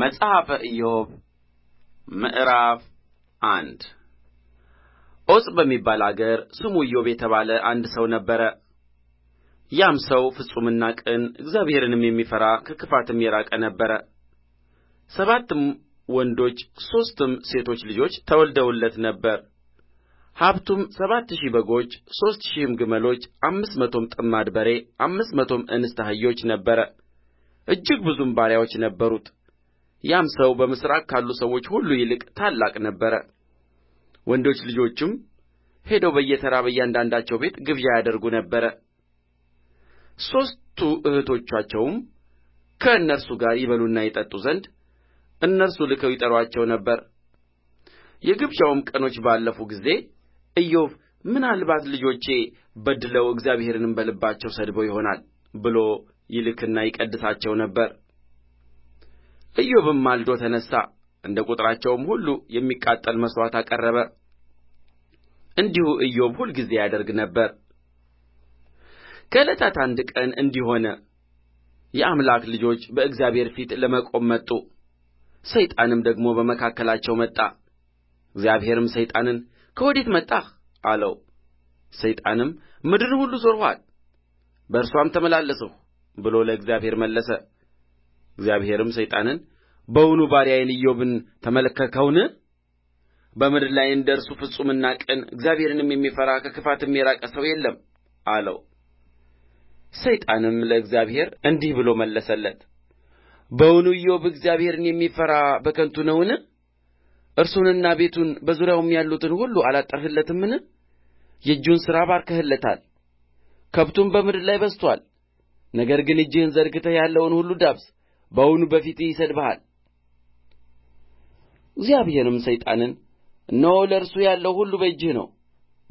መጽሐፈ ኢዮብ ምዕራፍ አንድ ዖፅ በሚባል አገር ስሙ ኢዮብ የተባለ አንድ ሰው ነበረ። ያም ሰው ፍጹምና ቅን እግዚአብሔርንም የሚፈራ ከክፋትም የራቀ ነበረ። ሰባትም ወንዶች ሦስትም ሴቶች ልጆች ተወልደውለት ነበር። ሀብቱም ሰባት ሺህ በጎች፣ ሦስት ሺህም ግመሎች፣ አምስት መቶም ጥማድ በሬ፣ አምስት መቶም እንስት አህዮች ነበረ። እጅግ ብዙም ባሪያዎች ነበሩት። ያም ሰው በምሥራቅ ካሉ ሰዎች ሁሉ ይልቅ ታላቅ ነበረ ወንዶች ልጆቹም ሄደው በየተራ በእያንዳንዳቸው ቤት ግብዣ ያደርጉ ነበር ሦስቱ እኅቶቻቸውም ከእነርሱ ጋር ይበሉና ይጠጡ ዘንድ እነርሱ ልከው ይጠሩአቸው ነበር የግብዣውም ቀኖች ባለፉ ጊዜ ኢዮብ ምናልባት ልጆቼ በድለው እግዚአብሔርንም በልባቸው ሰድበው ይሆናል ብሎ ይልክና ይቀድሳቸው ነበር ኢዮብም ማልዶ ተነሣ እንደ ቍጥራቸውም ሁሉ የሚቃጠል መሥዋዕት አቀረበ እንዲሁ ኢዮብ ሁልጊዜ ያደርግ ነበር ከዕለታት አንድ ቀን እንዲህ ሆነ የአምላክ ልጆች በእግዚአብሔር ፊት ለመቆም መጡ ሰይጣንም ደግሞ በመካከላቸው መጣ እግዚአብሔርም ሰይጣንን ከወዴት መጣህ አለው ሰይጣንም ምድርን ሁሉ ዞርኋት በእርስዋም ተመላለስሁ ብሎ ለእግዚአብሔር መለሰ እግዚአብሔርም ሰይጣንን በውኑ ባሪያዬን ኢዮብን ተመለከትኸውን በምድር ላይ እንደ እርሱ ፍጹምና ቅን እግዚአብሔርንም የሚፈራ ከክፋትም የራቀ ሰው የለም አለው ሰይጣንም ለእግዚአብሔር እንዲህ ብሎ መለሰለት በውኑ ኢዮብ እግዚአብሔርን የሚፈራ በከንቱ ነውን እርሱንና ቤቱን በዙሪያውም ያሉትን ሁሉ አላጠርህለትምን የእጁን ሥራ ባርከህለታል ከብቱም በምድር ላይ በዝቶአል ነገር ግን እጅህን ዘርግተህ ያለውን ሁሉ ዳብስ በውኑ በፊትህ ይሰድብሃል እግዚአብሔርም ሰይጣንን እነሆ ለእርሱ ያለው ሁሉ በእጅህ ነው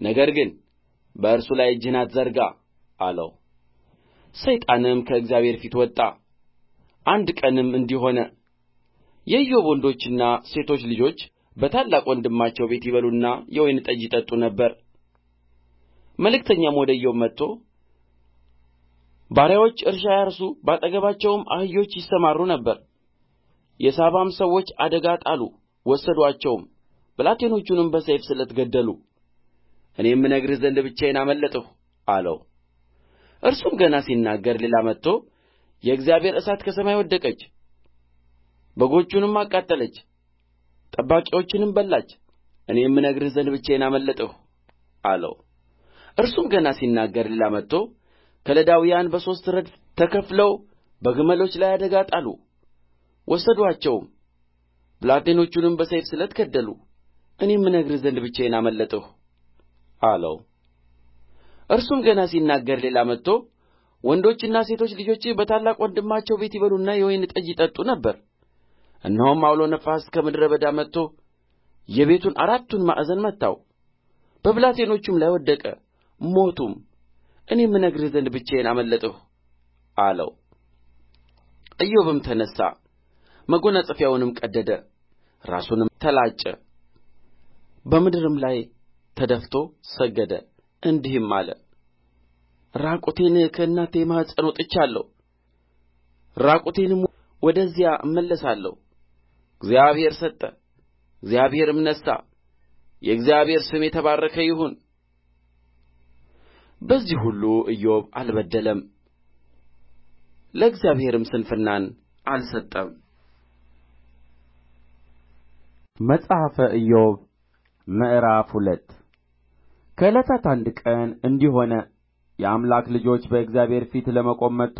ነገር ግን በእርሱ ላይ እጅህን አትዘርጋ አለው ሰይጣንም ከእግዚአብሔር ፊት ወጣ አንድ ቀንም እንዲህ ሆነ የኢዮብ ወንዶችና ሴቶች ልጆች በታላቅ ወንድማቸው ቤት ይበሉና የወይን ጠጅ ይጠጡ ነበር መልእክተኛም ወደ ኢዮብ መጥቶ ባሪያዎች እርሻ ያርሱ በአጠገባቸውም አህዮች ይሰማሩ ነበር የሳባም ሰዎች አደጋ ጣሉ ወሰዱአቸውም ብላቴኖቹንም በሰይፍ ስለት ገደሉ እኔም እነግርህ ዘንድ ብቻዬን አመለጥሁ አለው እርሱም ገና ሲናገር ሌላ መጥቶ የእግዚአብሔር እሳት ከሰማይ ወደቀች በጎቹንም አቃጠለች ጠባቂዎችንም በላች እኔም እነግርህ ዘንድ ብቻዬን አመለጥሁ አለው እርሱም ገና ሲናገር ሌላ መጥቶ ከለዳውያን በሦስት ረድፍ ተከፍለው በግመሎች ላይ አደጋ ጣሉ ወሰዱአቸውም ብላቴኖቹንም በሰይፍ ስለት ገደሉ እኔም እነግርህ ዘንድ ብቻዬን አመለጥሁ አለው እርሱም ገና ሲናገር ሌላ መጥቶ ወንዶችና ሴቶች ልጆችህ በታላቅ ወንድማቸው ቤት ይበሉና የወይን ጠጅ ይጠጡ ነበር እነሆም አውሎ ነፋስ ከምድረ በዳ መጥቶ የቤቱን አራቱን ማዕዘን መታው በብላቴኖቹም ላይ ወደቀ ሞቱም እኔም እነግርህ ዘንድ ብቻዬን አመለጥሁ አለው ኢዮብም ተነሣ መጐናጸፊያውንም ቀደደ ራሱንም ተላጨ በምድርም ላይ ተደፍቶ ሰገደ እንዲህም አለ ራቁቴን ከእናቴ ማኅፀን ወጥቻለሁ ራቁቴንም ወደዚያ እመለሳለሁ እግዚአብሔር ሰጠ እግዚአብሔርም ነሣ የእግዚአብሔር ስም የተባረከ ይሁን በዚህ ሁሉ ኢዮብ አልበደለም ለእግዚአብሔርም ስንፍናን አልሰጠም መጽሐፈ ኢዮብ ምዕራፍ ሁለት ከዕለታት አንድ ቀን እንዲህ ሆነ የአምላክ ልጆች በእግዚአብሔር ፊት ለመቆም መጡ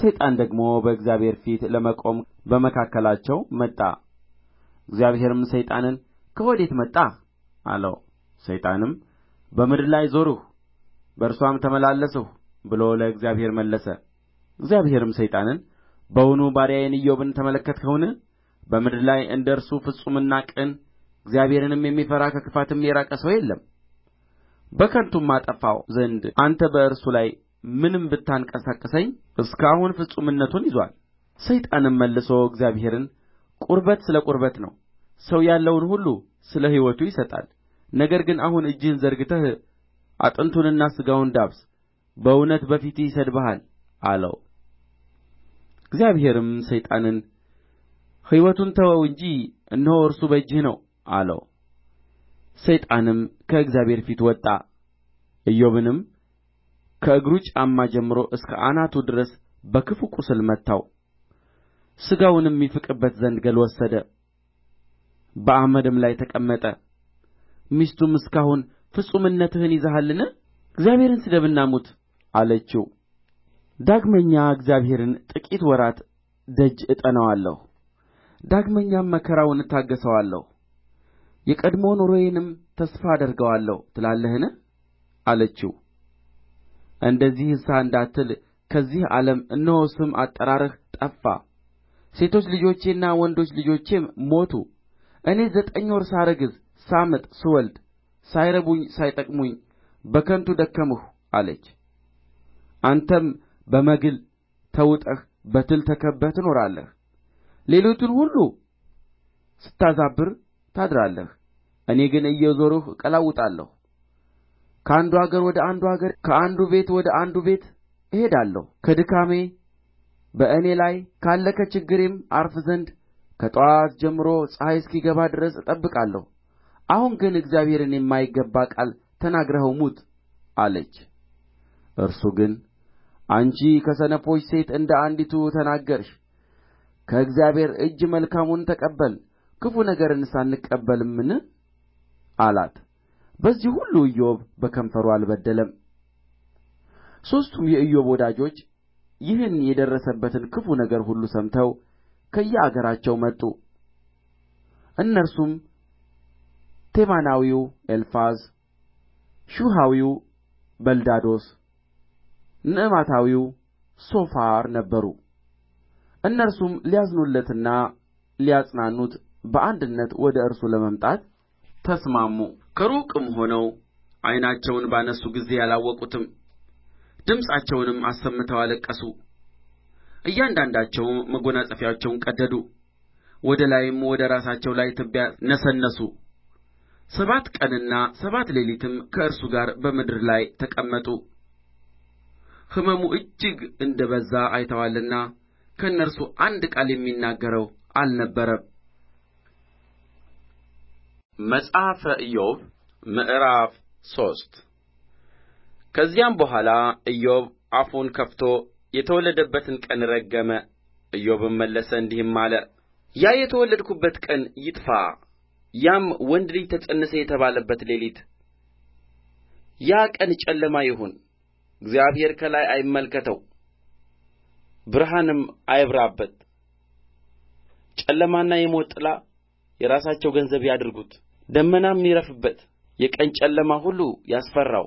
ሰይጣን ደግሞ በእግዚአብሔር ፊት ለመቆም በመካከላቸው መጣ እግዚአብሔርም ሰይጣንን ከወዴት መጣህ አለው ሰይጣንም በምድር ላይ ዞርሁ በእርስዋም ተመላለስሁ ብሎ ለእግዚአብሔር መለሰ እግዚአብሔርም ሰይጣንን በውኑ ባሪያዬን ኢዮብን ተመለከትኸውን በምድር ላይ እንደ እርሱ ፍጹምና ቅን እግዚአብሔርንም የሚፈራ ከክፋትም የራቀ ሰው የለም በከንቱም አጠፋው ዘንድ አንተ በእርሱ ላይ ምንም ብታንቀሳቅሰኝ እስከ አሁን ፍጹምነቱን ይዞአል ሰይጣንም መልሶ እግዚአብሔርን ቁርበት ስለ ቁርበት ነው ሰው ያለውን ሁሉ ስለ ሕይወቱ ይሰጣል ነገር ግን አሁን እጅህን ዘርግተህ አጥንቱንና ሥጋውን ዳብስ በእውነት በፊትህ ይሰድብሃል አለው እግዚአብሔርም ሰይጣንን ሕይወቱን ተወው እንጂ እነሆ እርሱ በእጅህ ነው አለው ሰይጣንም ከእግዚአብሔር ፊት ወጣ ኢዮብንም ከእግሩ ጫማ ጀምሮ እስከ አናቱ ድረስ በክፉ ቍስል መታው ሥጋውንም ይፍቅበት ዘንድ ገል ወሰደ በአመድም ላይ ተቀመጠ ሚስቱም እስካሁን ፍጹምነትህን ይዘሃልን እግዚአብሔርን ስደብና ሙት አለችው ዳግመኛ እግዚአብሔርን ጥቂት ወራት ደጅ እጠናዋለሁ ዳግመኛም መከራውን እታገሠዋለሁ የቀድሞ ኑሮዬንም ተስፋ አደርገዋለሁ ትላለህን አለችው እንደዚህሳ እንዳትል ከዚህ ዓለም እነሆ ስም አጠራርህ ጠፋ ሴቶች ልጆቼና ወንዶች ልጆቼም ሞቱ እኔ ዘጠኝ ወር ሳረግዝ ሳምጥ ስወልድ ሳይረቡኝ ሳይጠቅሙኝ በከንቱ ደከምሁ አለች አንተም በመግል ተውጠህ በትል ተከብበህ ትኖራለህ ሌሊቱን ሁሉ ስታዛብር ታድራለህ እኔ ግን እየዞርሁ እቀላውጣለሁ ከአንዱ አገር ወደ አንዱ አገር ከአንዱ ቤት ወደ አንዱ ቤት እሄዳለሁ ከድካሜ በእኔ ላይ ካለ ከችግሬም ዐርፍ ዘንድ ከጠዋት ጀምሮ ፀሐይ እስኪገባ ድረስ እጠብቃለሁ አሁን ግን እግዚአብሔርን የማይገባ ቃል ተናግረኸው ሙት አለች እርሱ ግን አንቺ ከሰነፎች ሴት እንደ አንዲቱ ተናገርሽ ከእግዚአብሔር እጅ መልካሙን ተቀበል ክፉ ነገርንስ አንቀበልምን አላት በዚህ ሁሉ ኢዮብ በከንፈሩ አልበደለም ሦስቱም የኢዮብ ወዳጆች ይህን የደረሰበትን ክፉ ነገር ሁሉ ሰምተው ከየአገራቸው መጡ እነርሱም ቴማናዊው ኤልፋዝ ሹሐዊው በልዳዶስ ንዕማታዊው ሶፋር ነበሩ እነርሱም ሊያዝኑለትና ሊያጽናኑት በአንድነት ወደ እርሱ ለመምጣት ተስማሙ ከሩቅም ሆነው ዓይናቸውን ባነሡ ጊዜ አላወቁትም ድምፃቸውንም አሰምተው አለቀሱ እያንዳንዳቸውም መጐናጸፊያቸውን ቀደዱ ወደ ላይም ወደ ራሳቸው ላይ ትቢያ ነሰነሱ ሰባት ቀንና ሰባት ሌሊትም ከእርሱ ጋር በምድር ላይ ተቀመጡ ሕመሙ እጅግ እንደ በዛ አይተዋልና ከእነርሱ አንድ ቃል የሚናገረው አልነበረም። መጽሐፈ ኢዮብ ምዕራፍ ሶስት ከዚያም በኋላ ኢዮብ አፉን ከፍቶ የተወለደበትን ቀን ረገመ። ኢዮብም መለሰ እንዲህም አለ፣ ያ የተወለድሁበት ቀን ይጥፋ ያም ወንድ ልጅ ተፀነሰ የተባለበት ሌሊት ያ ቀን ጨለማ ይሁን እግዚአብሔር ከላይ አይመልከተው ብርሃንም አይብራበት ጨለማና የሞት ጥላ የራሳቸው ገንዘብ ያድርጉት ደመናም ይረፍበት የቀን ጨለማ ሁሉ ያስፈራው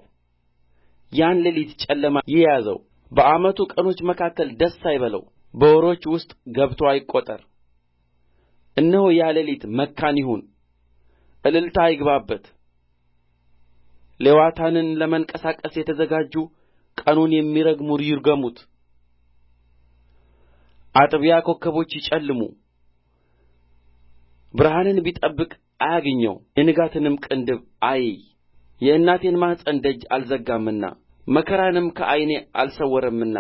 ያን ሌሊት ጨለማ ይያዘው በዓመቱ ቀኖች መካከል ደስ አይበለው በወሮች ውስጥ ገብቶ አይቈጠር እነሆ ያ ሌሊት መካን ይሁን እልልታ አይግባበት ሌዋታንን ለመንቀሳቀስ የተዘጋጁ ቀኑን የሚረግሙ ይርገሙት አጥቢያ ኮከቦች ይጨልሙ ብርሃንን ቢጠብቅ አያግኘው የንጋትንም ቅንድብ አይይ የእናቴን ማኅፀን ደጅ አልዘጋምና መከራንም ከዐይኔ አልሰወረምና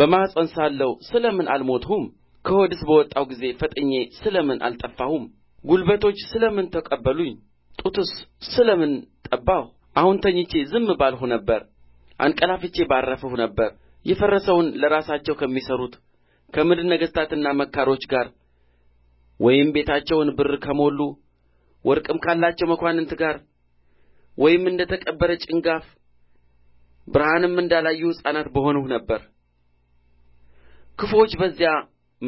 በማኅፀን ሳለሁ ስለ ምን አልሞትሁም ከሆድስ በወጣሁ ጊዜ ፈጥኜ ስለ ምን አልጠፋሁም ጕልበቶች ስለ ምን ተቀበሉኝ ጡትስ ስለ ምን ጠባሁ አሁን ተኝቼ ዝም ባልሁ ነበር አንቀላፍቼ ባረፍሁ ነበር የፈረሰውን ለራሳቸው ከሚሠሩት ከምድር ነገሥታትና መካሮች ጋር ወይም ቤታቸውን ብር ከሞሉ ወርቅም ካላቸው መኳንንት ጋር ወይም እንደ ተቀበረ ጭንጋፍ ብርሃንም እንዳላዩ ሕፃናት በሆንሁ ነበር ክፉዎች በዚያ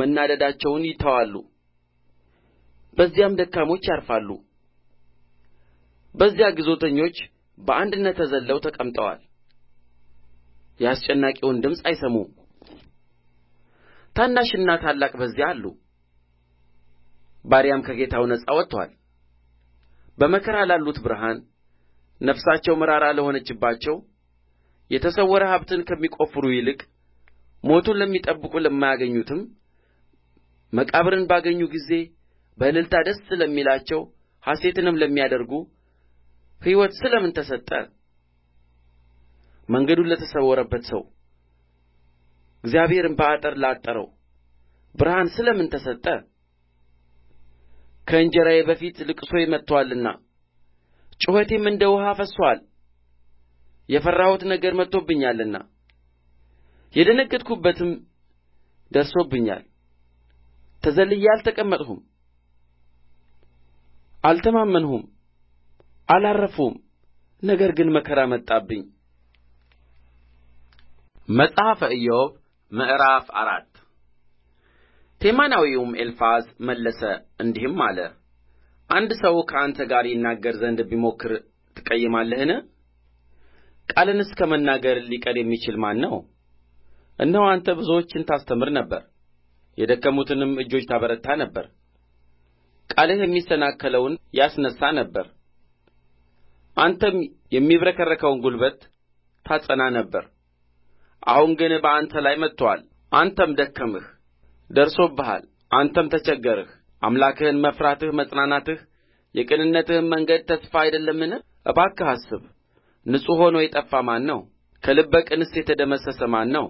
መናደዳቸውን ይተዋሉ በዚያም ደካሞች ያርፋሉ በዚያ ግዞተኞች በአንድነት ተዘልለው ተቀምጠዋል የአስጨናቂውን ድምፅ አይሰሙም ታናሽና ታላቅ በዚያ አሉ ባሪያም ከጌታው ነጻ ወጥቶአል በመከራ ላሉት ብርሃን ነፍሳቸው መራራ ለሆነችባቸው የተሰወረ ሀብትን ከሚቈፍሩ ይልቅ ሞቱን ለሚጠብቁ ለማያገኙትም መቃብርን ባገኙ ጊዜ በእልልታ ደስ ለሚላቸው ሐሤትንም ለሚያደርጉ ሕይወት ስለ ምን ተሰጠ መንገዱን ለተሰወረበት ሰው እግዚአብሔርን በአጥር ላጠረው ብርሃን ስለ ምን ተሰጠ ከእንጀራዬ በፊት ልቅሶዬ መጥቶአልና ጩኸቴም እንደ ውኃ ፈሶአል። የፈራሁት ነገር መጥቶብኛልና የደነገጥሁበትም ደርሶብኛል ተዘልዬ አልተቀመጥሁም አልተማመንሁም አላረፍሁም ነገር ግን መከራ መጣብኝ መጽሐፈ ኢዮብ ምዕራፍ አራት ቴማናዊውም ኤልፋዝ መለሰ እንዲህም አለ አንድ ሰው ከአንተ ጋር ይናገር ዘንድ ቢሞክር ትቀይማለህን? ቃልንስ ከመናገር ሊቀር የሚችል ማን ነው? እነሆ አንተ ብዙዎችን ታስተምር ነበር፣ የደከሙትንም እጆች ታበረታ ነበር። ቃልህ የሚሰናከለውን ያስነሣ ነበር አንተም የሚብረከረከውን ጕልበት ታጸና ነበር አሁን ግን በአንተ ላይ መጥቶአል አንተም ደከምህ ደርሶብሃል አንተም ተቸገርህ አምላክህን መፍራትህ መጽናናትህ የቅንነትህም መንገድ ተስፋ አይደለምን እባክህ አስብ ንጹሕ ሆኖ የጠፋ ማን ነው ከልበ ቅንስ የተደመሰሰ ማን ነው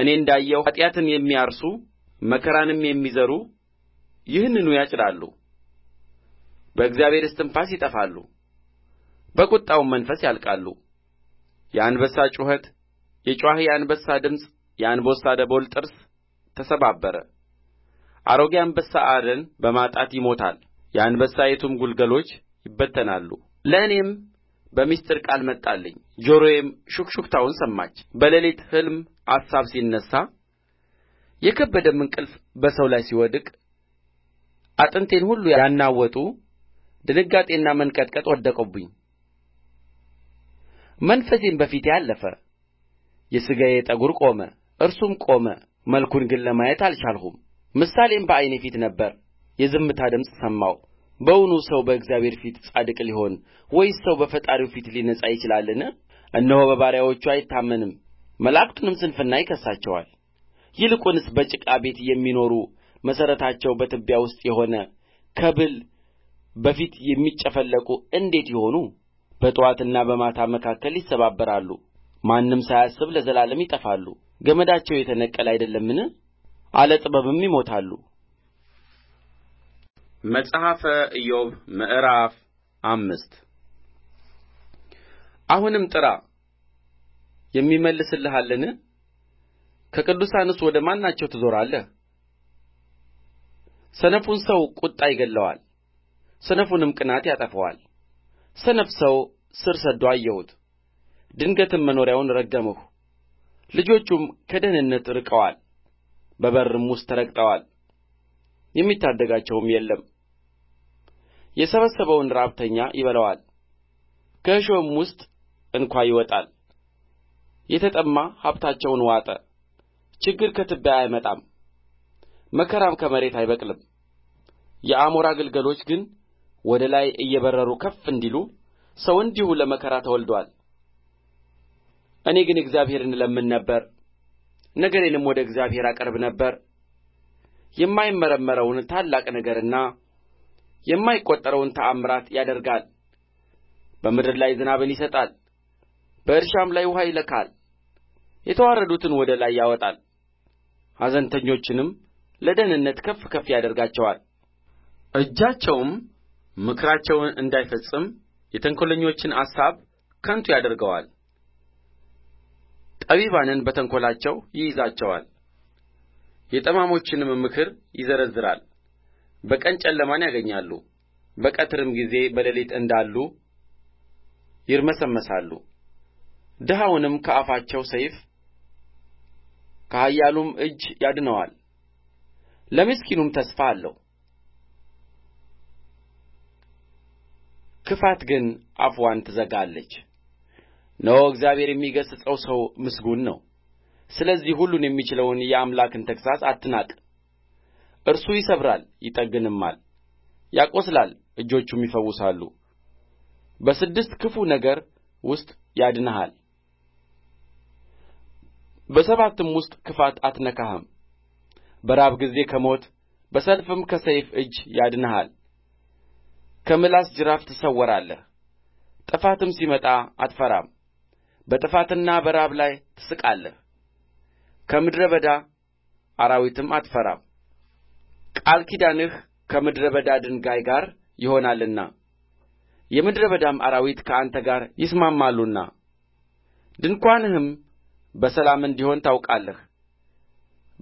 እኔ እንዳየሁ ኀጢአትን የሚያርሱ መከራንም የሚዘሩ ይህንኑ ያጭዳሉ በእግዚአብሔር እስትንፋስ ይጠፋሉ በቍጣውም መንፈስ ያልቃሉ የአንበሳ ጩኸት የጩዋኺ አንበሳ ድምፅ የአንበሳ ደቦል ጥርስ ተሰባበረ አሮጌ አንበሳ አደን በማጣት ይሞታል የአንበሳይቱም ግልገሎች ይበተናሉ ለእኔም በምሥጢር ቃል መጣልኝ ጆሮዬም ሹክሹክታውን ሰማች በሌሊት ሕልም አሳብ ሲነሣ የከበደም እንቅልፍ በሰው ላይ ሲወድቅ አጥንቴን ሁሉ ያናወጡ ድንጋጤና መንቀጥቀጥ ወደቁብኝ መንፈሴም በፊቴ አለፈ የሥጋዬ ጠጕር ቆመ እርሱም ቆመ መልኩን ግን ለማየት አልቻልሁም ምሳሌም በዓይኔ ፊት ነበረ የዝምታ ድምፅ ሰማሁ በውኑ ሰው በእግዚአብሔር ፊት ጻድቅ ሊሆን ወይስ ሰው በፈጣሪው ፊት ሊነጻ ይችላልን እነሆ በባሪያዎቹ አይታመንም መላእክቱንም ስንፍና ይከሳቸዋል። ይልቁንስ በጭቃ ቤት የሚኖሩ መሠረታቸው በትቢያ ውስጥ የሆነ ከብል በፊት የሚጨፈለቁ እንዴት ይሆኑ በጥዋትና በማታ መካከል ይሰባበራሉ ማንም ሳያስብ ለዘላለም ይጠፋሉ ገመዳቸው የተነቀለ አይደለምን አለ ጥበብም ይሞታሉ መጽሐፈ ኢዮብ ምዕራፍ አምስት አሁንም ጥራ የሚመልስልሃልን ከቅዱሳንስ ወደ ማናቸው ትዞራለህ ሰነፉን ሰው ቍጣ ይገድለዋል ሰነፉንም ቅንዓት ያጠፋዋል ሰነፍ ሰው ሥር ሰድዶ አየሁት ድንገትም መኖሪያውን ረገምሁ ልጆቹም ከደኅንነት ርቀዋል በበርም ውስጥ ተረግጠዋል የሚታደጋቸውም የለም የሰበሰበውን ራብተኛ ይበላዋል ከእሾህም ውስጥ እንኳ ይወጣል የተጠማ ሀብታቸውን ዋጠ ችግር ከትቢያ አይመጣም መከራም ከመሬት አይበቅልም የአሞራ ግልገሎች ግን ወደ ላይ እየበረሩ ከፍ እንዲሉ ሰው እንዲሁ ለመከራ ተወልዶአል እኔ ግን እግዚአብሔርን እለምን ነበር ነገሬንም ወደ እግዚአብሔር አቀርብ ነበር የማይመረመረውን ታላቅ ነገርና የማይቈጠረውን ተአምራት ያደርጋል በምድር ላይ ዝናብን ይሰጣል በእርሻም ላይ ውኃ ይለካል የተዋረዱትን ወደ ላይ ያወጣል ኀዘንተኞችንም ለደኅንነት ከፍ ከፍ ያደርጋቸዋል እጃቸውም ምክራቸውን እንዳይፈጽም የተንኰለኞችን አሳብ ከንቱ ያደርገዋል ጠቢባንን በተንኰላቸው ይይዛቸዋል የጠማሞችንም ምክር ይዘረዝራል በቀን ጨለማን ያገኛሉ በቀትርም ጊዜ በሌሊት እንዳሉ ይርመሰመሳሉ ድሀውንም ከአፋቸው ሰይፍ ከኃያሉም እጅ ያድነዋል ለምስኪኑም ተስፋ አለው ክፋት ግን አፍዋን ትዘጋለች እነሆ እግዚአብሔር የሚገሥጸው ሰው ምስጉን ነው ስለዚህ ሁሉን የሚችለውን የአምላክን ተግሣጽ አትናቅ እርሱ ይሰብራል ይጠግንማል ያቈስላል እጆቹም ይፈውሳሉ በስድስት ክፉ ነገር ውስጥ ያድንሃል በሰባትም ውስጥ ክፋት አትነካህም በራብ ጊዜ ከሞት በሰልፍም ከሰይፍ እጅ ያድንሃል ከምላስ ጅራፍ ትሰወራለህ ጥፋትም ሲመጣ አትፈራም በጥፋትና በራብ ላይ ትስቃለህ ከምድረ በዳ አራዊትም አትፈራም ቃል ኪዳንህ ከምድረ በዳ ድንጋይ ጋር ይሆናልና የምድረ በዳም አራዊት ከአንተ ጋር ይስማማሉና ድንኳንህም በሰላም እንዲሆን ታውቃለህ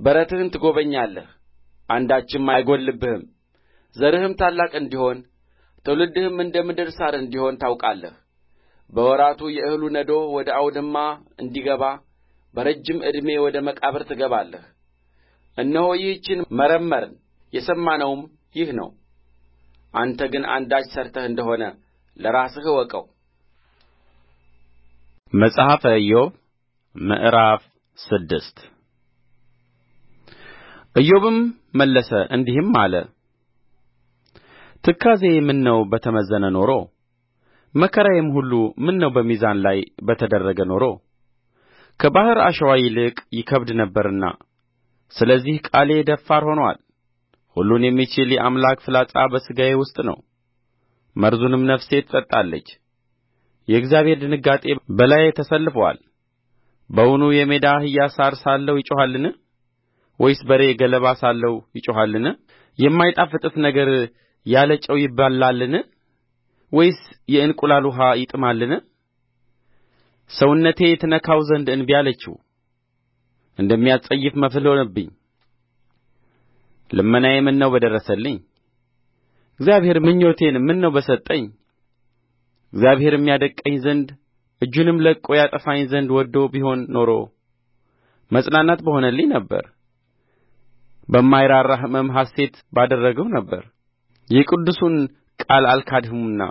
በረትህን ትጐበኛለህ አንዳችም አይጐድልብህም ዘርህም ታላቅ እንዲሆን ትውልድህም እንደ ምድር ሣር እንዲሆን ታውቃለህ በወራቱ የእህሉ ነዶ ወደ አውድማ እንዲገባ በረጅም ዕድሜ ወደ መቃብር ትገባለህ እነሆ ይህችን መረመርን የሰማነውም ይህ ነው አንተ ግን አንዳች ሠርተህ እንደሆነ ለራስህ እወቀው መጽሐፈ ኢዮብ ምዕራፍ ስድስት ኢዮብም መለሰ እንዲህም አለ ትካዜዬ ምነው በተመዘነ ኖሮ መከራዬም ሁሉ ምነው በሚዛን ላይ በተደረገ ኖሮ ከባሕር አሸዋ ይልቅ ይከብድ ነበርና ስለዚህ ቃሌ ደፋር ሆኖአል ሁሉን የሚችል የአምላክ ፍላጻ በሥጋዬ ውስጥ ነው መርዙንም ነፍሴ ትጠጣለች የእግዚአብሔር ድንጋጤ በላዬ ተሰልፎአል በውኑ የሜዳ አህያ ሣር ሳለው ይጮኻልን ወይስ በሬ ገለባ ሳለው ይጮኻልን የማይጣፍጥስ ነገር ያለ ጨው ይበላልን ወይስ የእንቁላል ውኃ ይጥማልን ሰውነቴ ትነካው ዘንድ እንቢ አለችው እንደሚያስጸይፍ መብል ሆነብኝ ልመናዬ ምነው በደረሰልኝ እግዚአብሔር ምኞቴን ምነው በሰጠኝ እግዚአብሔርም ያደቀኝ ዘንድ እጁንም ለቅቆ ያጠፋኝ ዘንድ ወድዶ ቢሆን ኖሮ መጽናናት በሆነልኝ ነበር በማይራራ ሕመም ሐሤት ባደረግሁ ነበር የቅዱሱን ቃል አልካድሁምና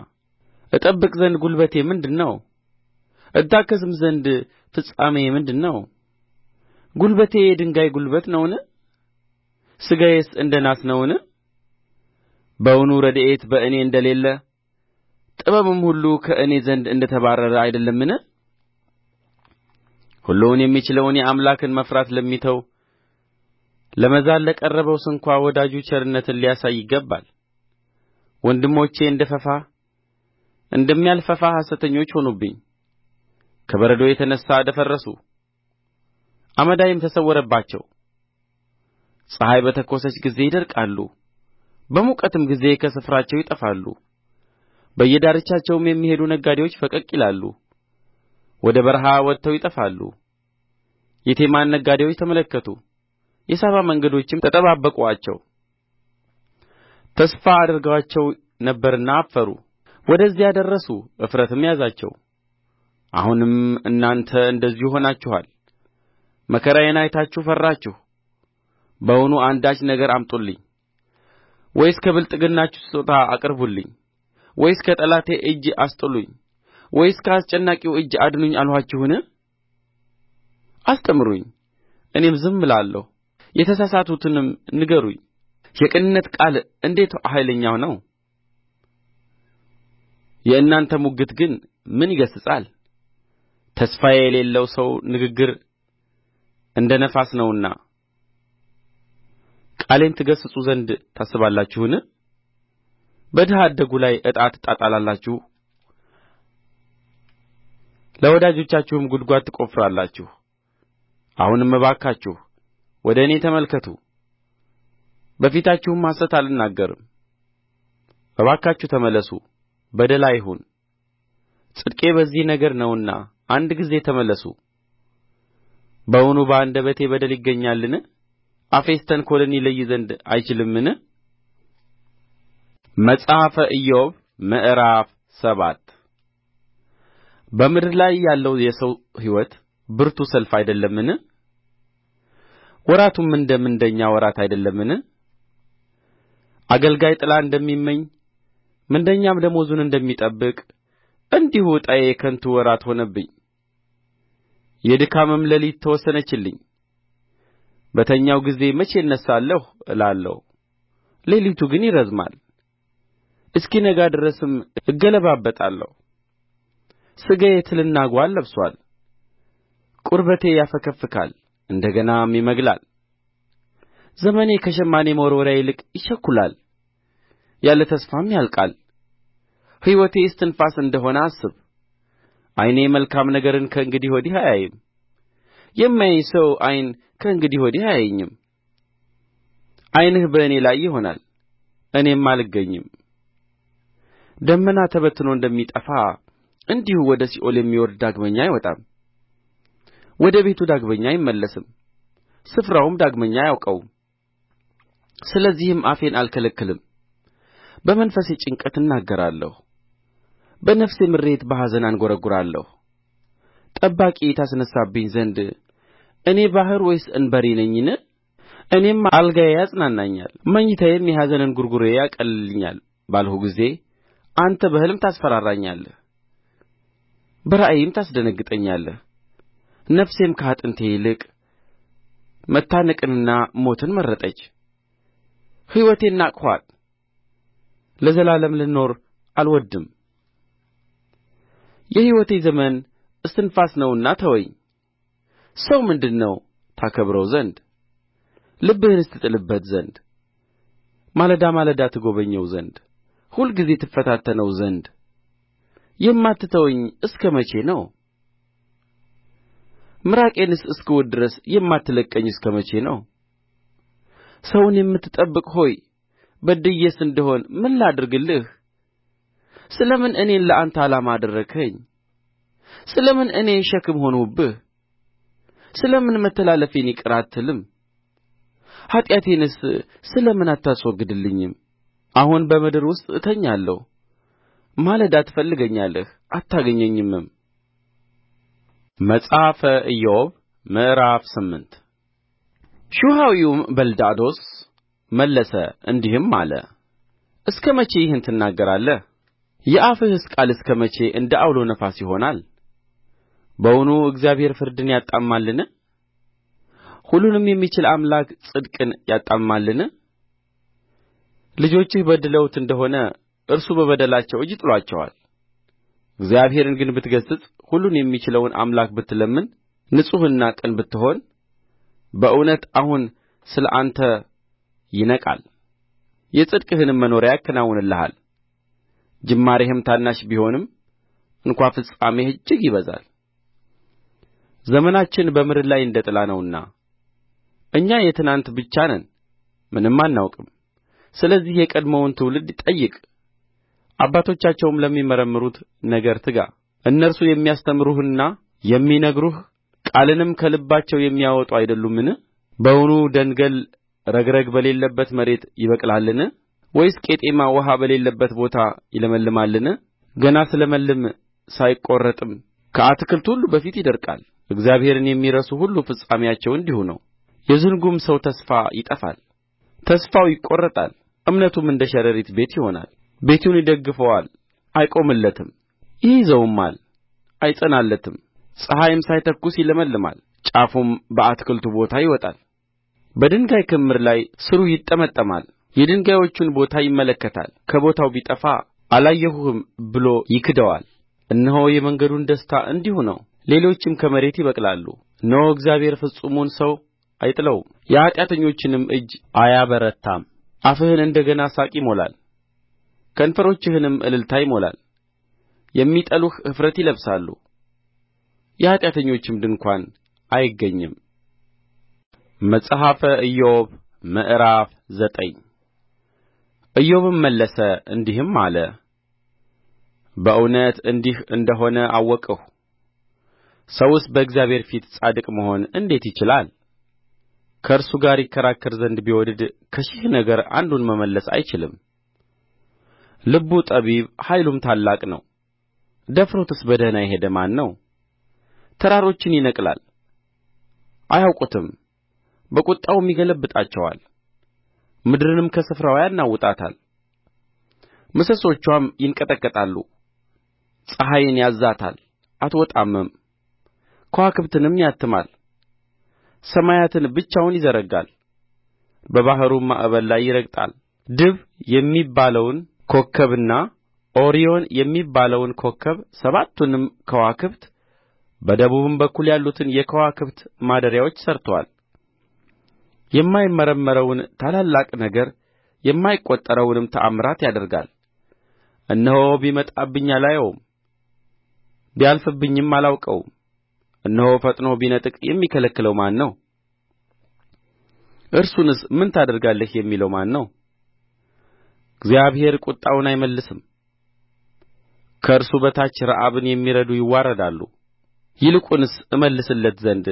እጠብቅ ዘንድ ጕልበቴ ምንድር ነው እታገሥም ዘንድ ፍጻሜዬ ምንድር ነው ጕልበቴ የድንጋይ ጕልበት ነውን ሥጋዬስ እንደ ናስ ነውን በውኑ ረድኤት በእኔ እንደሌለ ጥበብም ሁሉ ከእኔ ዘንድ እንደ ተባረረ አይደለምን ሁሉን የሚችለውን የአምላክን መፍራት ለሚተው ለመዛል ለቀረበው ስንኳ ወዳጁ ቸርነትን ሊያሳይ ይገባል ወንድሞቼ እንደ ፈፋ እንደሚያልፍ ፈፋ ሐሰተኞች ሆኑብኝ ከበረዶ የተነሣ ደፈረሱ አመዳይም ተሰወረባቸው ፀሐይ በተኰሰች ጊዜ ይደርቃሉ በሙቀትም ጊዜ ከስፍራቸው ይጠፋሉ በየዳርቻቸውም የሚሄዱ ነጋዴዎች ፈቀቅ ይላሉ ወደ በረሃ ወጥተው ይጠፋሉ የቴማን ነጋዴዎች ተመለከቱ የሳባ መንገደኞችም ተጠባበቁአቸው ተስፋ አድርገዋቸው ነበርና አፈሩ ወደዚያ ደረሱ እፍረትም ያዛቸው አሁንም እናንተ እንደዚሁ ሆናችኋል መከራዬን አይታችሁ ፈራችሁ በውኑ አንዳች ነገር አምጡልኝ ወይስ ከብልጥግናችሁ ስጦታ አቅርቡልኝ ወይስ ከጠላቴ እጅ አስጥሉኝ ወይስ ከአስጨናቂው እጅ አድኑኝ አልኋችሁን አስተምሩኝ እኔም ዝም እላለሁ የተሳሳትሁትንም ንገሩኝ የቅንነት ቃል እንዴት ኃይለኛ ነው የእናንተ ሙግት ግን ምን ይገሥጻል ተስፋዬ የሌለው ሰው ንግግር እንደ ነፋስ ነውና ቃሌን ትገሥጹ ዘንድ ታስባላችሁን በድሀ አደጉ ላይ ዕጣ ትጣጣላላችሁ ለወዳጆቻችሁም ጕድጓድ ትቈፍራላችሁ አሁንም እባካችሁ ወደ እኔ ተመልከቱ በፊታችሁም ሐሰት አልናገርም እባካችሁ ተመለሱ በደል አይሁን ጽድቄ በዚህ ነገር ነውና አንድ ጊዜ ተመለሱ በውኑ በአንደበቴ በደል ይገኛልን አፌስ ተንኰልን ይለይ ዘንድ አይችልምን መጽሐፈ ኢዮብ ምዕራፍ ሰባት በምድር ላይ ያለው የሰው ሕይወት ብርቱ ሰልፍ አይደለምን ወራቱም እንደ ምንደኛ ወራት አይደለምን አገልጋይ ጥላ እንደሚመኝ ምንደኛም ደመወዙን እንደሚጠብቅ እንዲሁ ዕጣዬ የከንቱ ወራት ሆነብኝ የድካምም ሌሊት ተወሰነችልኝ በተኛሁ ጊዜ መቼ እነሣለሁ እላለሁ ሌሊቱ ግን ይረዝማል እስኪነጋ ድረስም እገለባበጣለሁ ሥጋዬ ትልና ጓል ለብሶአል ቁርበቴ ያፈከፍካል እንደ ገናም ይመግላል ዘመኔ ከሸማኔ መወርወሪያ ይልቅ ይቸኵላል ያለ ተስፋም ያልቃል ሕይወቴ እስትንፋስ እንደ ሆነ አስብ ዓይኔ መልካም ነገርን ከእንግዲህ ወዲህ አያይም የማየኝ ሰው ዓይን ከእንግዲህ ወዲህ አያየኝም ዓይንህ በእኔ ላይ ይሆናል እኔም አልገኝም ደመና ተበትኖ እንደሚጠፋ እንዲሁ ወደ ሲኦል የሚወርድ ዳግመኛ አይወጣም ወደ ቤቱ ዳግመኛ አይመለስም ስፍራውም ዳግመኛ አያውቀውም ስለዚህም አፌን አልከለክልም በመንፈሴ ጭንቀት እናገራለሁ በነፍሴ ምሬት በኀዘን አንጐራጕራለሁ ጠባቂ ታስነሣብኝ ዘንድ እኔ ባሕር ወይስ አንበሪ ነኝን እኔም አልጋዬ ያጽናናኛል መኝታዬም የኀዘን እንጕርጕሮዬን ያቀልልኛል ባልሁ ጊዜ አንተ በሕልም ታስፈራራኛለህ በራእይም ታስደነግጠኛለህ ነፍሴም ከአጥንቴ ይልቅ መታነቅንና ሞትን መረጠች ሕይወቴን ናቅኋት ለዘላለም ልኖር አልወድድም የሕይወቴ ዘመን እስትንፋስ ነውና ተወኝ ሰው ምንድር ነው ታከብረው ዘንድ ልብህንስ ትጥልበት ዘንድ ማለዳ ማለዳ ትጐበኘው ዘንድ ሁልጊዜ ትፈታተነው ዘንድ የማትተወኝ እስከ መቼ ነው ምራቄንስ እስክውጥ ድረስ የማትለቅቀኝ እስከ መቼ ነው ሰውን የምትጠብቅ ሆይ በድዬስ እንደ ሆነ ምን ላድርግልህ ስለ ምን እኔን ለአንተ ዓላማ አደረግኸኝ ስለ ምን እኔ ሸክም ሆንሁብህ ስለ ምን መተላለፌን ይቅር አትልም ኃጢአቴንስ ስለ ምን አታስወግድልኝም አሁን በምድር ውስጥ እተኛለሁ ማለዳ ትፈልገኛለህ አታገኘኝምም መጽሐፈ ኢዮብ ምዕራፍ ስምንት ሹሐዊውም በልዳዶስ መለሰ እንዲህም አለ እስከ መቼ ይህን ትናገራለህ የአፍህስ ቃል እስከ መቼ እንደ ዐውሎ ነፋስ ይሆናል በውኑ እግዚአብሔር ፍርድን ያጣምማልን ሁሉንም የሚችል አምላክ ጽድቅን ያጣምማልን ልጆችህ በድለውት እንደሆነ እርሱ በበደላቸው እጅ ጥሎአቸዋል እግዚአብሔርን ግን ብትገሥጽ ሁሉን የሚችለውን አምላክ ብትለምን ንጹሕና ቅን ብትሆን በእውነት አሁን ስለ አንተ ይነቃል የጽድቅህንም መኖሪያ ያከናውንልሃል ጅማሬህም ታናሽ ቢሆንም እንኳ ፍጻሜህ እጅግ ይበዛል ዘመናችን በምድር ላይ እንደ ጥላ ነውና እኛ የትናንት ብቻ ነን ምንም አናውቅም ስለዚህ የቀድሞውን ትውልድ ጠይቅ አባቶቻቸውም ለሚመረምሩት ነገር ትጋ እነርሱ የሚያስተምሩህና የሚነግሩህ ቃልንም ከልባቸው የሚያወጡ አይደሉምን በውኑ ደንገል ረግረግ በሌለበት መሬት ይበቅላልን ወይስ ቄጤማ ውኃ በሌለበት ቦታ ይለመልማልን ገና ሲለመልም ሳይቈረጥም ከአትክልት ሁሉ በፊት ይደርቃል እግዚአብሔርን የሚረሱ ሁሉ ፍጻሜያቸው እንዲሁ ነው የዝንጉም ሰው ተስፋ ይጠፋል ተስፋው ይቈረጣል እምነቱም እንደ ሸረሪት ቤት ይሆናል ቤቱን ይደግፈዋል አይቆምለትም ይይዘውማል አይጸናለትም ፀሐይም ሳይተኵስ ይለመልማል ጫፉም በአትክልቱ ቦታ ይወጣል በድንጋይ ክምር ላይ ሥሩ ይጠመጠማል የድንጋዮቹን ቦታ ይመለከታል ከቦታው ቢጠፋ አላየሁህም ብሎ ይክደዋል እነሆ የመንገዱን ደስታ እንዲሁ ነው ሌሎችም ከመሬት ይበቅላሉ እነሆ እግዚአብሔር ፍጹሙን ሰው አይጥለውም የኃጢአተኞችንም እጅ አያበረታም አፍህን እንደ ገና ሳቅ ይሞላል ከንፈሮችህንም እልልታ ይሞላል የሚጠሉህ እፍረት ይለብሳሉ የኃጢአተኞችም ድንኳን አይገኝም መጽሐፈ ኢዮብ ምዕራፍ ዘጠኝ ኢዮብም መለሰ እንዲህም አለ በእውነት እንዲህ እንደሆነ አወቅሁ ሰውስ በእግዚአብሔር ፊት ጻድቅ መሆን እንዴት ይችላል? ከእርሱ ጋር ይከራከር ዘንድ ቢወድድ ከሺህ ነገር አንዱን መመለስ አይችልም። ልቡ ጠቢብ ኃይሉም ታላቅ ነው። ደፍሮትስ በደኅና የሄደ ማን ነው? ተራሮችን ይነቅላል አያውቁትም፣ በቍጣውም ይገለብጣቸዋል ምድርንም ከስፍራው ያናውጣታል ምሰሶችዋም ይንቀጠቀጣሉ ፀሐይን ያዝዛታል አትወጣምም ከዋክብትንም ያትማል ሰማያትን ብቻውን ይዘረጋል በባሕሩም ማዕበል ላይ ይረግጣል ድብ የሚባለውን ኮከብና ኦሪዮን የሚባለውን ኮከብ ሰባቱንም ከዋክብት በደቡብም በኩል ያሉትን የከዋክብት ማደሪያዎች ሠርቶአል የማይመረመረውን ታላላቅ ነገር የማይቈጠረውንም ተአምራት ያደርጋል እነሆ ቢመጣብኝ አላየውም ቢያልፍብኝም አላውቀውም እነሆ ፈጥኖ ቢነጥቅ የሚከለክለው ማን ነው እርሱንስ ምን ታደርጋለህ የሚለው ማን ነው እግዚአብሔር ቍጣውን አይመልስም ከእርሱ በታች ረዓብን የሚረዱ ይዋረዳሉ ይልቁንስ እመልስለት ዘንድ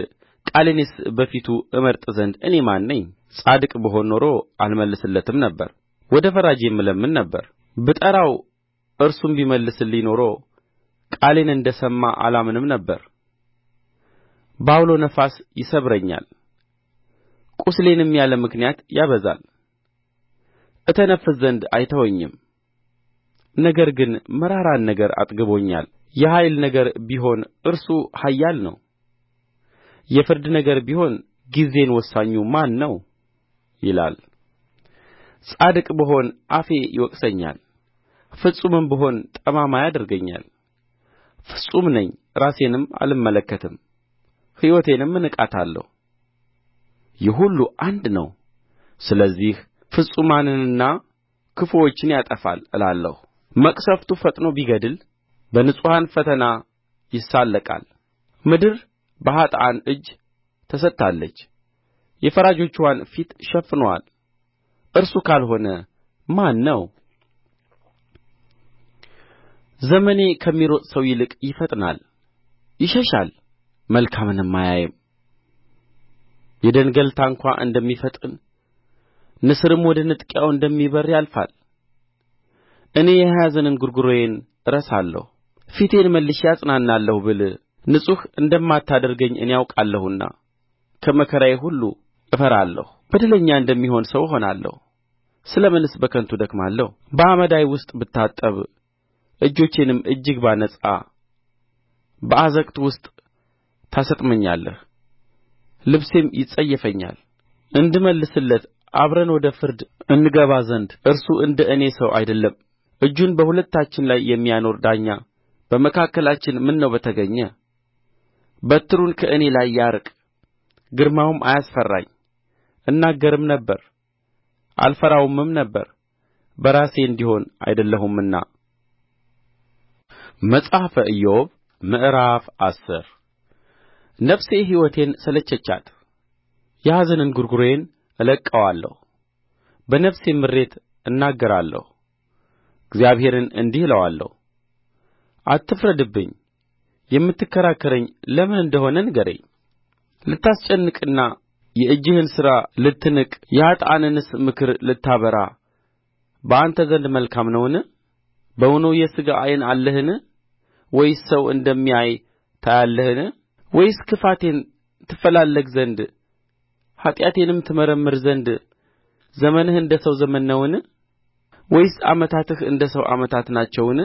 ቃሌንስ በፊቱ እመርጥ ዘንድ እኔ ማን ነኝ ጻድቅ ብሆን ኖሮ አልመልስለትም ነበር ወደ ፈራጅ የምለምን ነበር ብጠራው እርሱም ቢመልስልኝ ኖሮ ቃሌን እንደ ሰማ አላምንም ነበር በዐውሎ ነፋስ ይሰብረኛል ቍስሌንም ያለ ምክንያት ያበዛል እተነፍስ ዘንድ አይተወኝም ነገር ግን መራራን ነገር አጥግቦኛል የኃይል ነገር ቢሆን እርሱ ኃያል ነው የፍርድ ነገር ቢሆን ጊዜን ወሳኙ ማን ነው ይላል ጻድቅ ብሆን አፌ ይወቅሰኛል ፍጹምም ብሆን ጠማማ ያደርገኛል ፍጹም ነኝ ራሴንም አልመለከትም ሕይወቴንም እንቃታለሁ ይህ ሁሉ አንድ ነው ስለዚህ ፍጹማንንና ክፉዎችን ያጠፋል እላለሁ መቅሠፍቱ ፈጥኖ ቢገድል በንጹሓን ፈተና ይሳለቃል ምድር በኀጥአን እጅ ተሰጥታለች የፈራጆችዋን ፊት ሸፍኖአል እርሱ ካልሆነ ማን ነው ዘመኔ ከሚሮጥ ሰው ይልቅ ይፈጥናል ይሸሻል መልካምንም አያይም የደንገል ታንኳ እንደሚፈጥን ንስርም ወደ ንጥቂያው እንደሚበርር ያልፋል እኔ የኀዘን እንጕርጕሮዬን እረሳለሁ ፊቴን መልሼ አጽናናለሁ ብል ንጹሕ እንደማታደርገኝ እኔ አውቃለሁና ከመከራዬ ሁሉ እፈራለሁ በደለኛ እንደሚሆን ሰው እሆናለሁ ስለ ምንስ በከንቱ እደክማለሁ በአመዳይ ውስጥ ብታጠብ እጆቼንም እጅግ ባነጻ በአዘቅት ውስጥ ታሰጥመኛለህ ልብሴም ይጸየፈኛል እንድመልስለት አብረን ወደ ፍርድ እንገባ ዘንድ እርሱ እንደ እኔ ሰው አይደለም እጁን በሁለታችን ላይ የሚያኖር ዳኛ በመካከላችን ምነው በተገኘ በትሩን ከእኔ ላይ ያርቅ ግርማውም አያስፈራኝ እናገርም ነበር አልፈራውምም ነበር በራሴ እንዲሆን አይደለሁምና መጽሐፈ ኢዮብ ምዕራፍ አስር ነፍሴ ሕይወቴን ሰለቸቻት የኀዘን እንጕርጕሮዬን እለቀዋለሁ በነፍሴ ምሬት እናገራለሁ እግዚአብሔርን እንዲህ እለዋለሁ አትፍረድብኝ የምትከራከረኝ ለምን እንደ ሆነ ንገረኝ ልታስጨንቅና የእጅህን ሥራ ልትንቅ የኃጥአንንስ ምክር ልታበራ በአንተ ዘንድ መልካም ነውን በውኑ የሥጋ ዓይን አለህን ወይስ ሰው እንደሚያይ ታያለህን ወይስ ክፋቴን ትፈላለግ ዘንድ ኃጢአቴንም ትመረምር ዘንድ ዘመንህ እንደ ሰው ዘመን ነውን ወይስ ዓመታትህ እንደ ሰው ዓመታት ናቸውን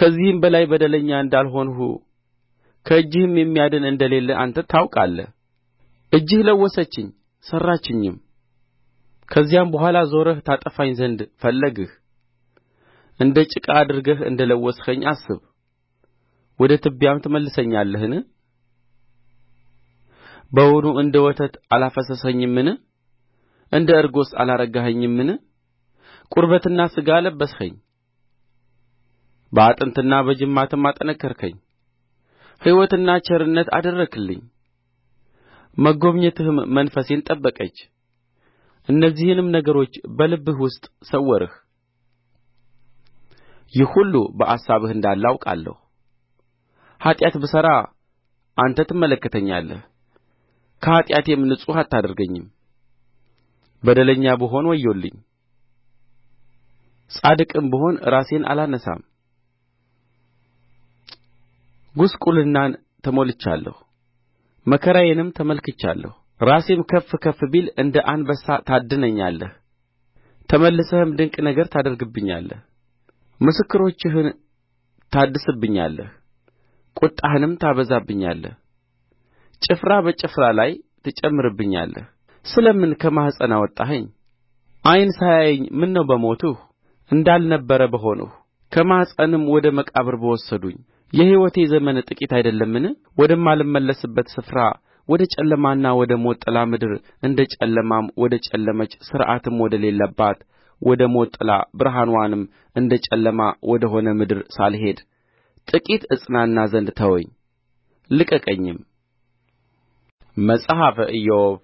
ከዚህም በላይ በደለኛ እንዳልሆንሁ ከእጅህም የሚያድን እንደሌለ አንተ ታውቃለህ እጅህ ለወሰችኝ ሠራችኝም ከዚያም በኋላ ዞረህ ታጠፋኝ ዘንድ ፈለግህ እንደ ጭቃ አድርገህ እንደ ለወስኸኝ አስብ ወደ ትቢያም ትመልሰኛለህን በውኑ እንደ ወተት አላፈሰሰኝምን እንደ እርጎስ አላረጋኸኝምን ቁርበትና ሥጋ አለበስኸኝ በአጥንትና በጅማትም አጠነከርኸኝ ሕይወትና ቸርነት አደረግህልኝ መጐብኘትህም መንፈሴን ጠበቀች እነዚህንም ነገሮች በልብህ ውስጥ ሰወርህ ይህ ሁሉ በአሳብህ እንዳለ አውቃለሁ ኃጢአት ብሠራ አንተ ትመለከተኛለህ ከኃጢአቴም ንጹሕ አታደርገኝም በደለኛ ብሆን ወዮልኝ ጻድቅም ብሆን ራሴን አላነሣም ጕስቍልናን ተሞልቻለሁ መከራዬንም ተመልክቻለሁ ራሴም ከፍ ከፍ ቢል እንደ አንበሳ ታድነኛለህ ተመልሰህም ድንቅ ነገር ታደርግብኛለህ ምስክሮችህን ታድስብኛለህ ቍጣህንም ታበዛብኛለህ ጭፍራ በጭፍራ ላይ ትጨምርብኛለህ ስለ ምን ከማኅፀን አወጣኸኝ ዓይን ሳያየኝ ምነው በሞትሁ እንዳልነበረ በሆንሁ ከማኅፀንም ወደ መቃብር በወሰዱኝ የሕይወቴ ዘመን ጥቂት አይደለምን ወደማልመለስበት ስፍራ ወደ ጨለማና ወደ ሞት ጥላ ምድር እንደ ጨለማም ወደ ጨለመች ሥርዓትም ወደሌለባት ወደ ሞት ጥላ ብርሃንዋንም እንደ ጨለማ ወደ ሆነ ምድር ሳልሄድ ጥቂት እጽናና ዘንድ ተወኝ ልቀቀኝም። መጽሐፈ ኢዮብ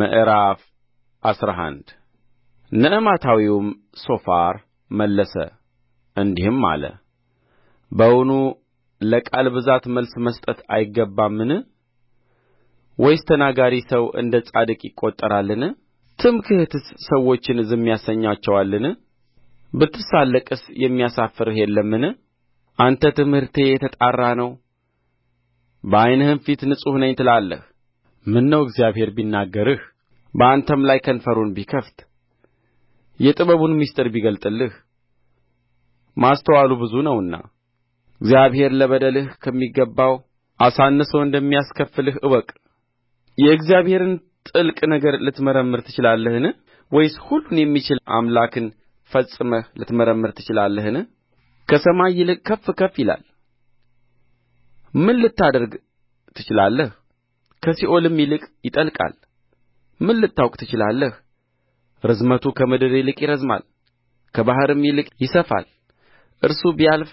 ምዕራፍ አስራ አንድ ነዕማታዊውም ሶፋር መለሰ እንዲህም አለ በውኑ ለቃል ብዛት መልስ መስጠት አይገባምን ወይስ ተናጋሪ ሰው እንደ ጻድቅ ይቈጠራልን ትምክህትስ ሰዎችን ዝም ያሰኛቸዋልን ብትሳለቅስ የሚያሳፍርህ የለምን አንተ ትምህርቴ የተጣራ ነው በዓይንህም ፊት ንጹሕ ነኝ ትላለህ ምነው እግዚአብሔር ቢናገርህ በአንተም ላይ ከንፈሩን ቢከፍት የጥበቡን ምሥጢር ቢገልጥልህ ማስተዋሉ ብዙ ነውና እግዚአብሔር ለበደልህ ከሚገባው አሳንሶ እንደሚያስከፍልህ እወቅ የእግዚአብሔርን ጥልቅ ነገር ልትመረምር ትችላለህን ወይስ ሁሉን የሚችል አምላክን ፈጽመህ ልትመረምር ትችላለህን ከሰማይ ይልቅ ከፍ ከፍ ይላል ምን ልታደርግ ትችላለህ ከሲኦልም ይልቅ ይጠልቃል ምን ልታውቅ ትችላለህ ርዝመቱ ከምድር ይልቅ ይረዝማል ከባሕርም ይልቅ ይሰፋል እርሱ ቢያልፍ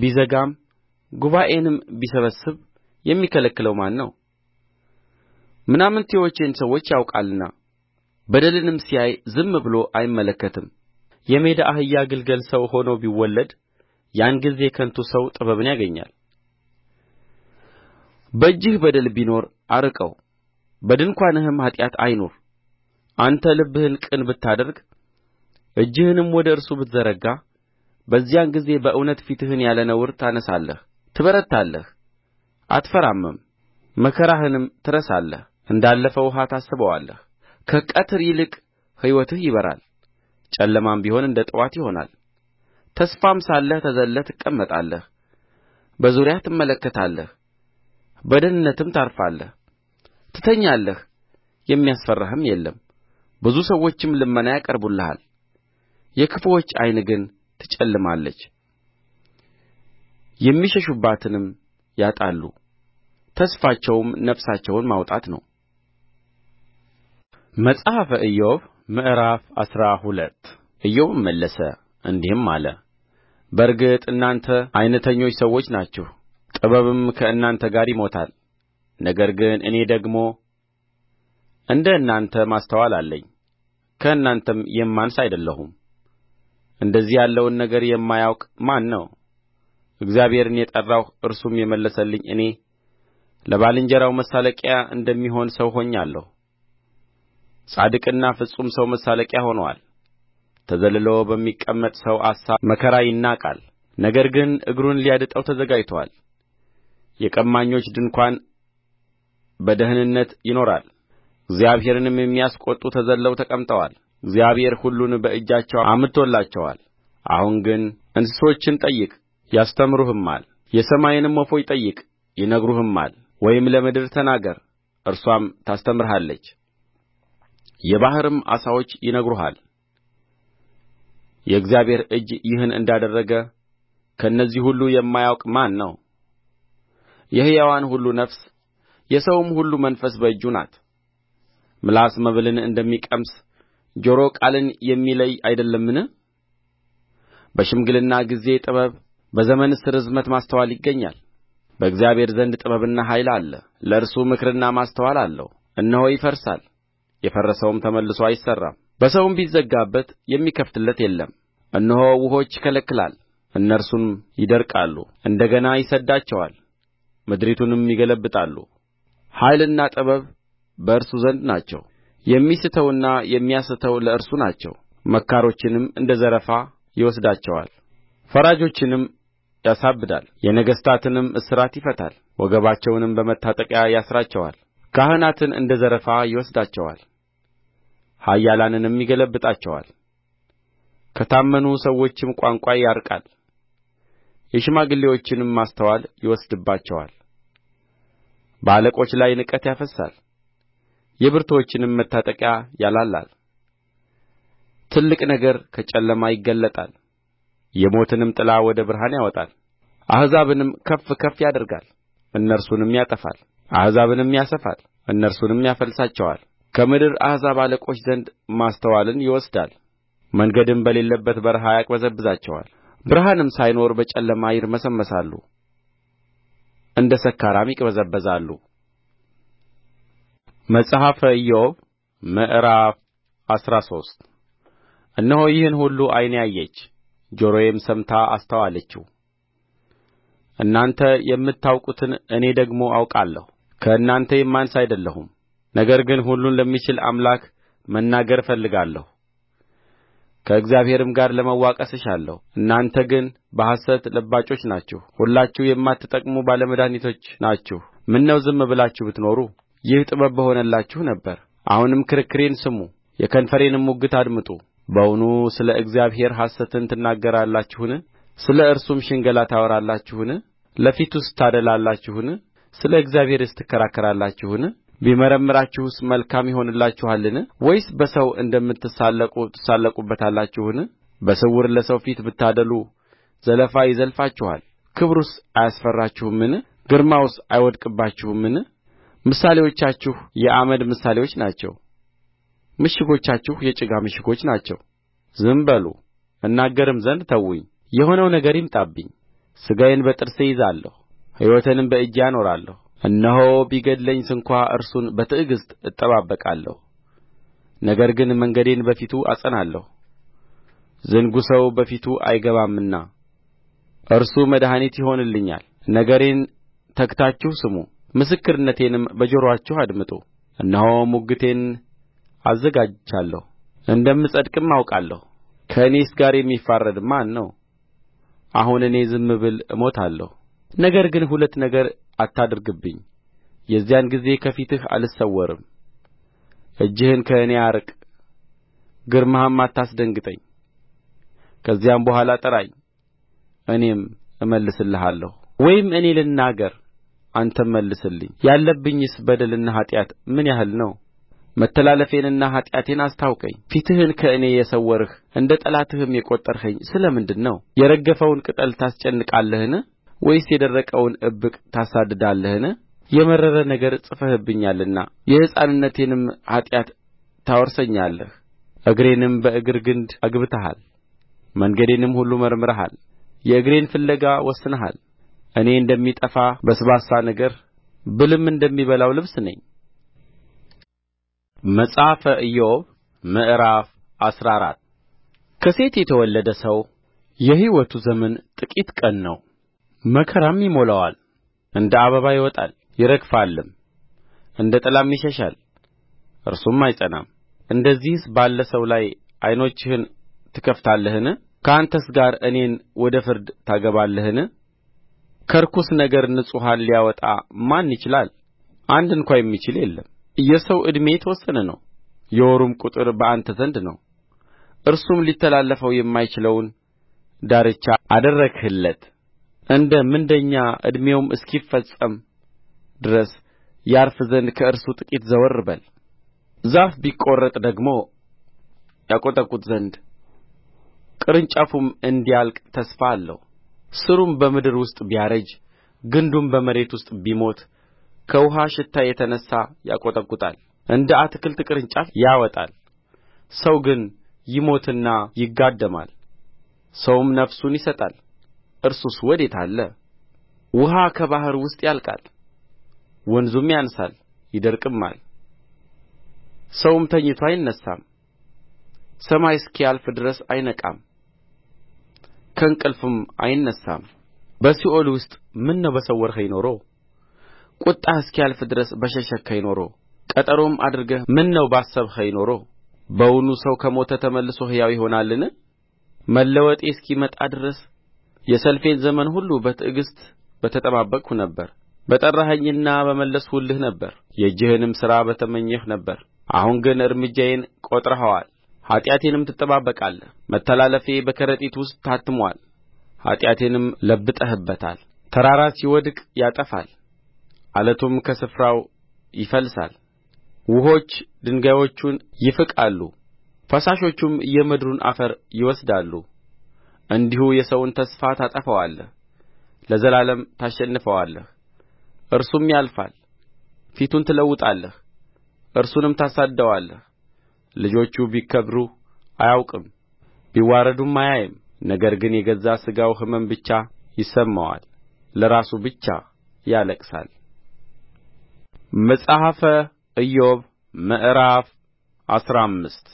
ቢዘጋም ጉባኤንም ቢሰበስብ የሚከለክለው ማን ነው ምናምንቴዎችን ሰዎች ያውቃልና በደልንም ሲያይ ዝም ብሎ አይመለከትም የሜዳ አህያ ግልገል ሰው ሆኖ ቢወለድ ያን ጊዜ ከንቱ ሰው ጥበብን ያገኛል በእጅህ በደል ቢኖር አርቀው በድንኳንህም ኃጢአት አይኑር አንተ ልብህን ቅን ብታደርግ እጅህንም ወደ እርሱ ብትዘረጋ በዚያን ጊዜ በእውነት ፊትህን ያለ ነውር ታነሣለህ ትበረታለህ አትፈራምም መከራህንም ትረሳለህ እንዳለፈ ውኃ ታስበዋለህ ከቀትር ይልቅ ሕይወትህ ይበራል ጨለማም ቢሆን እንደ ጥዋት ይሆናል ተስፋም ሳለህ ተዘልለህ ትቀመጣለህ በዙሪያህ ትመለከታለህ በደኅንነትም ታርፋለህ ትተኛለህ የሚያስፈራህም የለም ብዙ ሰዎችም ልመና ያቀርቡልሃል የክፉዎች ዓይን ግን ትጨልማለች የሚሸሹባትንም ያጣሉ ተስፋቸውም ነፍሳቸውን ማውጣት ነው መጽሐፈ ኢዮብ ምዕራፍ አስራ ሁለት ኢዮብም መለሰ እንዲህም አለ በእርግጥ እናንተ ዓይነተኞች ሰዎች ናችሁ ጥበብም ከእናንተ ጋር ይሞታል ነገር ግን እኔ ደግሞ እንደ እናንተ ማስተዋል አለኝ ከእናንተም የማንስ አይደለሁም እንደዚህ ያለውን ነገር የማያውቅ ማን ነው እግዚአብሔርን የጠራሁ እርሱም የመለሰልኝ እኔ ለባልንጀራው መሳለቂያ እንደሚሆን ሰው ሆኛለሁ ጻድቅና ፍጹም ሰው መሳለቂያ ሆኖአል ተዘልሎ በሚቀመጥ ሰው አሳብ መከራ ይናቃል ነገር ግን እግሩን ሊያድጠው ተዘጋጅቶአል የቀማኞች ድንኳን በደኅንነት ይኖራል እግዚአብሔርንም የሚያስቈጡ ተዘልለው ተቀምጠዋል እግዚአብሔር ሁሉን በእጃቸው አምጥቶላቸዋል አሁን ግን እንስሶችን ጠይቅ ያስተምሩህማል የሰማይንም ወፎች ጠይቅ ይነግሩህማል ወይም ለምድር ተናገር እርስዋም ታስተምርሃለች የባሕርም ዓሣዎች ይነግሩሃል የእግዚአብሔር እጅ ይህን እንዳደረገ ከእነዚህ ሁሉ የማያውቅ ማን ነው? የሕያዋን ሁሉ ነፍስ የሰውም ሁሉ መንፈስ በእጁ ናት። ምላስ መብልን እንደሚቀምስ ጆሮ ቃልን የሚለይ አይደለምን በሽምግልና ጊዜ ጥበብ በዘመንስ ርዝመት ማስተዋል ይገኛል በእግዚአብሔር ዘንድ ጥበብና ኃይል አለ ለእርሱ ምክርና ማስተዋል አለው እነሆ ይፈርሳል የፈረሰውም ተመልሶ አይሠራም በሰውም ቢዘጋበት የሚከፍትለት የለም እነሆ ውኆች ይከለክላል እነርሱም ይደርቃሉ እንደ ገና ይሰድዳቸዋል ምድሪቱንም ይገለብጣሉ ኃይልና ጥበብ በእርሱ ዘንድ ናቸው የሚስተውና የሚያስተው ለእርሱ ናቸው መካሮችንም እንደ ዘረፋ ይወስዳቸዋል ፈራጆችንም ያሳብዳል የነገሥታትንም እስራት ይፈታል ወገባቸውንም በመታጠቂያ ያስራቸዋል ካህናትን እንደ ዘረፋ ይወስዳቸዋል ኃያላንንም ይገለብጣቸዋል ከታመኑ ሰዎችም ቋንቋ ያርቃል የሽማግሌዎችንም ማስተዋል ይወስድባቸዋል በአለቆች ላይ ንቀት ያፈስሳል የብርቱዎችንም መታጠቂያ ያላላል ትልቅ ነገር ከጨለማ ይገለጣል የሞትንም ጥላ ወደ ብርሃን ያወጣል አሕዛብንም ከፍ ከፍ ያደርጋል እነርሱንም ያጠፋል አሕዛብንም ያሰፋል እነርሱንም ያፈልሳቸዋል ከምድር አሕዛብ አለቆች ዘንድ ማስተዋልን ይወስዳል መንገድም በሌለበት በረሃ ያቅበዘብዛቸዋል ብርሃንም ሳይኖር በጨለማ ይርመሰመሳሉ እንደ ሰካራም ይቅበዘበዛሉ መጽሐፈ ኢዮብ ምዕራፍ አስራ ሶስት እነሆ ይህን ሁሉ ዓይኔ አየች ጆሮዬም ሰምታ አስተዋለችው። እናንተ የምታውቁትን እኔ ደግሞ አውቃለሁ፣ ከእናንተ የማንስ አይደለሁም። ነገር ግን ሁሉን ለሚችል አምላክ መናገር እፈልጋለሁ፣ ከእግዚአብሔርም ጋር ለመዋቀስ እሻለሁ። እናንተ ግን በሐሰት ለባጮች ናችሁ፣ ሁላችሁ የማትጠቅሙ ባለ መድኃኒቶች ናችሁ። ምነው ዝም ብላችሁ ብትኖሩ ይህ ጥበብ በሆነላችሁ ነበር አሁንም ክርክሬን ስሙ የከንፈሬንም ሙግት አድምጡ በውኑ ስለ እግዚአብሔር ሐሰትን ትናገራላችሁን ስለ እርሱም ሽንገላ ታወራላችሁን ለፊቱስ ታደላላችሁን ስለ እግዚአብሔርስ ትከራከራላችሁን ቢመረምራችሁስ መልካም ይሆንላችኋልን ወይስ በሰው እንደምትሳለቁ ትሳለቁበታላችሁን በስውር ለሰው ፊት ብታደሉ ዘለፋ ይዘልፋችኋል ክብሩስ አያስፈራችሁምን ግርማውስ አይወድቅባችሁምን ምሳሌዎቻችሁ የአመድ ምሳሌዎች ናቸው ምሽጎቻችሁ የጭቃ ምሽጎች ናቸው ዝም በሉ እናገርም ዘንድ ተዉኝ የሆነው ነገር ይምጣብኝ ሥጋዬን በጥርሴ እይዛለሁ ሕይወቴንም በእጄ አኖራለሁ እነሆ ቢገድለኝ ስንኳ እርሱን በትዕግሥት እጠባበቃለሁ ነገር ግን መንገዴን በፊቱ አጸናለሁ ዝንጉ ሰው በፊቱ አይገባምና እርሱ መድኃኒት ይሆንልኛል ነገሬን ተግታችሁ ስሙ ምስክርነቴንም በጆሮአችሁ አድምጡ እነሆ ሙግቴን አዘጋጅቻለሁ እንደምጸድቅም አውቃለሁ ከእኔስ ጋር የሚፋረድ ማን ነው አሁን እኔ ዝም ብል እሞታለሁ ነገር ግን ሁለት ነገር አታድርግብኝ የዚያን ጊዜ ከፊትህ አልሰወርም እጅህን ከእኔ አርቅ ግርማህም አታስደንግጠኝ ከዚያም በኋላ ጥራኝ እኔም እመልስልሃለሁ ወይም እኔ ልናገር አንተም መልስልኝ ያለብኝስ በደልና ኃጢአት ምን ያህል ነው መተላለፌንና ኃጢአቴን አስታውቀኝ ፊትህን ከእኔ የሰወርህ እንደ ጠላትህም የቈጠርኸኝ ስለ ምንድር ነው የረገፈውን ቅጠል ታስጨንቃለህን ወይስ የደረቀውን እብቅ ታሳድዳለህን የመረረ ነገር ጽፈህብኛልና የሕፃንነቴንም ኃጢአት ታወርሰኛለህ እግሬንም በእግር ግንድ አግብተሃል መንገዴንም ሁሉ መርምረሃል የእግሬን ፍለጋ ወስነሃል እኔ እንደሚጠፋ በስባሳ ነገር ብልም እንደሚበላው ልብስ ነኝ መጽሐፈ ኢዮብ ምዕራፍ አስራ አራት ከሴት የተወለደ ሰው የሕይወቱ ዘመን ጥቂት ቀን ነው፣ መከራም ይሞላዋል። እንደ አበባ ይወጣል ይረግፋልም፣ እንደ ጥላም ይሸሻል፣ እርሱም አይጸናም። እንደዚህስ ባለ ሰው ላይ ዐይኖችህን ትከፍታለህን? ከአንተስ ጋር እኔን ወደ ፍርድ ታገባለህን? ከርኩስ ነገር ንጹሑን ሊያወጣ ማን ይችላል አንድ እንኳ የሚችል የለም የሰው ዕድሜ የተወሰነ ነው የወሩም ቍጥር በአንተ ዘንድ ነው እርሱም ሊተላለፈው የማይችለውን ዳርቻ አደረግህለት እንደ ምንደኛ ዕድሜውም እስኪፈጸም ድረስ ያርፍ ዘንድ ከእርሱ ጥቂት ዘወር በል ዛፍ ቢቈረጥ ደግሞ ያቈጠቍጥ ዘንድ ቅርንጫፉም እንዲያልቅ ተስፋ አለው ሥሩም በምድር ውስጥ ቢያረጅ ግንዱም በመሬት ውስጥ ቢሞት ከውኃ ሽታ የተነሣ ያቈጠቍጣል እንደ አትክልት ቅርንጫፍ ያወጣል ሰው ግን ይሞትና ይጋደማል ሰውም ነፍሱን ይሰጣል እርሱስ ወዴት አለ ውኃ ከባሕር ውስጥ ያልቃል ወንዙም ያንሳል ይደርቅማል ሰውም ተኝቶ አይነሣም ሰማይ እስኪያልፍ ድረስ አይነቃም ከእንቅልፍም አይነሣም በሲኦል ውስጥ ምነው በሰወርኸኝ ኖሮ ቍጣህ እስኪያልፍ ድረስ በሸሸግኸኝ ኖሮ ቀጠሮም አድርገህ ምነው ባሰብኸኝ ኖሮ በውኑ ሰው ከሞተ ተመልሶ ሕያው ይሆናልን መለወጤ እስኪመጣ ድረስ የሰልፌን ዘመን ሁሉ በትዕግሥት በተጠባበቅሁ ነበር በጠራኸኝና በመለስሁልህ ነበር የእጅህንም ሥራ በተመኘህ ነበር አሁን ግን እርምጃዬን ቈጥረኸዋል ኃጢአቴንም ትጠባበቃለህ መተላለፌ በከረጢት ውስጥ ታትሞአል ኃጢአቴንም ለብጠህበታል ተራራ ሲወድቅ ያጠፋል ዓለቱም ከስፍራው ይፈልሳል ውኆች ድንጋዮቹን ይፍቃሉ ፈሳሾቹም የምድሩን አፈር ይወስዳሉ እንዲሁ የሰውን ተስፋ ታጠፋዋለህ ለዘላለም ታሸንፈዋለህ እርሱም ያልፋል ፊቱን ትለውጣለህ እርሱንም ታሳድደዋለህ ልጆቹ ቢከብሩ አያውቅም ቢዋረዱም አያይም ነገር ግን የገዛ ሥጋው ሕመም ብቻ ይሰማዋል ለራሱ ብቻ ያለቅሳል መጽሐፈ ኢዮብ ምዕራፍ አስራ አምስት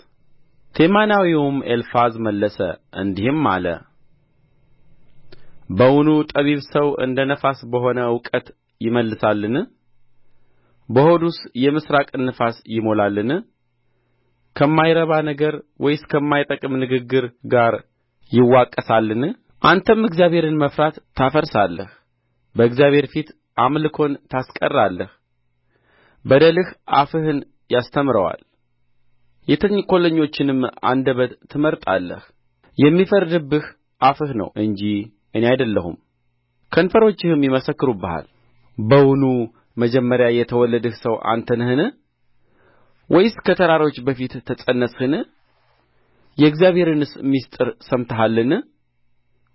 ቴማናዊውም ኤልፋዝ መለሰ እንዲህም አለ በውኑ ጠቢብ ሰው እንደ ነፋስ በሆነ እውቀት ይመልሳልን በሆዱስ የምሥራቅን ነፋስ ይሞላልን ከማይረባ ነገር ወይስ ከማይጠቅም ንግግር ጋር ይዋቀሳልን አንተም እግዚአብሔርን መፍራት ታፈርሳለህ በእግዚአብሔር ፊት አምልኮን ታስቀራለህ በደልህ አፍህን ያስተምረዋል የተንኰለኞችንም አንደበት ትመርጣለህ የሚፈርድብህ አፍህ ነው እንጂ እኔ አይደለሁም ከንፈሮችህም ይመሰክሩብሃል በውኑ መጀመሪያ የተወለድህ ሰው አንተ ነህን ወይስ ከተራሮች በፊት ተፀነስህን የእግዚአብሔርንስ ምሥጢር ሰምተሃልን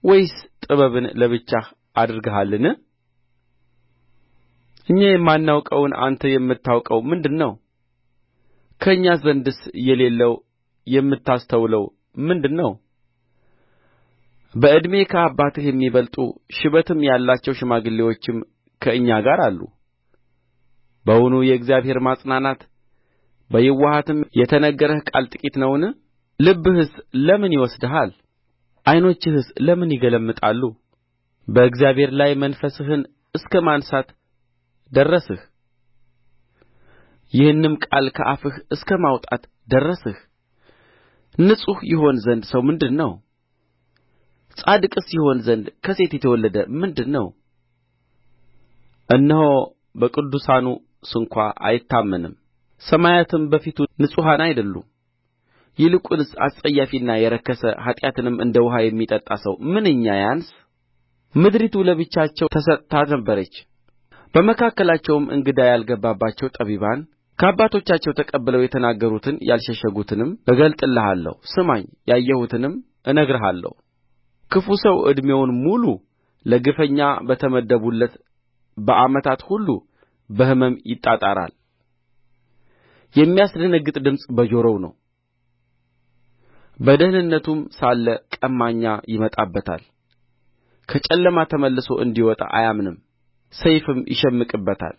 ወይስ ጥበብን ለብቻህ አድርገሃልን እኛ የማናውቀውን አንተ የምታውቀው ምንድር ነው ከእኛ ዘንድስ የሌለው የምታስተውለው ምንድር ነው በዕድሜ ከአባትህ የሚበልጡ ሽበትም ያላቸው ሽማግሌዎችም ከእኛ ጋር አሉ በውኑ የእግዚአብሔር ማጽናናት በየውሃትም የተነገረህ ቃል ጥቂት ነውን ልብህስ ለምን ይወስድሃል ዓይኖችህስ ለምን ይገለምጣሉ በእግዚአብሔር ላይ መንፈስህን እስከ ማንሣት ደረስህ ይህንም ቃል ከአፍህ እስከ ማውጣት ደረስህ ንጹሕ ይሆን ዘንድ ሰው ምንድር ነው ጻድቅስ ይሆን ዘንድ ከሴት የተወለደ ምንድር ነው እነሆ በቅዱሳኑ ስንኳ አይታመንም ሰማያትም በፊቱ ንጹሐን አይደሉም ይልቁንስ አስጸያፊና የረከሰ ኃጢአትንም እንደ ውኃ የሚጠጣ ሰው ምንኛ ያንስ ምድሪቱ ለብቻቸው ተሰጥታ ነበረች በመካከላቸውም እንግዳ ያልገባባቸው ጠቢባን ከአባቶቻቸው ተቀብለው የተናገሩትን ያልሸሸጉትንም እገልጥልሃለሁ ስማኝ ያየሁትንም እነግርሃለሁ ክፉ ሰው ዕድሜውን ሙሉ ለግፈኛ በተመደቡለት በዓመታት ሁሉ በሕመም ይጣጣራል የሚያስደነግጥ ድምፅ በጆሮው ነው በደኅንነቱም ሳለ ቀማኛ ይመጣበታል ከጨለማ ተመልሶ እንዲወጣ አያምንም ሰይፍም ይሸምቅበታል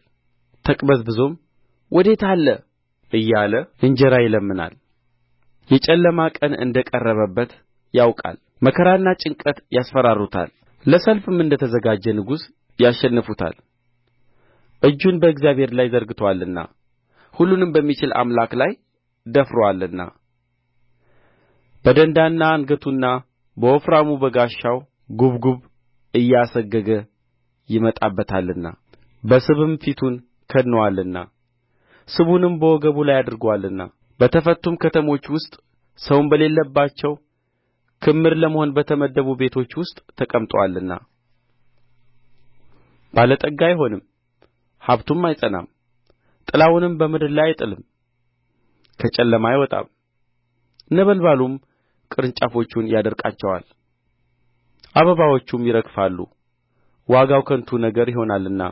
ተቅበዝብዞም ወዴት አለ እያለ እንጀራ ይለምናል የጨለማ ቀን እንደ ቀረበበት ያውቃል መከራና ጭንቀት ያስፈራሩታል ለሰልፍም እንደ ተዘጋጀ ንጉሥ ያሸንፉታል እጁን በእግዚአብሔር ላይ ዘርግቶአልና ሁሉንም በሚችል አምላክ ላይ ደፍሮአልና በደንዳና አንገቱና በወፍራሙ በጋሻው ጉብጉብ እያሰገገ ይመጣበታልና በስብም ፊቱን ከድኖአልና ስቡንም በወገቡ ላይ አድርጎአልና በተፈቱም ከተሞች ውስጥ ሰውም በሌለባቸው ክምር ለመሆን በተመደቡ ቤቶች ውስጥ ተቀምጦአልና ባለጠጋ አይሆንም ሀብቱም አይጸናም ጥላውንም በምድር ላይ አይጥልም ከጨለማ አይወጣም ነበልባሉም ቅርንጫፎቹን ያደርቃቸዋል አበባዎቹም ይረግፋሉ ዋጋው ከንቱ ነገር ይሆናልና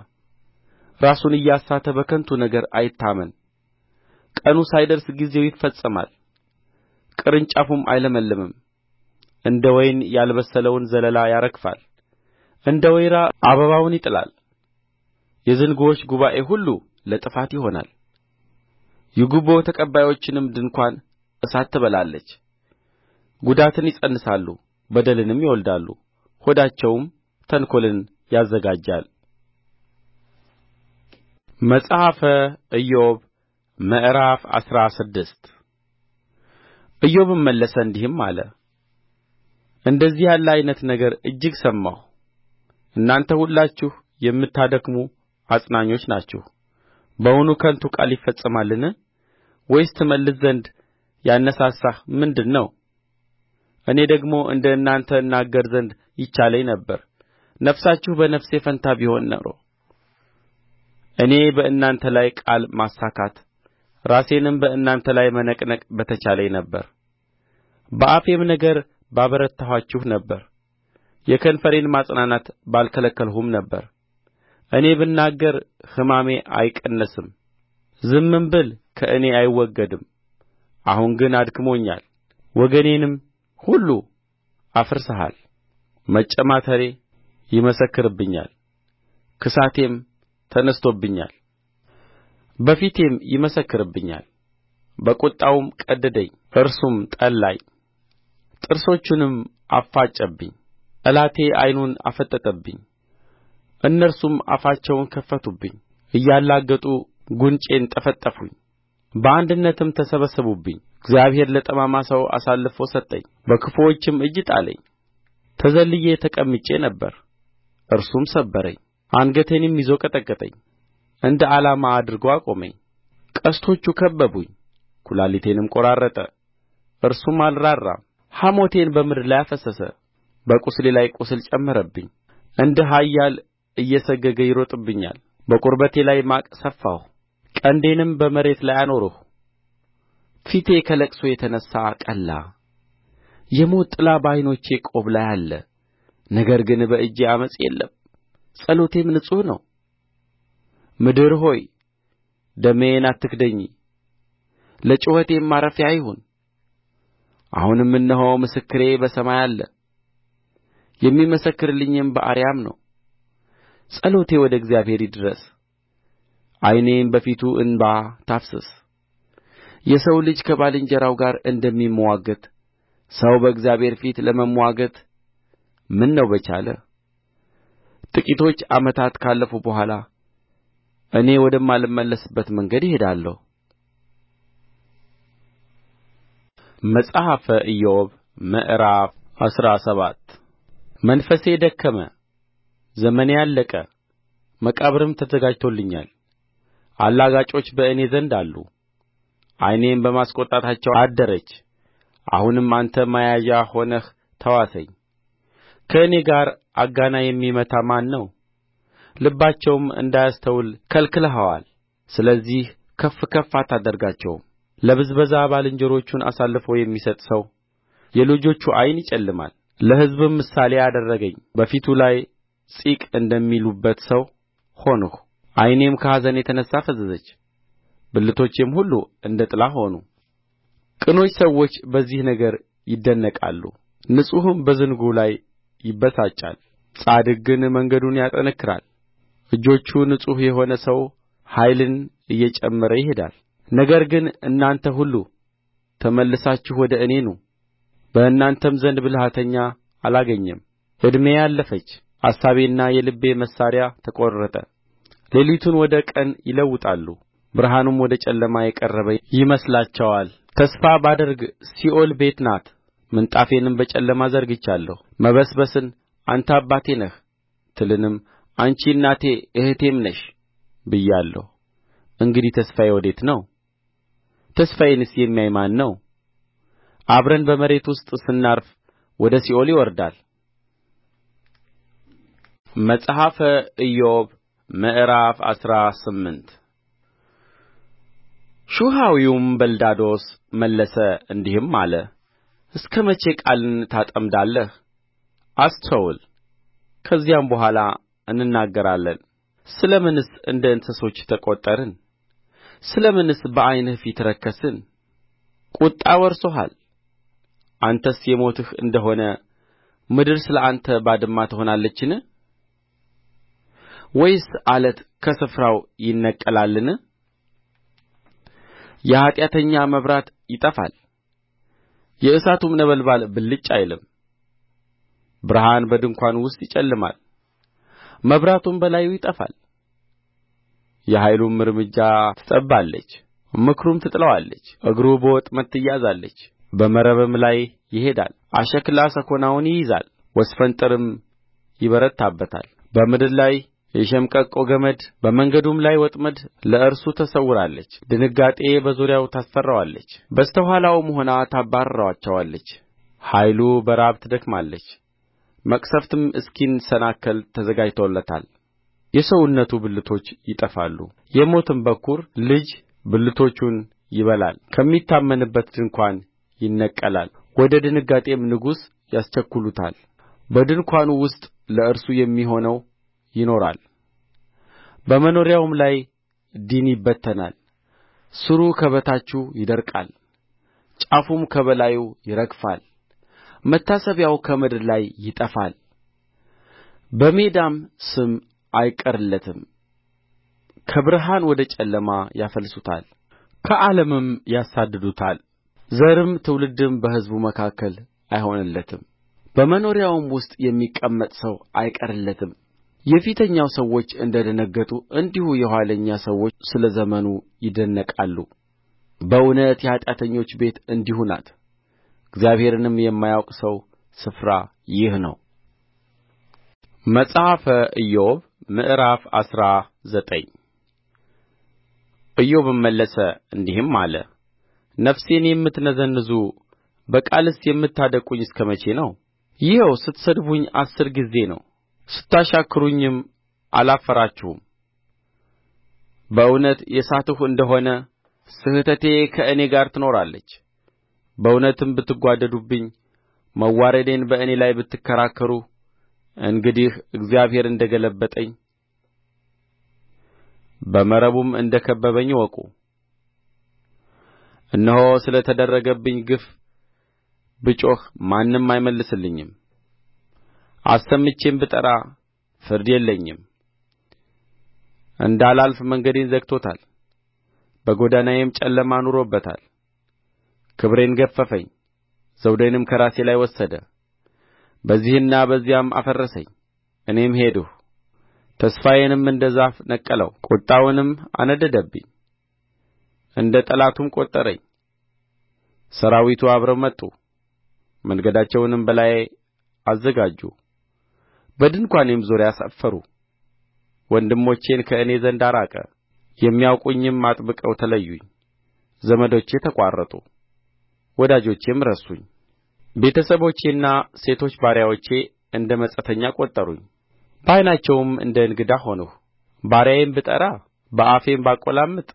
ራሱን እያሳተ በከንቱ ነገር አይታመን ቀኑ ሳይደርስ ጊዜው ይፈጸማል ቅርንጫፉም አይለመልምም እንደ ወይን ያልበሰለውን ዘለላ ያረግፋል እንደ ወይራ አበባውን ይጥላል የዝንጉዎች ጉባኤ ሁሉ ለጥፋት ይሆናል የጉቦ ተቀባዮችንም ድንኳን እሳት ትበላለች ጉዳትን ይፀንሳሉ በደልንም ይወልዳሉ ሆዳቸውም ተንኰልን ያዘጋጃል መጽሐፈ ኢዮብ ምዕራፍ አስራ ስድስት ኢዮብም መለሰ እንዲህም አለ እንደዚህ ያለ ዓይነት ነገር እጅግ ሰማሁ እናንተ ሁላችሁ የምታደክሙ አጽናኞች ናችሁ በውኑ ከንቱ ቃል ይፈጸማልን ወይስ ትመልስ ዘንድ ያነሣሣህ ምንድር ነው እኔ ደግሞ እንደ እናንተ እናገር ዘንድ ይቻለኝ ነበር ነፍሳችሁ በነፍሴ ፋንታ ቢሆን ኖሮ እኔ በእናንተ ላይ ቃል ማሳካት ራሴንም በእናንተ ላይ መነቅነቅ በተቻለኝ ነበር በአፌም ነገር ባበረታኋችሁ ነበር የከንፈሬን ማጽናናት ባልከለከልሁም ነበር እኔ ብናገር ሕማሜ አይቀነስም ዝምም ብል ከእኔ አይወገድም አሁን ግን አድክሞኛል ወገኔንም ሁሉ አፍርሰሃል መጨማተሬ ይመሰክርብኛል ክሳቴም ተነሥቶብኛል በፊቴም ይመሰክርብኛል በቍጣውም ቀደደኝ እርሱም ጠላኝ ጥርሶቹንም አፋጨብኝ ጠላቴ ዓይኑን አፈጠጠብኝ እነርሱም አፋቸውን ከፈቱብኝ እያላገጡ ጕንጬን ጠፈጠፉኝ በአንድነትም ተሰበሰቡብኝ እግዚአብሔር ለጠማማ ሰው አሳልፎ ሰጠኝ በክፉዎችም እጅ ጣለኝ ተዘልዬ ተቀምጬ ነበር እርሱም ሰበረኝ አንገቴንም ይዞ ቀጠቀጠኝ እንደ ዓላማ አድርጎ አቆመኝ ቀስቶቹ ከበቡኝ ኵላሊቴንም ቈራረጠ እርሱም አልራራም ሐሞቴን በምድር ላይ አፈሰሰ በቁስሌ ላይ ቍስል ጨመረብኝ እንደ ኃያል እየሰገገ ይሮጥብኛል በቁርበቴ ላይ ማቅ ሰፋሁ ቀንዴንም በመሬት ላይ አኖርሁ ፊቴ ከልቅሶ የተነሣ ቀላ የሞት ጥላ በዓይኖቼ ቆብ ላይ አለ ነገር ግን በእጄ ዓመፅ የለም ጸሎቴም ንጹሕ ነው ምድር ሆይ ደሜን አትክደኝ ለጩኸቴም ማረፊያ አይሁን አሁንም እነሆ ምስክሬ በሰማይ አለ የሚመሰክርልኝም በአርያም ነው ጸሎቴ ወደ እግዚአብሔር ይድረስ ዓይኔም በፊቱ እንባ ታፍስስ የሰው ልጅ ከባልንጀራው ጋር እንደሚምዋገት ሰው በእግዚአብሔር ፊት ለመምዋገት ምነው በቻለ ጥቂቶች ዓመታት ካለፉ በኋላ እኔ ወደማልመለስበት መንገድ እሄዳለሁ። መጽሐፈ ኢዮብ ምዕራፍ አስራ ሰባት መንፈሴ ደከመ ዘመኔ አለቀ መቃብርም ተዘጋጅቶልኛል አላጋጮች በእኔ ዘንድ አሉ ዓይኔም በማስቈጣታቸው አደረች አሁንም አንተ መያዣ ሆነህ ተዋሰኝ ከእኔ ጋር አጋና የሚመታ ማን ነው ልባቸውም እንዳያስተውል ከልክለኸዋል ስለዚህ ከፍ ከፍ አታደርጋቸውም ለብዝበዛ ባልንጀሮቹን አሳልፎ የሚሰጥ ሰው የልጆቹ ዓይን ይጨልማል ለሕዝብም ምሳሌ አደረገኝ በፊቱ ላይ ጺቅ እንደሚሉበት ሰው ሆንሁ ዓይኔም ከኀዘን የተነሣ ፈዘዘች ብልቶቼም ሁሉ እንደ ጥላ ሆኑ ቅኖች ሰዎች በዚህ ነገር ይደነቃሉ ንጹሕም በዝንጉ ላይ ይበሳጫል ጻድቅ ግን መንገዱን ያጠነክራል እጆቹ ንጹሕ የሆነ ሰው ኃይልን እየጨመረ ይሄዳል ነገር ግን እናንተ ሁሉ ተመልሳችሁ ወደ እኔ ኑ በእናንተም ዘንድ ብልሃተኛ አላገኘም ዕድሜዬ አለፈች አሳቤና የልቤ መሣሪያ ተቈረጠ ሌሊቱን ወደ ቀን ይለውጣሉ ብርሃኑም ወደ ጨለማ የቀረበ ይመስላቸዋል ተስፋ ባደርግ ሲኦል ቤት ናት ምንጣፌንም በጨለማ ዘርግቻለሁ መበስበስን አንተ አባቴ ነህ ትልንም አንቺ እናቴ እኅቴም ነሽ ብያለሁ እንግዲህ ተስፋዬ ወዴት ነው ተስፋዬንስ የሚያይ ማን ነው አብረን በመሬት ውስጥ ስናርፍ ወደ ሲኦል ይወርዳል መጽሐፈ ኢዮብ ምዕራፍ አስራ ስምንት ሹሐዊውም በልዳዶስ መለሰ እንዲህም አለ እስከ መቼ ቃልን ታጠምዳለህ? አስተውል፣ ከዚያም በኋላ እንናገራለን። ስለ ምንስ እንደ እንስሶች ተቈጠርን? ስለ ምንስ በዐይንህ ፊት ረከስን? ቍጣ ወርሶሃል፣ አንተስ የሞትህ እንደሆነ ምድር ስለ አንተ ባድማ ትሆናለችን? ወይስ ዓለት ከስፍራው ይነቀላልን? የኃጢአተኛ መብራት ይጠፋል፣ የእሳቱም ነበልባል ብልጭ አይልም። ብርሃን በድንኳኑ ውስጥ ይጨልማል፣ መብራቱም በላዩ ይጠፋል። የኃይሉም እርምጃ ትጠብባለች፣ ምክሩም ትጥለዋለች። እግሩ በወጥመድ ትያዛለች፣ በመረብም ላይ ይሄዳል። አሽክላ ሰኮናውን ይይዛል፣ ወስፈንጠርም ይበረታበታል። በምድር ላይ የሸምቀቆ ገመድ በመንገዱም ላይ ወጥመድ ለእርሱ ተሰውራለች ድንጋጤ በዙሪያው ታስፈራዋለች በስተ ኋላውም ሆና ታባርራቸዋለች ኃይሉ በራብ ትደክማለች መቅሠፍትም እስኪሰናከል ተዘጋጅቶለታል የሰውነቱ ብልቶች ይጠፋሉ የሞትም በኵር ልጅ ብልቶቹን ይበላል ከሚታመንበት ድንኳን ይነቀላል ወደ ድንጋጤም ንጉሥ ያስቸኵሉታል በድንኳኑ ውስጥ ለእርሱ የሚሆነው ይኖራል በመኖሪያውም ላይ ዲን ይበተናል ሥሩ ከበታቹ ይደርቃል ጫፉም ከበላዩ ይረግፋል መታሰቢያው ከምድር ላይ ይጠፋል በሜዳም ስም አይቀርለትም ከብርሃን ወደ ጨለማ ያፈልሱታል ከዓለምም ያሳድዱታል ዘርም ትውልድም በሕዝቡ መካከል አይሆንለትም በመኖሪያውም ውስጥ የሚቀመጥ ሰው አይቀርለትም የፊተኛው ሰዎች እንደ ደነገጡ እንዲሁ የኋለኛ ሰዎች ስለ ዘመኑ ይደነቃሉ በእውነት የኃጢአተኞች ቤት እንዲሁ ናት እግዚአብሔርንም የማያውቅ ሰው ስፍራ ይህ ነው መጽሐፈ ኢዮብ ምዕራፍ አስራ ዘጠኝ ኢዮብም መለሰ እንዲህም አለ ነፍሴን የምትነዘንዙ በቃልስ የምታደቅቁኝ እስከ መቼ ነው ይኸው ስትሰድቡኝ አሥር ጊዜ ነው ስታሻክሩኝም አላፈራችሁም በእውነት የሳትሁ እንደ ሆነ ስሕተቴ ከእኔ ጋር ትኖራለች በእውነትም ብትጓደዱብኝ መዋረዴን በእኔ ላይ ብትከራከሩ እንግዲህ እግዚአብሔር እንደ ገለበጠኝ በመረቡም እንደ ከበበኝ እወቁ እነሆ ስለ ተደረገብኝ ግፍ ብጮኽ ማንም አይመልስልኝም አሰምቼም ብጠራ ፍርድ የለኝም እንዳላልፍ መንገዴን ዘግቶታል በጎዳናዬም ጨለማ አኑሮበታል ክብሬን ገፈፈኝ ዘውዴንም ከራሴ ላይ ወሰደ በዚህና በዚያም አፈረሰኝ እኔም ሄድሁ ተስፋዬንም እንደ ዛፍ ነቀለው ቍጣውንም አነደደብኝ እንደ ጠላቱም ቈጠረኝ ሠራዊቱ አብረው መጡ መንገዳቸውንም በላዬ አዘጋጁ በድንኳኔም ዙሪያ ሰፈሩ ወንድሞቼን ከእኔ ዘንድ አራቀ የሚያውቁኝም አጥብቀው ተለዩኝ ዘመዶቼ ተቋረጡ ወዳጆቼም ረሱኝ ቤተ ሰቦቼና ሴቶች ባሪያዎቼ እንደ መጻተኛ ቈጠሩኝ በዓይናቸውም እንደ እንግዳ ሆንሁ ባሪያዬን ብጠራ በአፌም ባቈላምጥ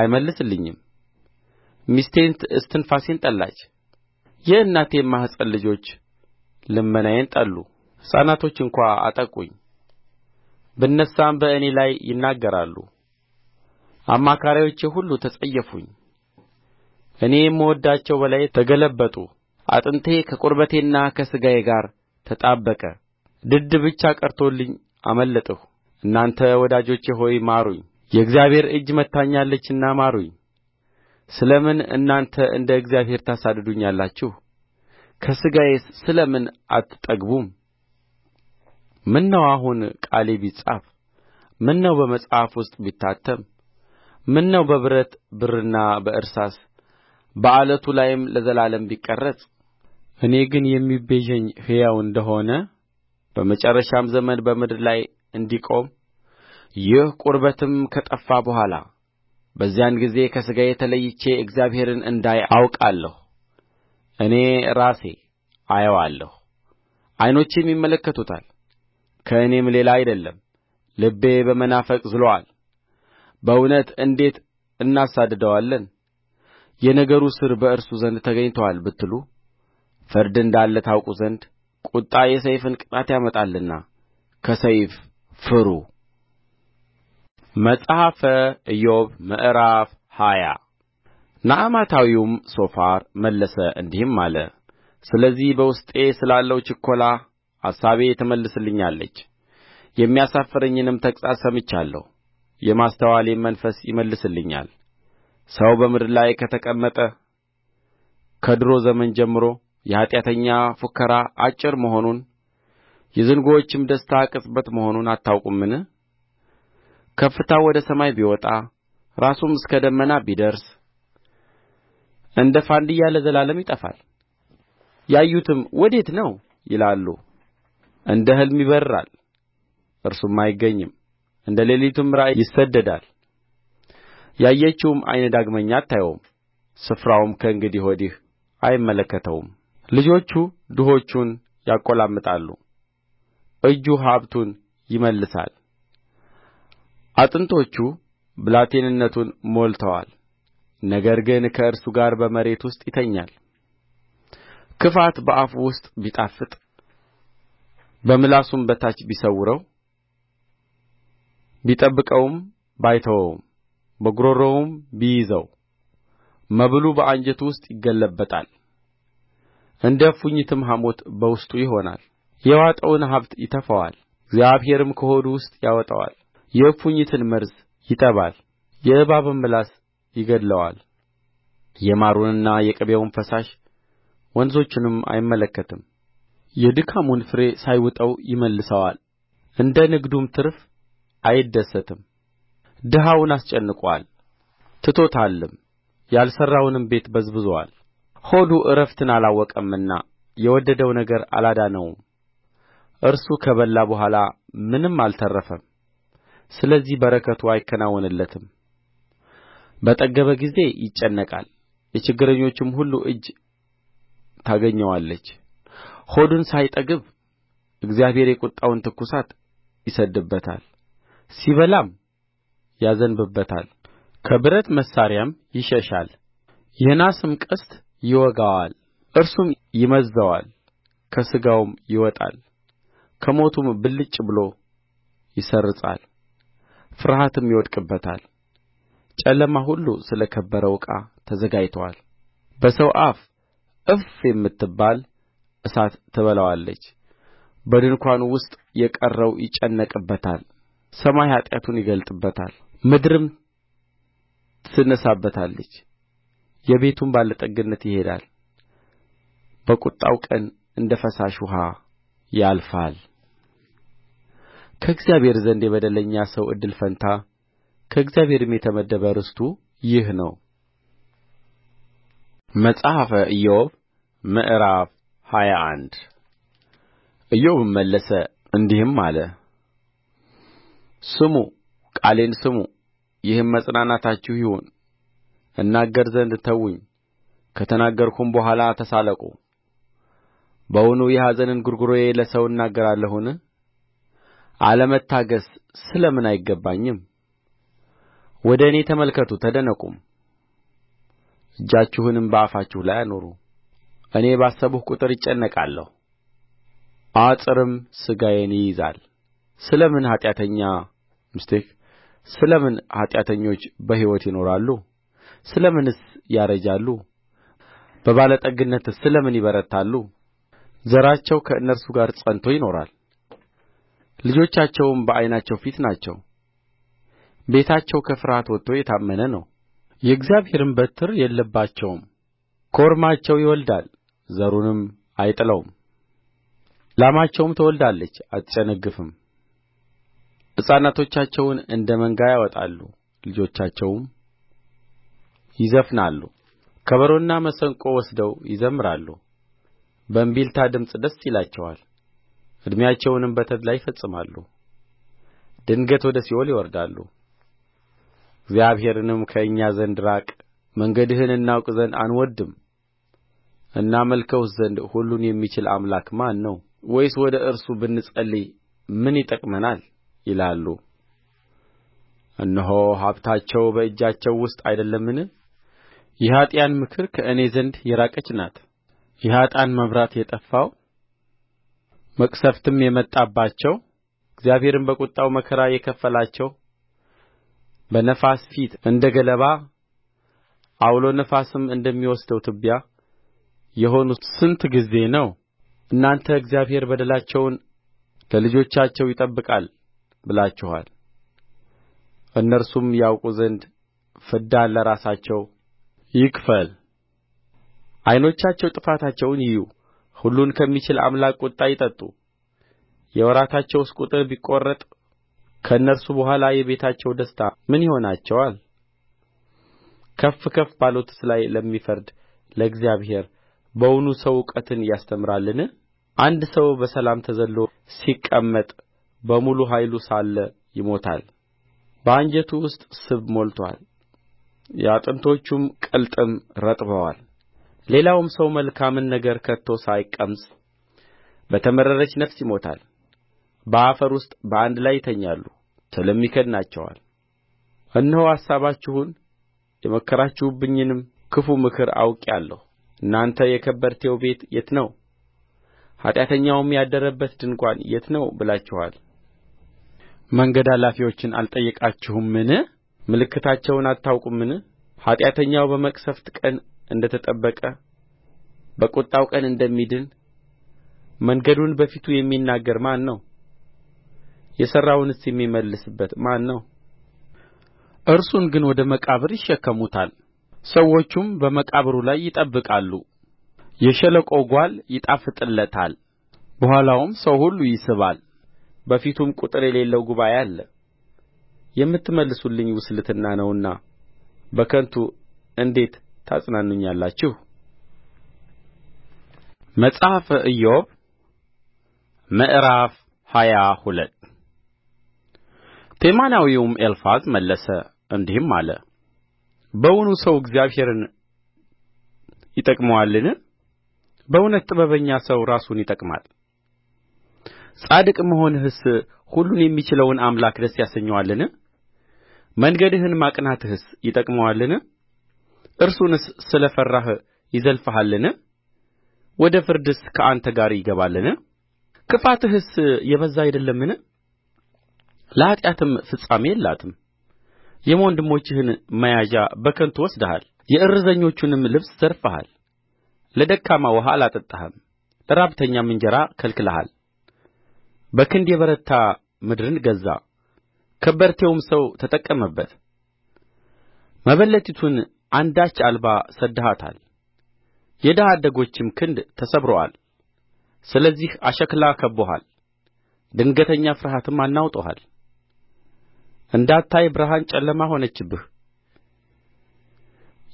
አይመልስልኝም ሚስቴን እስትንፋሴን ጠላች የእናቴም ማኅፀን ልጆች ልመናዬን ጠሉ ሕፃናቶች እንኳ አጠቁኝ ብነሣም በእኔ ላይ ይናገራሉ አማካሪዎቼ ሁሉ ተጸየፉኝ እኔ የምወድዳቸው በላዬ ተገለበጡ አጥንቴ ከቁርበቴና ከሥጋዬ ጋር ተጣበቀ ድድ ብቻ ቀርቶልኝ አመለጥሁ እናንተ ወዳጆቼ ሆይ ማሩኝ የእግዚአብሔር እጅ መትታኛለችና ማሩኝ ስለ ምን እናንተ እንደ እግዚአብሔር ታሳድዱኛላችሁ ከሥጋዬስ ስለ ምን አትጠግቡም ምነው አሁን ቃሌ ቢጻፍ ምነው በመጽሐፍ ውስጥ ቢታተም ምነው በብረት ብርና በእርሳስ በዓለቱ ላይም ለዘላለም ቢቀረጽ እኔ ግን የሚቤዠኝ ሕያው እንደ ሆነ በመጨረሻም ዘመን በምድር ላይ እንዲቆም ይህ ቁርበትም ከጠፋ በኋላ በዚያን ጊዜ ከሥጋዬ ተለይቼ እግዚአብሔርን እንዳይ አውቃለሁ። እኔ ራሴ አየዋለሁ፣ ዓይኖቼም ይመለከቱታል ከእኔም ሌላ አይደለም ልቤ በመናፈቅ ዝሎአል በእውነት እንዴት እናሳድደዋለን የነገሩ ሥር በእርሱ ዘንድ ተገኝቶአል ብትሉ ፍርድ እንዳለ ታውቁ ዘንድ ቍጣ የሰይፍን ቅጣት ያመጣልና ከሰይፍ ፍሩ መጽሐፈ ኢዮብ ምዕራፍ ሃያ ናዕማታዊውም ሶፋር መለሰ እንዲህም አለ ስለዚህ በውስጤ ስላለው ችኰላ አሳቤ ትመልስልኛለች የሚያሳፍረኝንም ተግሣጽ ሰምቻለሁ የማስተዋሌም መንፈስ ይመልስልኛል ሰው በምድር ላይ ከተቀመጠ ከዱሮ ዘመን ጀምሮ የኃጢአተኛ ፉከራ አጭር መሆኑን የዝንጉዎችም ደስታ ቅጽበት መሆኑን አታውቁምን ከፍታው ወደ ሰማይ ቢወጣ ራሱም እስከ ደመና ቢደርስ እንደ ፋንድያ ለዘላለም ይጠፋል ያዩትም ወዴት ነው ይላሉ እንደ ሕልም ይበርራል እርሱም አይገኝም እንደ ሌሊትም ራእይ ይሰደዳል ያየችውም ዓይን ዳግመኛ አታየውም ስፍራውም ከእንግዲህ ወዲህ አይመለከተውም ልጆቹ ድሆቹን ያቈላምጣሉ እጁ ሀብቱን ይመልሳል አጥንቶቹ ብላቴንነቱን ሞልተዋል ነገር ግን ከእርሱ ጋር በመሬት ውስጥ ይተኛል ክፋት በአፉ ውስጥ ቢጣፍጥ በምላሱም በታች ቢሰውረው ቢጠብቀውም ባይተወውም በጕሮሮውም ቢይዘው መብሉ በአንጀቱ ውስጥ ይገለበጣል እንደ እፉኝትም ሐሞት በውስጡ ይሆናል የዋጠውን ሀብት ይተፋዋል እግዚአብሔርም ከሆዱ ውስጥ ያወጣዋል የእፉኝትን መርዝ ይጠባል የእባብም ምላስ ይገድለዋል የማሩንና የቅቤውን ፈሳሽ ወንዞቹንም አይመለከትም የድካሙን ፍሬ ሳይውጠው ይመልሰዋል እንደ ንግዱም ትርፍ አይደሰትም ድሀውን አስጨንቆአል ትቶታልም ያልሠራውንም ቤት በዝብዞአል ሆዱ ዕረፍትን አላወቀምና የወደደው ነገር አላዳነውም እርሱ ከበላ በኋላ ምንም አልተረፈም ስለዚህ በረከቱ አይከናወንለትም በጠገበ ጊዜ ይጨነቃል የችግረኞችም ሁሉ እጅ ታገኘዋለች ሆዱን ሳይጠግብ እግዚአብሔር የቍጣውን ትኵሳት ይሰድድበታል ሲበላም ያዘንብበታል ከብረት መሣሪያም ይሸሻል የናስም ቀስት ይወጋዋል እርሱም ይመዝዘዋል ከሥጋውም ይወጣል ከሞቱም ብልጭ ብሎ ይሠርጻል ፍርሃትም ይወድቅበታል ጨለማ ሁሉ ስለ ከበረው ዕቃ ተዘጋጅቶአል በሰው አፍ እፍ የምትባል እሳት ትበላዋለች በድንኳኑ ውስጥ የቀረው ይጨነቅበታል ሰማይ ኃጢአቱን ይገልጥበታል ምድርም ትነሣበታለች የቤቱም ባለጠግነት ይሄዳል በቍጣው ቀን እንደ ፈሳሽ ውኃ ያልፋል ከእግዚአብሔር ዘንድ የበደለኛ ሰው እድል ፈንታ ከእግዚአብሔርም የተመደበ ርስቱ ይህ ነው መጽሐፈ ኢዮብ ምዕራፍ ሃያ አንድ ኢዮብም መለሰ እንዲህም አለ ስሙ ቃሌን ስሙ ይህም መጽናናታችሁ ይሁን እናገር ዘንድ ተዉኝ ከተናገርሁም በኋላ ተሳለቁ በውኑ የኀዘን እንጕርጕሮዬ ለሰው እናገራለሁን አለመታገሥ ስለ ምን አይገባኝም ወደ እኔ ተመልከቱ ተደነቁም እጃችሁንም በአፋችሁ ላይ አኑሩ እኔ ባሰብሁ ቍጥር እጨነቃለሁ አጥርም ሥጋዬን ይይዛል ስለ ምን ኃጢአተኞች በሕይወት ይኖራሉ ስለ ምንስ ያረጃሉ በባለጠግነትስ ስለ ምን ይበረታሉ ዘራቸው ከእነርሱ ጋር ጸንቶ ይኖራል ልጆቻቸውም በዓይናቸው ፊት ናቸው ቤታቸው ከፍርሃት ወጥቶ የታመነ ነው የእግዚአብሔርም በትር የለባቸውም ኮርማቸው ይወልዳል ዘሩንም አይጥለውም ላማቸውም ትወልዳለች አትጨነግፍም ሕፃናቶቻቸውን እንደ መንጋ ያወጣሉ ልጆቻቸውም ይዘፍናሉ ከበሮና መሰንቆ ወስደው ይዘምራሉ በእምቢልታ ድምፅ ደስ ይላቸዋል ዕድሜያቸውንም በተድላ ይፈጽማሉ ድንገት ወደ ሲኦል ይወርዳሉ እግዚአብሔርንም ከእኛ ዘንድ ራቅ መንገድህን እናውቅ ዘንድ አንወድድም እናመልከውስ ዘንድ ሁሉን የሚችል አምላክ ማን ነው ወይስ ወደ እርሱ ብንጸልይ ምን ይጠቅመናል ይላሉ እነሆ ሀብታቸው በእጃቸው ውስጥ አይደለምን የኀጥኣን ምክር ከእኔ ዘንድ የራቀች ናት የኀጥኣን መብራት የጠፋው መቅሠፍትም የመጣባቸው እግዚአብሔርም በቍጣው መከራ የከፈላቸው በነፋስ ፊት እንደ ገለባ ዐውሎ ነፋስም እንደሚወስደው ትቢያ የሆኑ ስንት ጊዜ ነው እናንተ እግዚአብሔር በደላቸውን ለልጆቻቸው ይጠብቃል ብላችኋል እነርሱም ያውቁ ዘንድ ፍዳን ለራሳቸው ይክፈል ዓይኖቻቸው ጥፋታቸውን ይዩ ሁሉን ከሚችል አምላክ ቍጣ ይጠጡ የወራታቸውስ ቍጥር ቢቈረጥ ከእነርሱ በኋላ የቤታቸው ደስታ ምን ይሆናቸዋል ከፍ ከፍ ባሉትስ ላይ ለሚፈርድ ለእግዚአብሔር በውኑ ሰው እውቀትን ያስተምራልን አንድ ሰው በሰላም ተዘልሎ ሲቀመጥ በሙሉ ኃይሉ ሳለ ይሞታል በአንጀቱ ውስጥ ስብ ሞልቶአል የአጥንቶቹም ቅልጥም ረጥቦአል ሌላውም ሰው መልካምን ነገር ከቶ ሳይቀምስ በተመረረች ነፍስ ይሞታል በአፈር ውስጥ በአንድ ላይ ይተኛሉ ትልም ይከድናቸዋል እነሆ አሳባችሁን የመከራችሁብኝንም ክፉ ምክር አውቄአለሁ እናንተ የከበርቴው ቤት የት ነው ኃጢአተኛውም ያደረበት ድንኳን የት ነው ብላችኋል መንገድ አላፊዎችን አልጠየቃችሁምን ምልክታቸውን አታውቁምን ኃጢአተኛው በመቅሠፍት ቀን እንደ ተጠበቀ በቍጣው ቀን እንደሚድን መንገዱን በፊቱ የሚናገር ማን ነው የሠራውንስ የሚመልስበት ማን ነው እርሱን ግን ወደ መቃብር ይሸከሙታል ሰዎቹም በመቃብሩ ላይ ይጠብቃሉ የሸለቆው ጓል ይጣፍጥለታል በኋላውም ሰው ሁሉ ይስባል። በፊቱም ቍጥር የሌለው ጉባኤ አለ የምትመልሱልኝ ውስልትና ነውና በከንቱ እንዴት ታጽናኑኛላችሁ መጽሐፈ ኢዮብ ምዕራፍ ሃያ ሁለት ቴማናዊውም ኤልፋዝ መለሰ እንዲህም አለ በውኑ ሰው እግዚአብሔርን ይጠቅመዋልን በእውነት ጥበበኛ ሰው ራሱን ይጠቅማል ጻድቅ መሆንህስ ሁሉን የሚችለውን አምላክ ደስ ያሰኘዋልን መንገድህን ማቅናትህስ ይጠቅመዋልን እርሱንስ ስለ ፈራህ ይዘልፍሃልን ወደ ፍርድስ ከአንተ ጋር ይገባልን ክፋትህስ የበዛ አይደለምን ለኃጢአትም ፍጻሜ የላትም የወንድሞችህን መያዣ በከንቱ ወስደሃል የእርዘኞቹንም ልብስ ዘርፈሃል ለደካማ ውኃ አላጠጣህም ለራብተኛም እንጀራ ከልክለሃል በክንድ የበረታ ምድርን ገዛ ከበርቴውም ሰው ተጠቀመበት መበለቲቱን አንዳች አልባ ሰድደሃታል የድሀ አደጎችም ክንድ ተሰብሮአል ስለዚህ አሽክላ ከብቦሃል ድንገተኛ ፍርሃትም አናውጦሃል እንዳታይ ብርሃን ጨለማ ሆነችብህ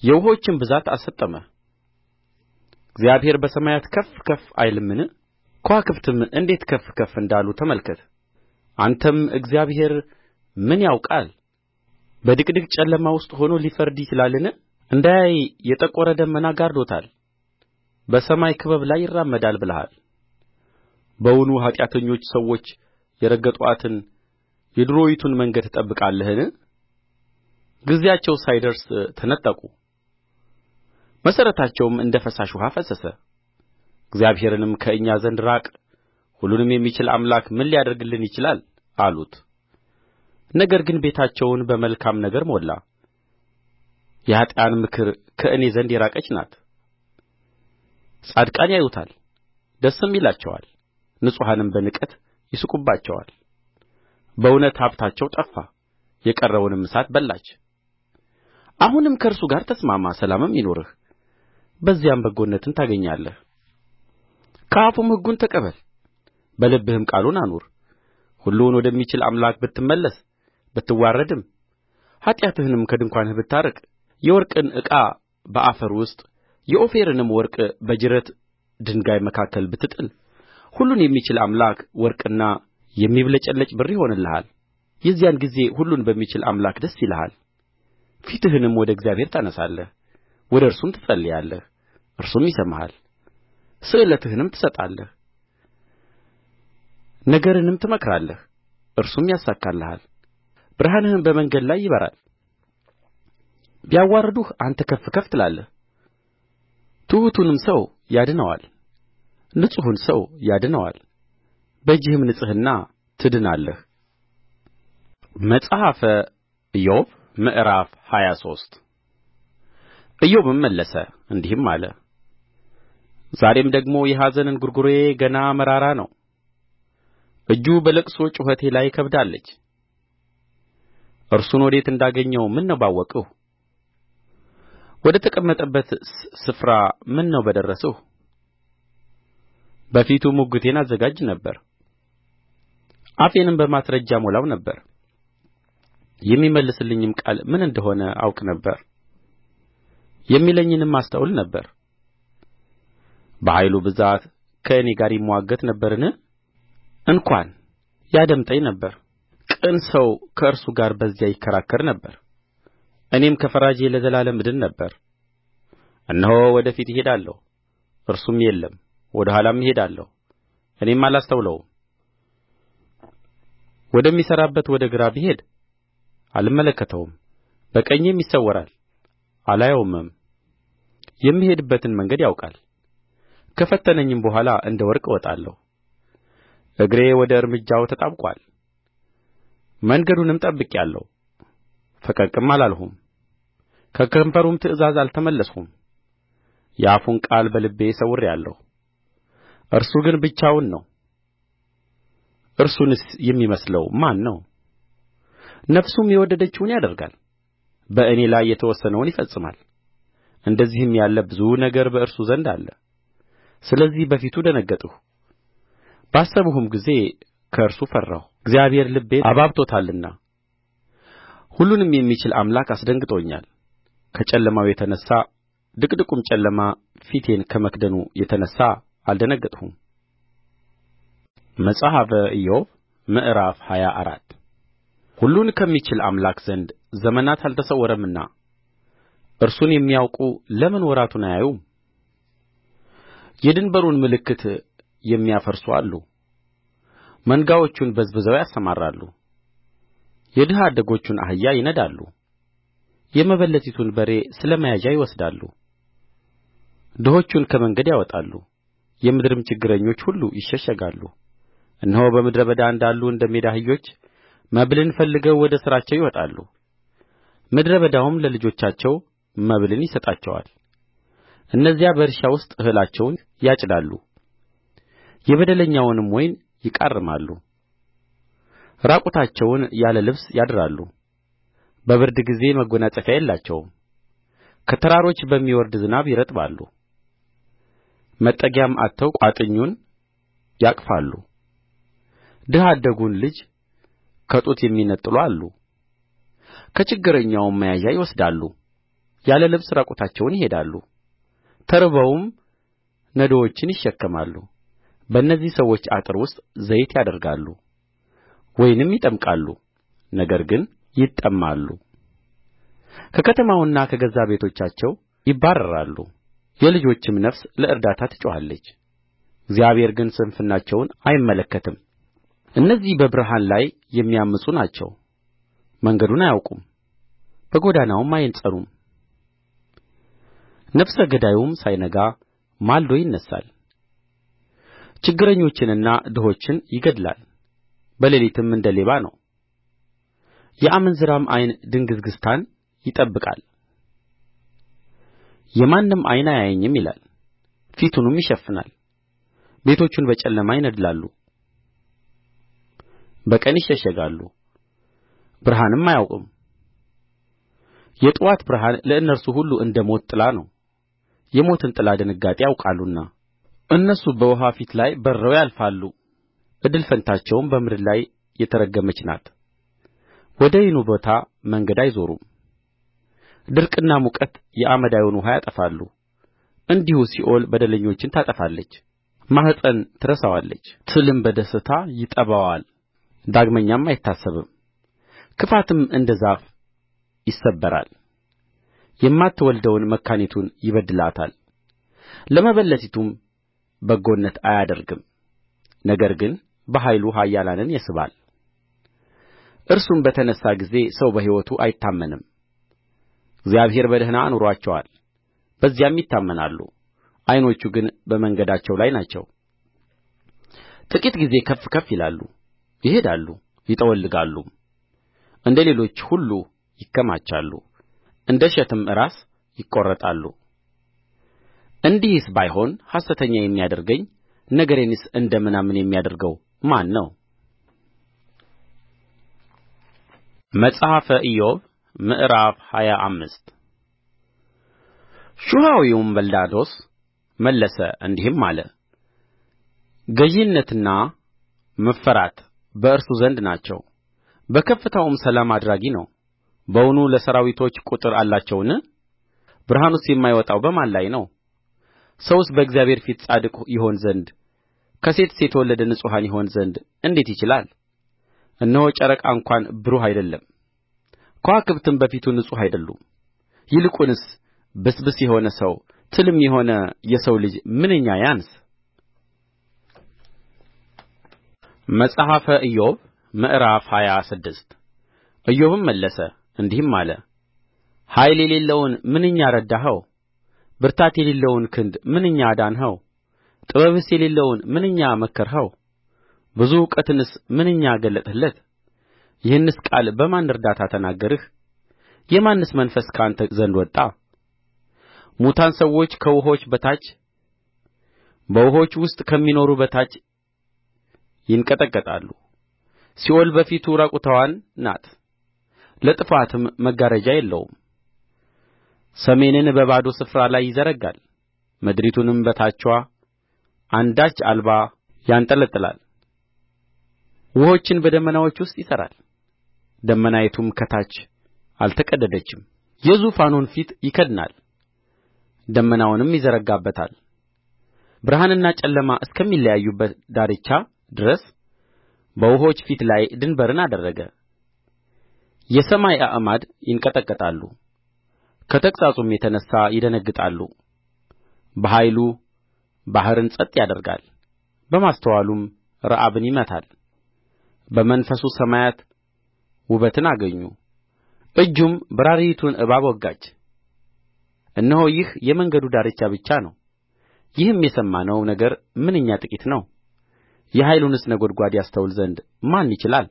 የውኆችም ብዛት አሰጠመህ እግዚአብሔር በሰማያት ከፍ ከፍ አይልምን ከዋክብትም እንዴት ከፍ ከፍ እንዳሉ ተመልከት አንተም እግዚአብሔር ምን ያውቃል በድቅድቅ ጨለማ ውስጥ ሆኖ ሊፈርድ ይችላልን እንዳያይ የጠቈረ ደመና ጋርዶታል በሰማይ ክበብ ላይ ይራመዳል ብለሃል በውኑ ኃጢአተኞች ሰዎች የረገጡአትን የዱሮይቱን መንገድ ትጠብቃለህን ጊዜያቸው ሳይደርስ ተነጠቁ መሠረታቸውም እንደ ፈሳሽ ውኃ ፈሰሰ እግዚአብሔርንም ከእኛ ዘንድ ራቅ ሁሉንም የሚችል አምላክ ምን ሊያደርግልን ይችላል አሉት ነገር ግን ቤታቸውን በመልካም ነገር ሞላ የኀጥኣን ምክር ከእኔ ዘንድ የራቀች ናት ጻድቃን ያዩታል ደስም ይላቸዋል ንጹሓንም በንቀት ይስቁባቸዋል በእውነት ሀብታቸው ጠፋ የቀረውንም እሳት በላች አሁንም ከእርሱ ጋር ተስማማ ሰላምም ይኑርህ በዚያም በጎነትን ታገኛለህ ከአፉም ሕጉን ተቀበል በልብህም ቃሉን አኑር ሁሉን ወደሚችል አምላክ ብትመለስ ብትዋረድም ኃጢአትህንም ከድንኳንህ ብታርቅ የወርቅን ዕቃ በአፈር ውስጥ የኦፊርንም ወርቅ በጅረት ድንጋይ መካከል ብትጥል ሁሉን የሚችል አምላክ ወርቅና የሚብለጨለጭ ብር ይሆንልሃል የዚያን ጊዜ ሁሉን በሚችል አምላክ ደስ ይልሃል ፊትህንም ወደ እግዚአብሔር ታነሣለህ ወደ እርሱም ትጸልያለህ እርሱም ይሰማሃል ስእለትህንም ትሰጣለህ ነገርንም ትመክራለህ እርሱም ያሳካልሃል ብርሃንህም በመንገድ ላይ ይበራል ቢያዋርዱህ አንተ ከፍ ከፍ ትላለህ ትሑቱንም ሰው ያድነዋል ንጹሑን ሰው ያድነዋል በእጅህም ንጽሕና ትድናለህ መጽሐፈ ኢዮብ ምዕራፍ ሃያ ሶስት ኢዮብም መለሰ እንዲህም አለ ዛሬም ደግሞ የኀዘን እንጕርጕሮዬ ገና መራራ ነው እጁ በልቅሶ ጩኸቴ ላይ ከብዳለች እርሱን ወዴት እንዳገኘው ምነው ባወቅሁ ወደ ተቀመጠበት ስፍራ ምነው በደረስሁ በፊቱ ሙግቴን አዘጋጅ ነበር አፌንም በማስረጃ እሞላው ነበር የሚመልስልኝም ቃል ምን እንደ ሆነ አውቅ ነበር የሚለኝንም አስተውል ነበር በኃይሉ ብዛት ከእኔ ጋር ይምዋገት ነበርን እንኳን ያደምጠኝ ነበር ቅን ሰው ከእርሱ ጋር በዚያ ይከራከር ነበር እኔም ከፈራጄ ለዘላለም እድን ነበር እነሆ ወደ ፊት እሄዳለሁ እርሱም የለም ወደ ኋላም እሄዳለሁ እኔም አላስተውለውም ወደሚሠራበት ወደ ግራ ብሄድ አልመለከተውም በቀኜም ይሰወራል አላየውምም የምሄድበትን መንገድ ያውቃል ከፈተነኝም በኋላ እንደ ወርቅ እወጣለሁ እግሬ ወደ እርምጃው ተጣብቆአል መንገዱንም ጠብቄአለሁ ፈቀቅም አላልሁም ከከንፈሩም ትእዛዝ አልተመለስሁም የአፉን ቃል በልቤ ሰውሬአለሁ እርሱ ግን ብቻውን ነው እርሱንስ የሚመስለው ማን ነው ነፍሱም የወደደችውን ያደርጋል በእኔ ላይ የተወሰነውን ይፈጽማል እንደዚህም ያለ ብዙ ነገር በእርሱ ዘንድ አለ ስለዚህ በፊቱ ደነገጥሁ ባሰብሁም ጊዜ ከእርሱ ፈራሁ እግዚአብሔር ልቤን አባብቶታልና ሁሉንም የሚችል አምላክ አስደንግጦኛል ከጨለማው የተነሣ ድቅድቁም ጨለማ ፊቴን ከመክደኑ የተነሣ አልደነገጥሁም መጽሐፈ ኢዮብ ምዕራፍ ሃያ አራት ሁሉን ከሚችል አምላክ ዘንድ ዘመናት አልተሰወረምና እርሱን የሚያውቁ ለምን ወራቱን አያዩም? የድንበሩን ምልክት የሚያፈርሱ አሉ፣ መንጋዎቹን በዝብዘው ያሰማራሉ፣ የድሀ አደጎቹን አህያ ይነዳሉ፣ የመበለቲቱን በሬ ስለ መያዣ ይወስዳሉ፣ ድሆቹን ከመንገድ ያወጣሉ፣ የምድርም ችግረኞች ሁሉ ይሸሸጋሉ። እነሆ በምድረ በዳ እንዳሉ እንደ ሜዳ አህዮች መብልን ፈልገው ወደ ሥራቸው ይወጣሉ ምድረ በዳውም ለልጆቻቸው መብልን ይሰጣቸዋል እነዚያ በእርሻ ውስጥ እህላቸውን ያጭዳሉ የበደለኛውንም ወይን ይቃርማሉ ራቁታቸውን ያለ ልብስ ያድራሉ በብርድ ጊዜ መጐናጸፊያ የላቸውም ከተራሮች በሚወርድ ዝናብ ይረጥባሉ መጠጊያም አጥተው ቋጥኙን ያቅፋሉ ድሀ አደጉን ልጅ ከጡት የሚነጥሉ አሉ ከችግረኛውም መያዣ ይወስዳሉ ያለ ልብስ ራቁታቸውን ይሄዳሉ ተርበውም ነዶዎችን ይሸከማሉ በእነዚህ ሰዎች አጥር ውስጥ ዘይት ያደርጋሉ ወይንም ይጠምቃሉ ነገር ግን ይጠማሉ ከከተማውና ከገዛ ቤቶቻቸው ይባረራሉ የልጆችም ነፍስ ለእርዳታ ትጮኻለች እግዚአብሔር ግን ስንፍናቸውን አይመለከትም እነዚህ በብርሃን ላይ የሚያምፁ ናቸው መንገዱን አያውቁም በጎዳናውም አይጸኑም ነፍሰ ገዳዩም ሳይነጋ ማልዶ ይነሣል ችግረኞችንና ድሆችን ይገድላል በሌሊትም እንደ ሌባ ነው የአመንዝራም ዓይን ድንግዝግዝታን ይጠብቃል የማንም ዓይን አያየኝም ይላል ፊቱንም ይሸፍናል ቤቶቹን በጨለማ ይነድላሉ በቀን ይሸሸጋሉ ብርሃንም አያውቁም የጥዋት ብርሃን ለእነርሱ ሁሉ እንደ ሞት ጥላ ነው የሞትን ጥላ ድንጋጤ ያውቃሉና እነርሱ በውኃ ፊት ላይ በርረው ያልፋሉ እድል ፈንታቸውም በምድር ላይ የተረገመች ናት ወደ ወይኑ ቦታ መንገድ አይዞሩም ድርቅና ሙቀት የአመዳዩን ውኃ ያጠፋሉ እንዲሁ ሲኦል በደለኞችን ታጠፋለች ማኅፀን ትረሳዋለች ትልም በደስታ ይጠባዋል ዳግመኛም አይታሰብም። ክፋትም እንደ ዛፍ ይሰበራል፣ የማትወልደውን መካኒቱን ይበድላታል፣ ለመበለቲቱም በጎነት አያደርግም። ነገር ግን በኃይሉ ኃያላንን ይስባል፣ እርሱም በተነሣ ጊዜ ሰው በሕይወቱ አይታመንም። እግዚአብሔር በደኅና አኑሮአቸዋል፣ በዚያም ይታመናሉ። ዐይኖቹ ግን በመንገዳቸው ላይ ናቸው፣ ጥቂት ጊዜ ከፍ ከፍ ይላሉ ይሄዳሉ ይጠወልጋሉም እንደ ሌሎች ሁሉ ይከማቻሉ እንደ እሸትም ራስ ይቈረጣሉ እንዲህስ ባይሆን ሐሰተኛ የሚያደርገኝ ነገሬንስ እንደ ምናምን የሚያደርገው ማን ነው መጽሐፈ ኢዮብ ምዕራፍ ሃያ አምስት ሹሐዊውም በልዳዶስ መለሰ እንዲህም አለ ገዢነትና መፈራት በእርሱ ዘንድ ናቸው በከፍታውም ሰላም አድራጊ ነው በውኑ ለሠራዊቶች ቍጥር አላቸውን ብርሃኑስ የማይወጣው በማን ላይ ነው ሰውስ በእግዚአብሔር ፊት ጻድቅ ይሆን ዘንድ ከሴትስ የተወለደ ንጹሕ ይሆን ዘንድ እንዴት ይችላል እነሆ ጨረቃ እንኳን ብሩህ አይደለም ከዋክብትም በፊቱ ንጹሕ አይደሉም ይልቁንስ ብስብስ የሆነ ሰው ትልም የሆነ የሰው ልጅ ምንኛ ያንስ መጽሐፈ ኢዮብ ምዕራፍ ሃያ ስድስት ኢዮብም መለሰ እንዲህም አለ ኃይል የሌለውን ምንኛ ረዳኸው ብርታት የሌለውን ክንድ ምንኛ አዳንኸው ጥበብስ የሌለውን ምንኛ መከርኸው ብዙ እውቀትንስ ምንኛ ገለጥህለት ይህንስ ቃል በማን እርዳታ ተናገርህ የማንስ መንፈስ ከአንተ ዘንድ ወጣ ሙታን ሰዎች ከውኆች በታች በውኆች ውስጥ ከሚኖሩ በታች ይንቀጠቀጣሉ ሲኦል በፊቱ ራቁትዋን ናት ለጥፋትም መጋረጃ የለውም ሰሜንን በባዶ ስፍራ ላይ ይዘረጋል ምድሪቱንም በታችዋ አንዳች አልባ ያንጠለጥላል ውኆችን በደመናዎች ውስጥ ይሠራል ደመናይቱም ከታች አልተቀደደችም የዙፋኑን ፊት ይከድናል ደመናውንም ይዘረጋበታል ብርሃንና ጨለማ እስከሚለያዩበት ዳርቻ ድረስ በውኆች ፊት ላይ ድንበርን አደረገ የሰማይ አዕማድ ይንቀጠቀጣሉ ከተግሣጹም የተነሣ ይደነግጣሉ በኃይሉ ባሕርን ጸጥ ያደርጋል በማስተዋሉም ረዓብን ይመታል በመንፈሱ ሰማያት ውበትን አገኙ እጁም በራሪይቱን እባብ ወጋች እነሆ ይህ የመንገዱ ዳርቻ ብቻ ነው ይህም የሰማነው ነገር ምንኛ ጥቂት ነው የኃይሉንስ ነጐድጓድ ያስተውል ዘንድ ማን ይችላል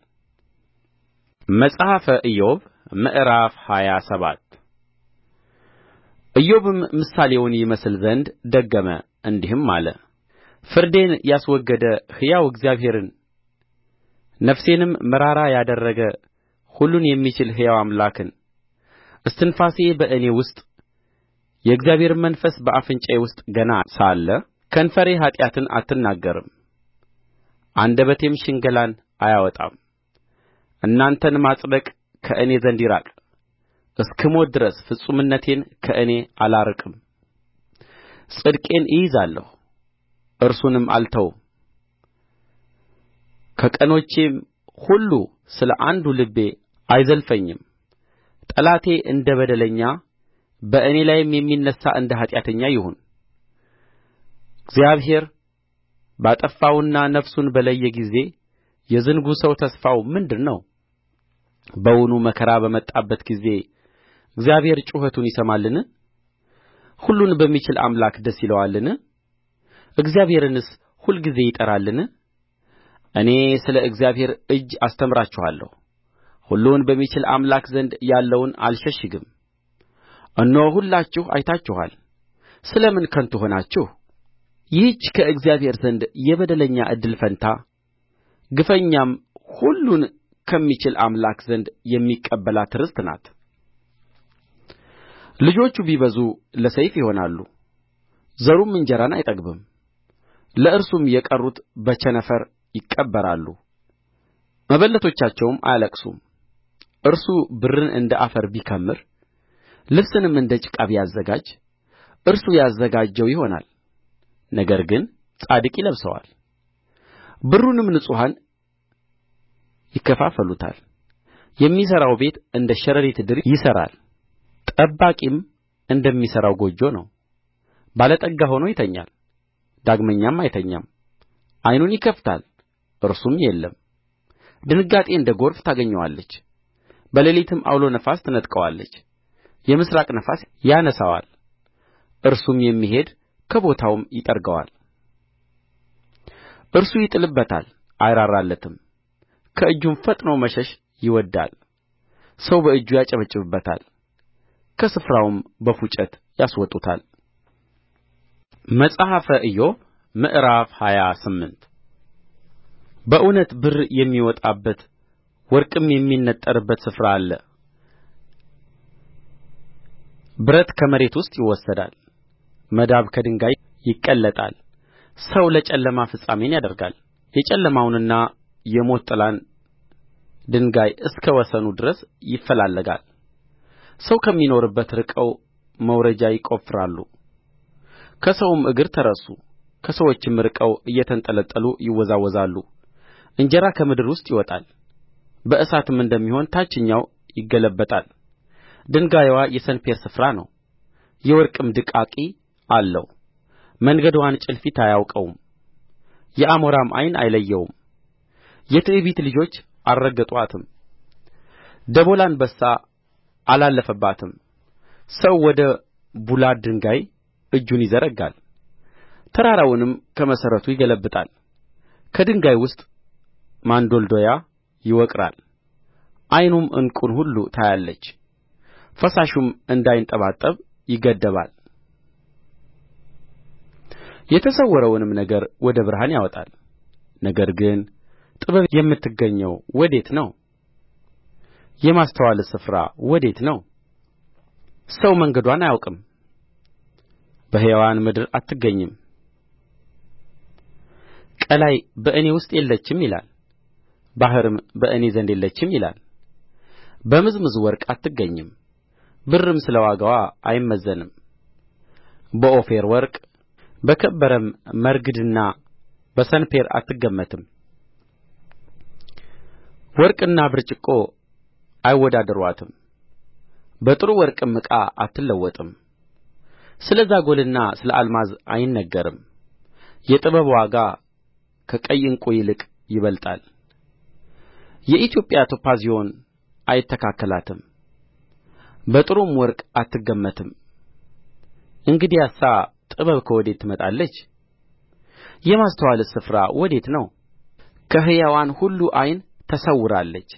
መጽሐፈ ኢዮብ ምዕራፍ ሃያ ሰባት ኢዮብም ምሳሌውን ይመስል ዘንድ ደገመ እንዲህም አለ ፍርዴን ያስወገደ ሕያው እግዚአብሔርን ነፍሴንም መራራ ያደረገ ሁሉን የሚችል ሕያው አምላክን እስትንፋሴ በእኔ ውስጥ የእግዚአብሔር መንፈስ በአፍንጫዬ ውስጥ ገና ሳለ ከንፈሬ ኃጢአትን አትናገርም አንደበቴም ሽንገላን አያወጣም እናንተን ማጽደቅ ከእኔ ዘንድ ይራቅ እስክሞት ድረስ ፍጹምነቴን ከእኔ አላርቅም ጽድቄን እይዛለሁ እርሱንም አልተውም ከቀኖቼም ሁሉ ስለ አንዱ ልቤ አይዘልፈኝም ጠላቴ እንደ በደለኛ በእኔ ላይም የሚነሣ እንደ ኃጢአተኛ ይሁን እግዚአብሔር ባጠፋውና ነፍሱን በለየ ጊዜ የዝንጉ ሰው ተስፋው ምንድር ነው በውኑ መከራ በመጣበት ጊዜ እግዚአብሔር ጩኸቱን ይሰማልን ሁሉን በሚችል አምላክ ደስ ይለዋልን እግዚአብሔርንስ ሁልጊዜ ይጠራልን እኔ ስለ እግዚአብሔር እጅ አስተምራችኋለሁ ሁሉን በሚችል አምላክ ዘንድ ያለውን አልሸሽግም እነሆ ሁላችሁ አይታችኋል ስለ ምን ከንቱ ሆናችሁ ይህች ከእግዚአብሔር ዘንድ የበደለኛ እድል ፈንታ ግፈኛም ሁሉን ከሚችል አምላክ ዘንድ የሚቀበላት ርስት ናት ልጆቹ ቢበዙ ለሰይፍ ይሆናሉ ዘሩም እንጀራን አይጠግብም ለእርሱም የቀሩት በቸነፈር ይቀበራሉ መበለቶቻቸውም አያለቅሱም እርሱ ብርን እንደ አፈር ቢከምር ልብስንም እንደ ጭቃ ቢያዘጋጅ እርሱ ያዘጋጀው ይሆናል ነገር ግን ጻድቅ ይለብሰዋል ብሩንም ንጹሐን ይከፋፈሉታል የሚሠራው ቤት እንደ ሸረሪት ድር ይሠራል ጠባቂም እንደሚሠራው ጎጆ ነው ባለጠጋ ሆኖ ይተኛል ዳግመኛም አይተኛም ዓይኑን ይከፍታል እርሱም የለም ድንጋጤ እንደ ጐርፍ ታገኘዋለች በሌሊትም ዐውሎ ነፋስ ትነጥቀዋለች የምሥራቅ ነፋስ ያነሣዋል እርሱም የሚሄድ ከቦታውም ይጠርገዋል እርሱ ይጥልበታል አይራራለትም ከእጁም ፈጥኖ መሸሽ ይወድዳል ሰው በእጁ ያጨበጭብበታል ከስፍራውም በፉጨት ያስወጡታል መጽሐፈ ኢዮብ ምዕራፍ ሃያ ስምንት በእውነት ብር የሚወጣበት ወርቅም የሚነጠርበት ስፍራ አለ ብረት ከመሬት ውስጥ ይወሰዳል መዳብ ከድንጋይ ይቀለጣል ሰው ለጨለማ ፍጻሜን ያደርጋል የጨለማውንና የሞት ጥላን ድንጋይ እስከ ወሰኑ ድረስ ይፈላለጋል ሰው ከሚኖርበት ርቀው መውረጃ ይቈፍራሉ ከሰውም እግር ተረሱ ከሰዎችም ርቀው እየተንጠለጠሉ ይወዛወዛሉ እንጀራ ከምድር ውስጥ ይወጣል በእሳትም እንደሚሆን ታችኛው ይገለበጣል ድንጋይዋ የሰንፔር ስፍራ ነው የወርቅም ድቃቂ አለው መንገድዋን ጭልፊት አያውቀውም የአሞራም ዓይን አይለየውም የትዕቢት ልጆች አልረገጡአትም ደቦል አንበሳ አላለፈባትም ሰው ወደ ቡላድ ድንጋይ እጁን ይዘረጋል ተራራውንም ከመሠረቱ ይገለብጣል ከድንጋይ ውስጥ ማንዶልዶያ ይወቅራል ዓይኑም ዕንቍን ሁሉ ታያለች ፈሳሹም እንዳይንጠባጠብ ይገደባል። የተሰወረውንም ነገር ወደ ብርሃን ያወጣል ነገር ግን ጥበብ የምትገኘው ወዴት ነው የማስተዋልስ ስፍራ ወዴት ነው ሰው መንገድዋን አያውቅም በሕያዋን ምድር አትገኝም ቀላይ በእኔ ውስጥ የለችም ይላል ባሕርም በእኔ ዘንድ የለችም ይላል በምዝምዝ ወርቅ አትገኝም ብርም ስለ ዋጋዋ አይመዘንም በኦፊር ወርቅ በከበረም መረግድና በሰንፔር አትገመትም ወርቅና ብርጭቆ አይወዳደሩአትም በጥሩ ወርቅም ዕቃ አትለወጥም ስለ ዛጐልና ስለ አልማዝ አይነገርም የጥበብ ዋጋ ከቀይ ዕንቍ ይልቅ ይበልጣል የኢትዮጵያ ቶጳዝዮን አይተካከላትም በጥሩም ወርቅ አትገመትም እንግዲያሳ ጥበብ ከወዴት ትመጣለች የማስተዋልስ ስፍራ ወዴት ነው ከሕያዋን ሁሉ ዓይን ተሰውራለች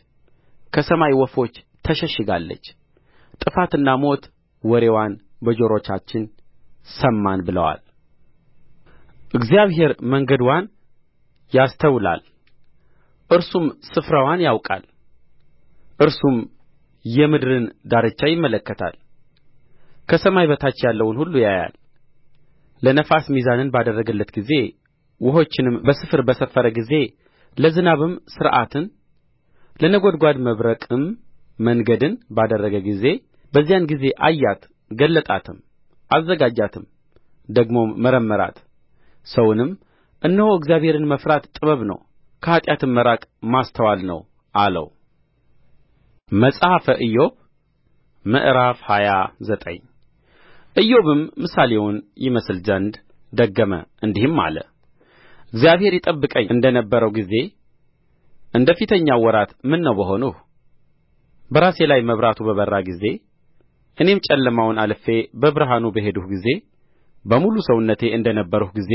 ከሰማይ ወፎች ተሸሽጋለች ጥፋትና ሞት ወሬዋን በጆሮቻችን ሰማን ብለዋል እግዚአብሔር መንገድዋን ያስተውላል እርሱም ስፍራዋን ያውቃል እርሱም የምድርን ዳርቻ ይመለከታል ከሰማይ በታች ያለውን ሁሉ ያያል ለነፋስ ሚዛንን ባደረገለት ጊዜ ውኆችንም በስፍር በሰፈረ ጊዜ ለዝናብም ሥርዓትን ለነጐድጓድ መብረቅም መንገድን ባደረገ ጊዜ በዚያን ጊዜ አያት ገለጣትም አዘጋጃትም ደግሞም መረመራት ሰውንም እነሆ እግዚአብሔርን መፍራት ጥበብ ነው ከኃጢአትም መራቅ ማስተዋል ነው አለው መጽሐፈ ኢዮብ ምዕራፍ ሃያ ዘጠኝ ኢዮብም ምሳሌውን ይመስል ዘንድ ደገመ እንዲህም አለ እግዚአብሔር ይጠብቀኝ እንደ ነበረው ጊዜ እንደ ፊተኛው ወራት ምነው በሆንሁ በራሴ ላይ መብራቱ በበራ ጊዜ እኔም ጨለማውን አልፌ በብርሃኑ በሄድሁ ጊዜ በሙሉ ሰውነቴ እንደ ነበርሁ ጊዜ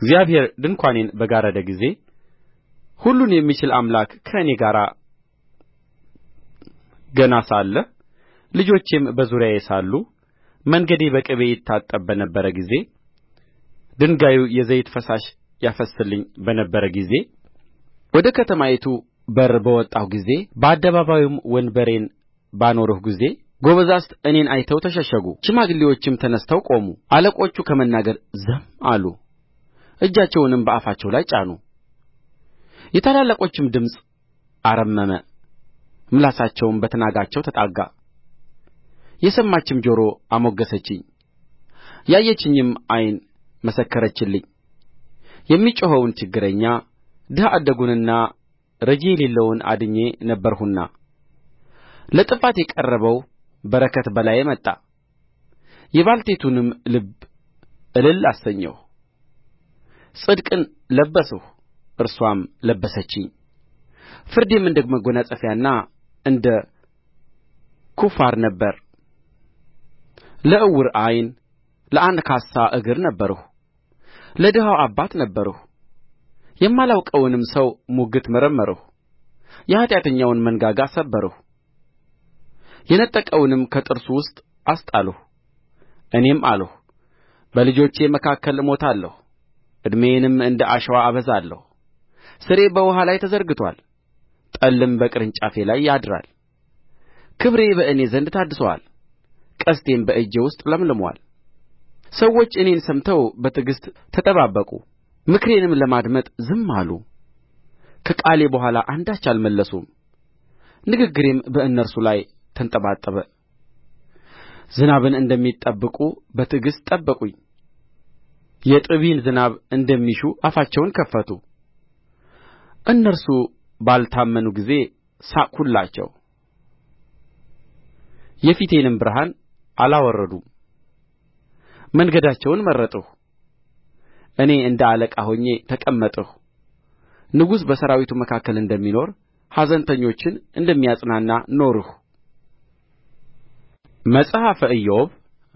እግዚአብሔር ድንኳኔን በጋረደ ጊዜ ሁሉን የሚችል አምላክ ከእኔ ጋር ገና ሳለ ልጆቼም በዙሪያዬ ሳሉ መንገዴ በቅቤ ይታጠብ በነበረ ጊዜ ድንጋዩ የዘይት ፈሳሽ ያፈስስልኝ በነበረ ጊዜ ወደ ከተማይቱ በር በወጣሁ ጊዜ በአደባባዩም ወንበሬን ባኖርሁ ጊዜ ጐበዛዝት እኔን አይተው ተሸሸጉ ሽማግሌዎችም ተነሥተው ቆሙ አለቆቹ ከመናገር ዝም አሉ እጃቸውንም በአፋቸው ላይ ጫኑ የታላላቆችም ድምፅ አረመመ ምላሳቸውም በትናጋቸው ተጣጋ የሰማችም ጆሮ አሞገሰችኝ ያየችኝም ዓይን መሰከረችልኝ የሚጮኸውን ችግረኛ ድሀ አደጉንና ረጂ የሌለውን አድኜ ነበርሁና ለጥፋት የቀረበው በረከት በላዬ መጣ የባልቴቲቱንም ልብ እልል አሰኘሁ ጽድቅን ለበስሁ እርሷም ለበሰችኝ ፍርዴም እንደ መጐናጸፊያና እንደ ኵፋር ነበረ ለዕውር ዓይን ለአንካሳ እግር ነበርሁ ለድሀው አባት ነበርሁ የማላውቀውንም ሰው ሙግት መረመርሁ የኃጢአተኛውን መንጋጋ ሰበርሁ የነጠቀውንም ከጥርሱ ውስጥ አስጣልሁ እኔም አልሁ በልጆቼ መካከል እሞታለሁ ዕድሜዬንም እንደ አሸዋ አበዛለሁ ሥሬ በውኃ ላይ ተዘርግቶአል ጠልም በቅርንጫፌ ላይ ያድራል ክብሬ በእኔ ዘንድ ታድሶአል ቀስቴም በእጄ ውስጥ ለምልሞአል ሰዎች እኔን ሰምተው በትዕግሥት ተጠባበቁ ምክሬንም ለማድመጥ ዝም አሉ ከቃሌ በኋላ አንዳች አልመለሱም ንግግሬም በእነርሱ ላይ ተንጠባጠበ ዝናብን እንደሚጠብቁ በትዕግሥት ጠበቁኝ የጥቢን ዝናብ እንደሚሹ አፋቸውን ከፈቱ እነርሱ ባልታመኑ ጊዜ ሳቅሁላቸው የፊቴንም ብርሃን አላወረዱም መንገዳቸውን መረጥሁ እኔ እንደ አለቃ ሆኜ ተቀመጥሁ ንጉሥ በሠራዊቱ መካከል እንደሚኖር ኀዘንተኞችን እንደሚያጽናና ኖርሁ መጽሐፈ ኢዮብ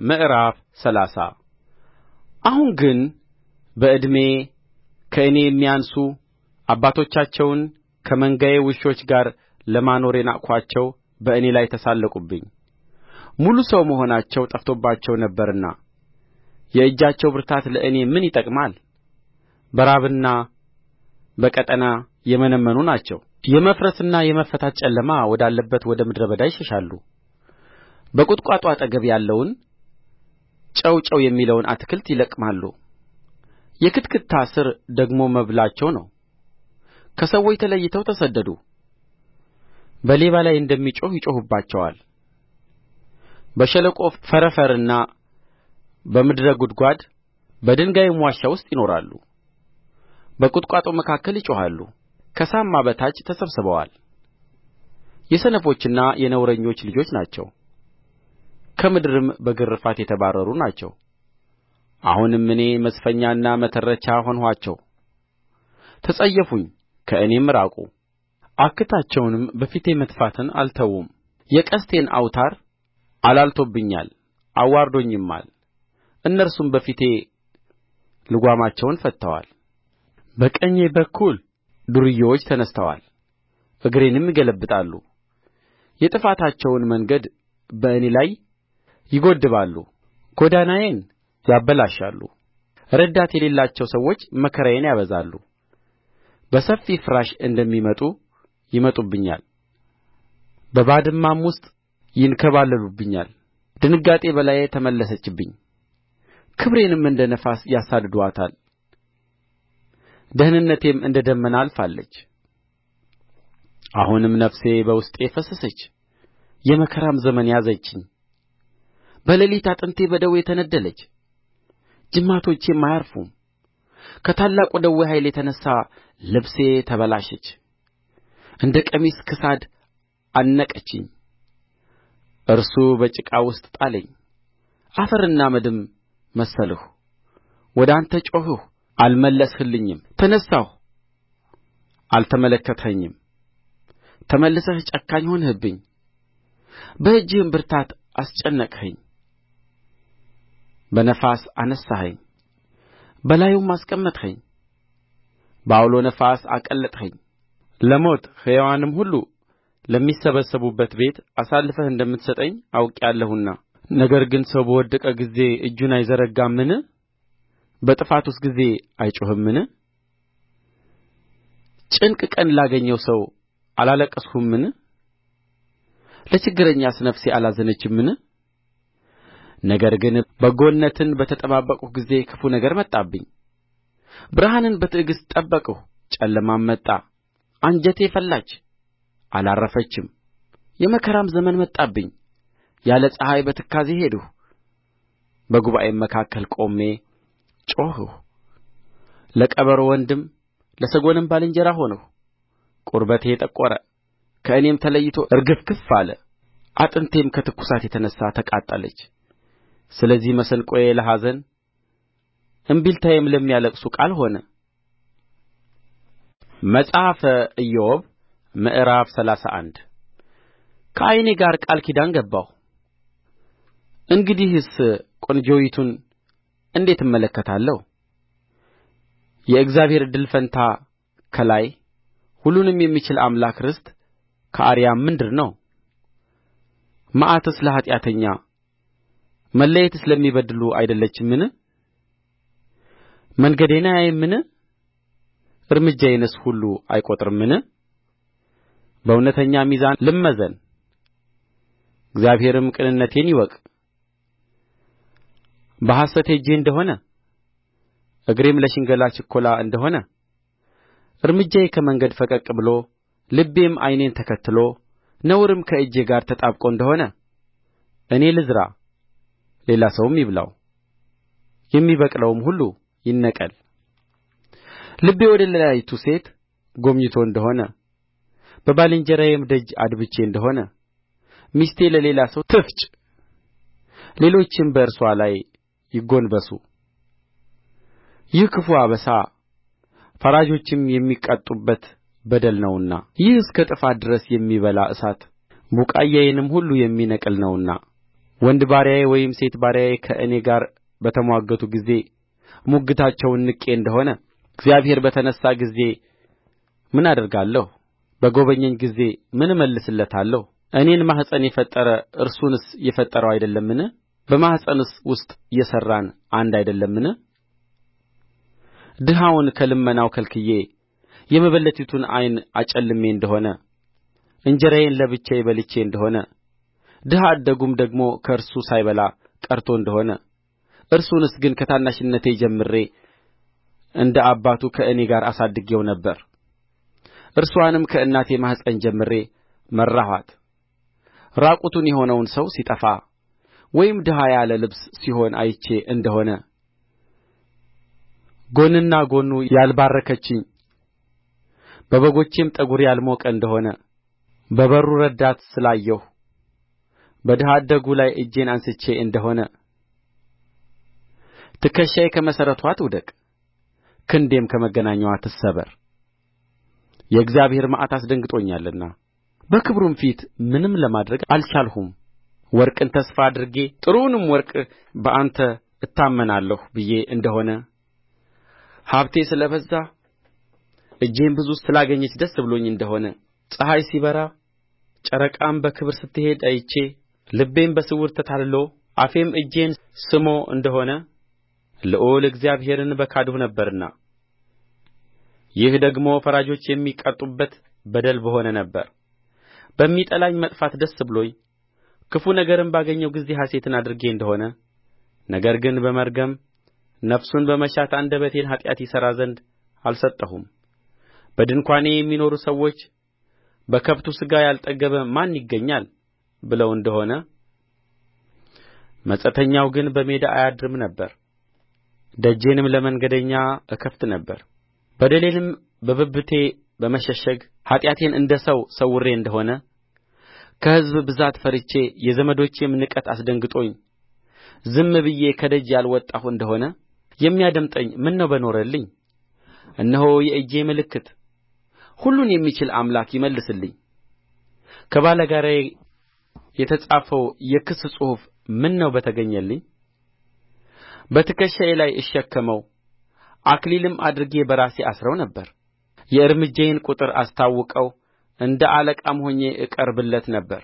ምዕራፍ ሰላሳ አሁን ግን በዕድሜ ከእኔ የሚያንሱ አባቶቻቸውን ከመንጋዬ ውሾች ጋር ለማኖር የናቅኋቸው በእኔ ላይ ተሳለቁብኝ ሙሉ ሰው መሆናቸው ጠፍቶባቸው ነበርና የእጃቸው ብርታት ለእኔ ምን ይጠቅማል በራብና በቀጠና የመነመኑ ናቸው የመፍረስና የመፈታት ጨለማ ወዳለበት ወደ ምድረ በዳ ይሸሻሉ በቍጥቋጦ አጠገብ ያለውን ጨው ጨው የሚለውን አትክልት ይለቅማሉ የክትክታ ሥር ደግሞ መብላቸው ነው ከሰዎች ተለይተው ተሰደዱ በሌባ ላይ እንደሚጮኽ ይጮኹባቸዋል በሸለቆ ፈረፈርና በምድረ ጕድጓድ በድንጋይም ዋሻ ውስጥ ይኖራሉ በቍጥቋጦ መካከል ይጮኻሉ ከሳማ በታች ተሰብስበዋል የሰነፎችና የነውረኞች ልጆች ናቸው ከምድርም በግርፋት የተባረሩ ናቸው አሁንም እኔ መዝፈኛና መተረቻ ሆንኋቸው ተጸየፉኝ ከእኔም ራቁ አክታቸውንም በፊቴ መትፋትን አልተዉም የቀስቴን አውታር አላልቶብኛል አዋርዶኝማል እነርሱም በፊቴ ልጓማቸውን ፈትተዋል በቀኜ በኩል ዱርዬዎች ተነሥተዋል እግሬንም ይገለብጣሉ የጥፋታቸውን መንገድ በእኔ ላይ ይጐድባሉ ጎዳናዬን ያበላሻሉ ረዳት የሌላቸው ሰዎች መከራዬን ያበዛሉ በሰፊ ፍራሽ እንደሚመጡ ይመጡብኛል በባድማም ውስጥ ይንከባለሉብኛል ድንጋጤ በላዬ ተመለሰችብኝ ክብሬንም እንደ ነፋስ ያሳድዱአታል ደኅንነቴም እንደ ደመና አልፋለች አሁንም ነፍሴ በውስጤ ፈሰሰች የመከራም ዘመን ያዘችኝ በሌሊት አጥንቴ በደዌ ተነደለች ጅማቶቼም አያርፉም ከታላቁ ደዌ ኃይል የተነሣ ልብሴ ተበላሸች እንደ ቀሚስ ክሳድ አነቀችኝ እርሱ በጭቃ ውስጥ ጣለኝ አፈርና አመድም መሰልሁ ወደ አንተ ጮኽሁ አልመለስህልኝም ተነሣሁ አልተመለከትኸኝም ተመልሰህ ጨካኝ ሆንህብኝ በእጅህም ብርታት አስጨነቅኸኝ በነፋስ አነሣኸኝ በላዩም አስቀመጥኸኝ በዐውሎ ነፋስ አቀለጥኸኝ ለሞት ሕያዋንም ሁሉ ለሚሰበሰቡበት ቤት አሳልፈህ እንደምትሰጠኝ አውቄአለሁና ነገር ግን ሰው በወደቀ ጊዜ እጁን አይዘረጋምን በጥፋቱስ ጊዜ አይጮኽምን ጭንቅ ቀን ላገኘው ሰው አላለቀስሁምን ለችግረኛስ ነፍሴ አላዘነችምን ነገር ግን በጎነትን በተጠባበቅሁ ጊዜ ክፉ ነገር መጣብኝ ብርሃንን በትዕግሥት ጠበቅሁ ጨለማም መጣ አንጀቴ ፈላች አላረፈችም የመከራም ዘመን መጣብኝ ያለ ፀሐይ በትካዜ ሄድሁ በጉባኤም መካከል ቆሜ ጮኽሁ ለቀበሮ ወንድም ለሰጐንም ባልንጀራ ሆንሁ ቁርበቴ ጠቈረ ከእኔም ተለይቶ እርግፍግፍ አለ አጥንቴም ከትኵሳት የተነሣ ተቃጠለች ስለዚህ መሰንቆዬ ለኀዘን እምቢልታዬም ለሚያለቅሱ ቃል ሆነ መጽሐፈ ኢዮብ ምዕራፍ ሰላሳ አንድ ከዓይኔ ጋር ቃል ኪዳን ገባሁ እንግዲህስ ቈንጆይቱን እንዴት እመለከታለሁ የእግዚአብሔር እድል ፈንታ ከላይ ሁሉንም የሚችል አምላክ ርስት ከአርያም ምንድር ነው መዓትስ ለኃጢአተኛ መለየትስ ለሚበድሉ አይደለችምን መንገዴን አያይምን እርምጃዬንስ ሁሉ አይቈጥርምን በእውነተኛ ሚዛን ልመዘን እግዚአብሔርም ቅንነቴን ይወቅ በሐሰት ሄጄ እንደ ሆነ እግሬም ለሽንገላ ችኰላ እንደ ሆነ እርምጃዬ ከመንገድ ፈቀቅ ብሎ ልቤም ዓይኔን ተከትሎ ነውርም ከእጄ ጋር ተጣብቆ እንደ ሆነ እኔ ልዝራ ሌላ ሰውም ይብላው የሚበቅለውም ሁሉ ይነቀል ልቤ ወደ ሌላይቱ ሴት ጐምጅቶ እንደ ሆነ በባልንጀራዬም ደጅ አድብቼ እንደ ሆነ ሚስቴ ለሌላ ሰው ትፍጭ ሌሎችም በእርስዋ ላይ ይጐንበሱ ይህ ክፉ አበሳ ፈራጆችም የሚቀጡበት በደል ነውና ይህ እስከ ጥፋት ድረስ የሚበላ እሳት ቡቃያዬንም ሁሉ የሚነቅል ነውና ወንድ ባሪያዬ ወይም ሴት ባሪያዬ ከእኔ ጋር በተምዋገቱ ጊዜ ሙግታቸውን ንቄ እንደ ሆነ እግዚአብሔር በተነሣ ጊዜ ምን አደርጋለሁ በጐበኘኝ ጊዜ ምን እመልስለታለሁ እኔን ማኅፀን የፈጠረ እርሱንስ የፈጠረው አይደለምን በማኅፀንስ ውስጥ የሠራን አንድ አይደለምን ድሀውን ከልመናው ከልክዬ የመበለቲቱን ዓይን አጨልሜ እንደ ሆነ እንጀራዬን ለብቻዬ በልቼ እንደ ሆነ ድሀ አደጉም ደግሞ ከእርሱ ሳይበላ ቀርቶ እንደ ሆነ እርሱንስ ግን ከታናሽነቴ ጀምሬ እንደ አባቱ ከእኔ ጋር አሳድጌው ነበር እርስዋንም ከእናቴ ማኅፀን ጀምሬ መራኋት ራቁቱን የሆነውን ሰው ሲጠፋ ወይም ድሀ ያለ ልብስ ሲሆን አይቼ እንደ ሆነ ጎንና ጎኑ ያልባረከችኝ በበጎቼም ጠጕር ያልሞቀ እንደ ሆነ በበሩ ረዳት ስላየሁ በድሀ አደጉ ላይ እጄን አንስቼ እንደ ሆነ ትከሻዬ ከመሠረትዋ ትውደቅ ክንዴም ከመገናኛዋ ትሰበር የእግዚአብሔር መዓት አስደንግጦኛልና በክብሩም ፊት ምንም ለማድረግ አልቻልሁም ወርቅን ተስፋ አድርጌ ጥሩውንም ወርቅ በአንተ እታመናለሁ ብዬ እንደ ሆነ ሀብቴ ስለ በዛ እጄም ብዙ ስላገኘች ደስ ብሎኝ እንደ ሆነ ፀሐይ ሲበራ ጨረቃም በክብር ስትሄድ አይቼ ልቤም በስውር ተታልሎ አፌም እጄን ስሞ እንደሆነ ልዑል እግዚአብሔርን በካድሁ ነበርና ይህ ደግሞ ፈራጆች የሚቀጡበት በደል በሆነ ነበር በሚጠላኝ መጥፋት ደስ ብሎኝ ክፉ ነገርም ባገኘሁ ጊዜ ሐሤትን አድርጌ እንደ ሆነ ነገር ግን በመርገም ነፍሱን በመሻት አንደበቴን ኃጢአት ይሠራ ዘንድ አልሰጠሁም በድንኳኔ የሚኖሩ ሰዎች በከብቱ ሥጋ ያልጠገበ ማን ይገኛል ብለው እንደ ሆነ መጻተኛው ግን በሜዳ አያድርም ነበር ደጄንም ለመንገደኛ እከፍት ነበር በደሌንም በብብቴ በመሸሸግ ኃጢአቴን እንደ ሰው ሰውሬ እንደ ሆነ ከሕዝብ ብዛት ፈርቼ የዘመዶቼም ንቀት አስደንግጦኝ ዝም ብዬ ከደጅ ያልወጣሁ እንደ ሆነ የሚያደምጠኝ ምነው በኖረልኝ እነሆ የእጄ ምልክት ሁሉን የሚችል አምላክ ይመልስልኝ ከባላጋራዬ የተጻፈው የክስ ጽሑፍ ምነው በተገኘልኝ በትከሻዬ ላይ እሸከመው አክሊልም አድርጌ በራሴ አስረው ነበር የእርምጃዬን ቍጥር አስታውቀው እንደ አለቃም ሆኜ እቀርብለት ነበር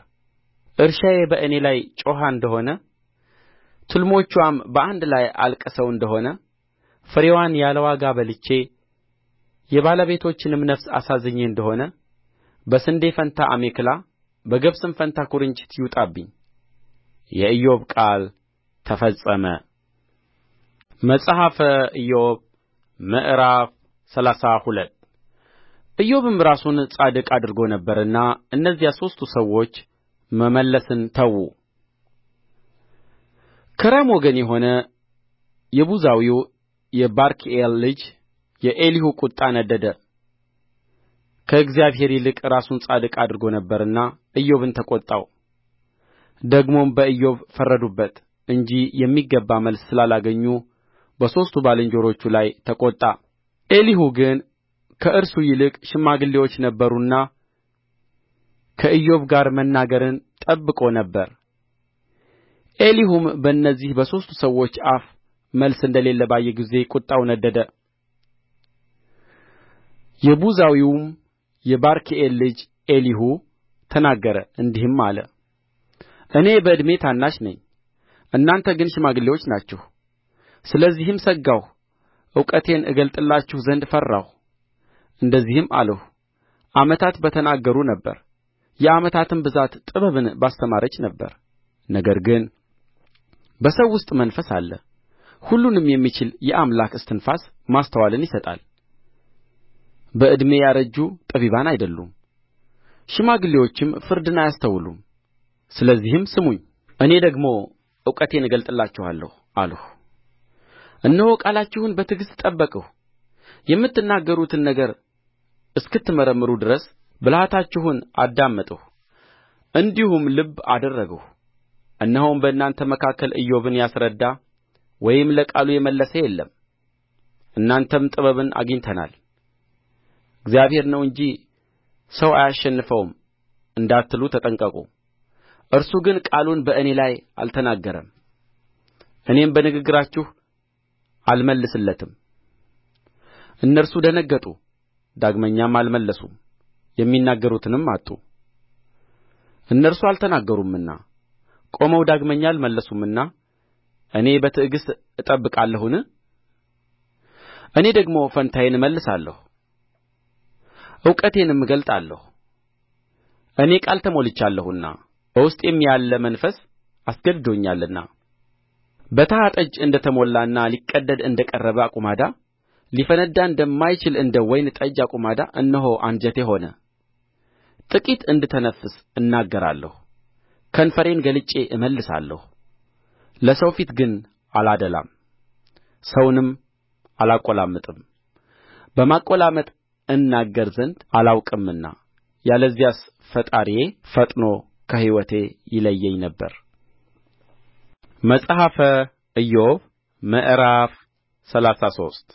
እርሻዬ በእኔ ላይ ጮኻ እንደ ሆነ ትልሞችዋም በአንድ ላይ አልቅሰው እንደ ሆነ ፍሬዋን ያለ ዋጋ በልቼ የባለቤቶችንም ነፍስ አሳዝኜ እንደ ሆነ በስንዴ ፈንታ አሜከላ በገብስም ፈንታ ኵርንችት ይውጣብኝ። የኢዮብ ቃል ተፈጸመ። መጽሐፈ ኢዮብ ምዕራፍ ሰላሳ ሁለት ኢዮብም ራሱን ጻድቅ አድርጎ ነበርና እነዚያ ሦስቱ ሰዎች መመለስን ተዉ። ከራም ወገን የሆነ የቡዛዊው የባርክኤል ልጅ የኤሊሁ ቍጣ ነደደ። ከእግዚአብሔር ይልቅ ራሱን ጻድቅ አድርጎ ነበርና ኢዮብን ተቈጣው። ደግሞም በኢዮብ ፈረዱበት እንጂ የሚገባ መልስ ስላላገኙ በሦስቱ ባልንጀሮቹ ላይ ተቈጣ ኤሊሁ ግን ከእርሱ ይልቅ ሽማግሌዎች ነበሩና ከኢዮብ ጋር መናገርን ጠብቆ ነበር ኤሊሁም በእነዚህ በሦስቱ ሰዎች አፍ መልስ እንደሌለ ባየ ጊዜ ቍጣው ነደደ የቡዛዊውም የባርክኤል ልጅ ኤሊሁ ተናገረ እንዲህም አለ እኔ በዕድሜ ታናሽ ነኝ እናንተ ግን ሽማግሌዎች ናችሁ ስለዚህም ሰጋሁ እውቀቴን እገልጥላችሁ ዘንድ ፈራሁ እንደዚህም አልሁ ዓመታት በተናገሩ ነበር የዓመታትም ብዛት ጥበብን ባስተማረች ነበር ነገር ግን በሰው ውስጥ መንፈስ አለ ሁሉንም የሚችል የአምላክ እስትንፋስ ማስተዋልን ይሰጣል በዕድሜ ያረጁ ጠቢባን አይደሉም ሽማግሌዎችም ፍርድን አያስተውሉም ስለዚህም ስሙኝ እኔ ደግሞ እውቀቴን እገልጥላችኋለሁ አልሁ እነሆ ቃላችሁን በትዕግሥት ጠበቅሁ የምትናገሩትን ነገር እስክትመረምሩ ድረስ ብልሃታችሁን አዳመጥሁ እንዲሁም ልብ አደረግሁ እነሆም በእናንተ መካከል ኢዮብን ያስረዳ ወይም ለቃሉ የመለሰ የለም እናንተም ጥበብን አግኝተናል እግዚአብሔር ነው እንጂ ሰው አያሸንፈውም እንዳትሉ ተጠንቀቁ እርሱ ግን ቃሉን በእኔ ላይ አልተናገረም እኔም በንግግራችሁ አልመልስለትም እነርሱ ደነገጡ ዳግመኛም አልመለሱም የሚናገሩትንም አጡ እነርሱ አልተናገሩምና ቆመው ዳግመኛ አልመለሱምና እኔ በትዕግሥት እጠብቃለሁን እኔ ደግሞ ፈንታዬን እመልሳለሁ እውቀቴንም እገልጣለሁ እኔ ቃል ተሞልቻለሁና በውስጤም ያለ መንፈስ አስገድዶኛልና በተሐ ጠጅ እንደ ተሞላና ሊቀደድ እንደ ቀረበ አቁማዳ ሊፈነዳ እንደማይችል እንደ ወይን ጠጅ አቁማዳ እነሆ አንጀቴ ሆነ ጥቂት እንድተነፍስ እናገራለሁ ከንፈሬን ገልጬ እመልሳለሁ ለሰው ፊት ግን አላደላም ሰውንም አላቈላምጥም በማቈላመጥ እናገር ዘንድ አላውቅምና ያለዚያስ ፈጣሪዬ ፈጥኖ ከሕይወቴ ይለየኝ ነበር መጽሐፈ ኢዮብ ምዕራፍ ሰላሳ ሶስት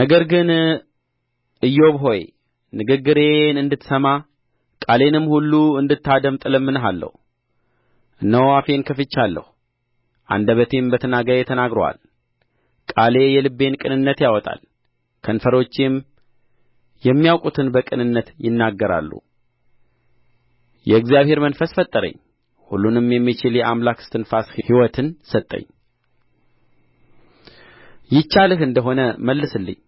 ነገር ግን ኢዮብ ሆይ ንግግሬን እንድትሰማ ቃሌንም ሁሉ እንድታደምጥ እለምንሃለሁ እነሆ አፌን ከፍቻለሁ አንደበቴም በትናጋዬ ተናግሮአል ቃሌ የልቤን ቅንነት ያወጣል ከንፈሮቼም የሚያውቁትን በቅንነት ይናገራሉ የእግዚአብሔር መንፈስ ፈጠረኝ ሁሉንም የሚችል የአምላክ እስትንፋስ ሕይወትን ሰጠኝ ይቻልህ እንደ ሆነ መልስልኝ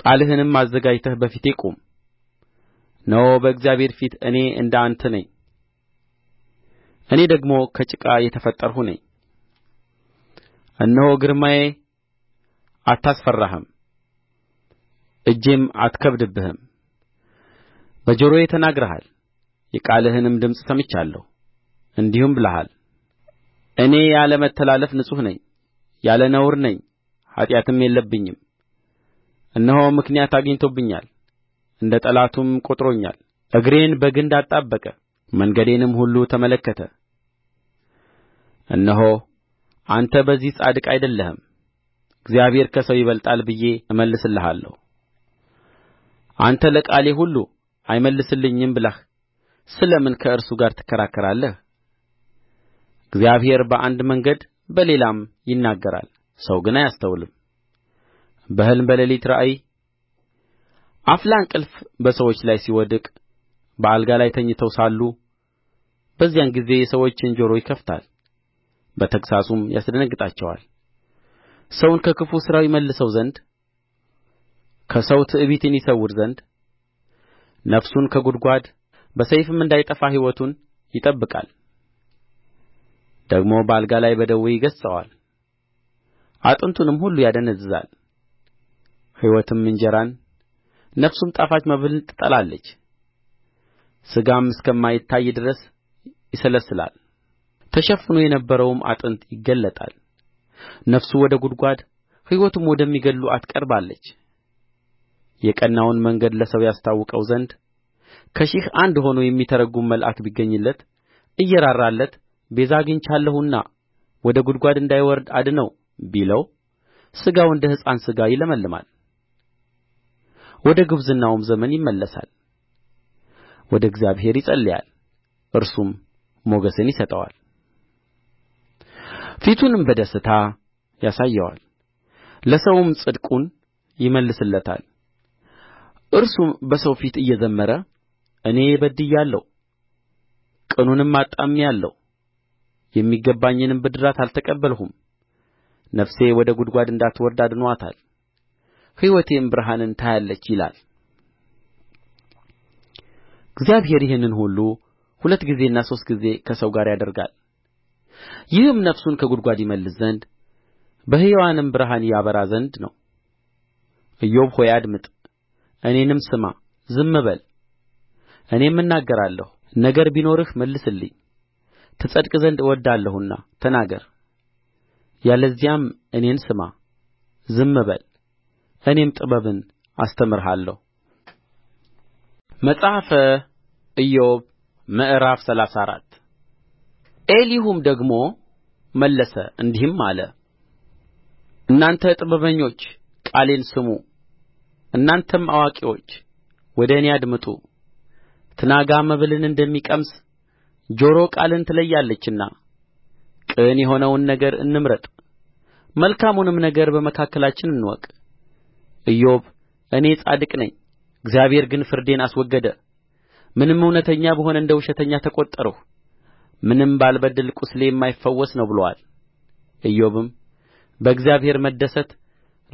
ቃልህንም አዘጋጅተህ በፊቴ ቁም እነሆ በእግዚአብሔር ፊት እኔ እንደ አንተ ነኝ እኔ ደግሞ ከጭቃ የተፈጠርሁ ነኝ እነሆ ግርማዬ አታስፈራህም እጄም አትከብድብህም በጆሮዬ ተናግረሃል የቃልህንም ድምፅ ሰምቻለሁ እንዲህም ብለሃል እኔ ያለ መተላለፍ ንጹሕ ነኝ ያለ ነውር ነኝ ኃጢአትም የለብኝም እነሆ ምክንያት አግኝቶብኛል እንደ ጠላቱም ቈጥሮኛል እግሬን በግንድ አጣበቀ መንገዴንም ሁሉ ተመለከተ እነሆ አንተ በዚህ ጻድቅ አይደለህም እግዚአብሔር ከሰው ይበልጣል ብዬ እመልስልሃለሁ አንተ ለቃሌ ሁሉ አይመልስልኝም ብለህ ስለ ምን ከእርሱ ጋር ትከራከራለህ እግዚአብሔር በአንድ መንገድ በሌላም ይናገራል ሰው ግን አያስተውልም በሕልም በሌሊት ራእይ አፍላ እንቅልፍ በሰዎች ላይ ሲወድቅ በአልጋ ላይ ተኝተው ሳሉ በዚያን ጊዜ የሰዎችን ጆሮ ይከፍታል በተግሣጹም ያስደነግጣቸዋል ሰውን ከክፉ ሥራው ይመልሰው ዘንድ ከሰው ትዕቢትን ይሰውር ዘንድ ነፍሱን ከጕድጓድ በሰይፍም እንዳይጠፋ ሕይወቱን ይጠብቃል ደግሞ በአልጋ ላይ በደዌ ይገሥጸዋል አጥንቱንም ሁሉ ያደነዝዛል ሕይወትም እንጀራን ነፍሱም ጣፋጭ መብልን ትጠላለች ሥጋም እስከማይታይ ድረስ ይሰለስላል ተሸፍኖ የነበረውም አጥንት ይገለጣል ነፍሱ ወደ ጕድጓድ ሕይወቱም ወደሚገድሉአት ቀርባለች የቀናውን መንገድ ለሰው ያስታውቀው ዘንድ ከሺህ አንድ ሆኖ የሚተረጕም መልአክ ቢገኝለት እየራራለት ቤዛ አግኝቻለሁና ወደ ጕድጓድ እንዳይወርድ አድነው ቢለው ሥጋው እንደ ሕፃን ሥጋ ይለመልማል ወደ ጕብዝናውም ዘመን ይመለሳል ወደ እግዚአብሔር ይጸልያል እርሱም ሞገስን ይሰጠዋል ፊቱንም በደስታ ያሳየዋል ለሰውም ጽድቁን ይመልስለታል እርሱም በሰው ፊት እየዘመረ እኔ በድያለሁ ቅኑንም አጣምሜአለሁ የሚገባኝንም ብድራት አልተቀበልሁም ነፍሴ ወደ ጕድጓድ እንዳትወርድ አድኖአታል ሕይወቴም ብርሃንን ታያለች ይላል እግዚአብሔር ይህን ሁሉ ሁለት ጊዜና ሦስት ጊዜ ከሰው ጋር ያደርጋል ይህም ነፍሱን ከጕድጓድ ይመልስ ዘንድ በሕያዋንም ብርሃን ያበራ ዘንድ ነው ኢዮብ ሆይ አድምጥ እኔንም ስማ ዝም በል እኔም እናገራለሁ ነገር ቢኖርህ መልስልኝ ትጸድቅ ዘንድ እወድዳለሁና ተናገር ያለዚያም እኔን ስማ ዝም በል እኔም ጥበብን አስተምርሃለሁ መጽሐፈ ኢዮብ ምዕራፍ ሰላሳ አራት ኤሊሁም ደግሞ መለሰ እንዲህም አለ እናንተ ጥበበኞች ቃሌን ስሙ እናንተም አዋቂዎች ወደ እኔ አድምጡ ትናጋ መብልን እንደሚቀምስ ጆሮ ቃልን ትለያለችና ቅን የሆነውን ነገር እንምረጥ መልካሙንም ነገር በመካከላችን እንወቅ ኢዮብ እኔ ጻድቅ ነኝ እግዚአብሔር ግን ፍርዴን አስወገደ ምንም እውነተኛ ብሆን እንደ ውሸተኛ ተቈጠርሁ ምንም ባልበድል ቍስሌ የማይፈወስ ነው ብሎአል ኢዮብም በእግዚአብሔር መደሰት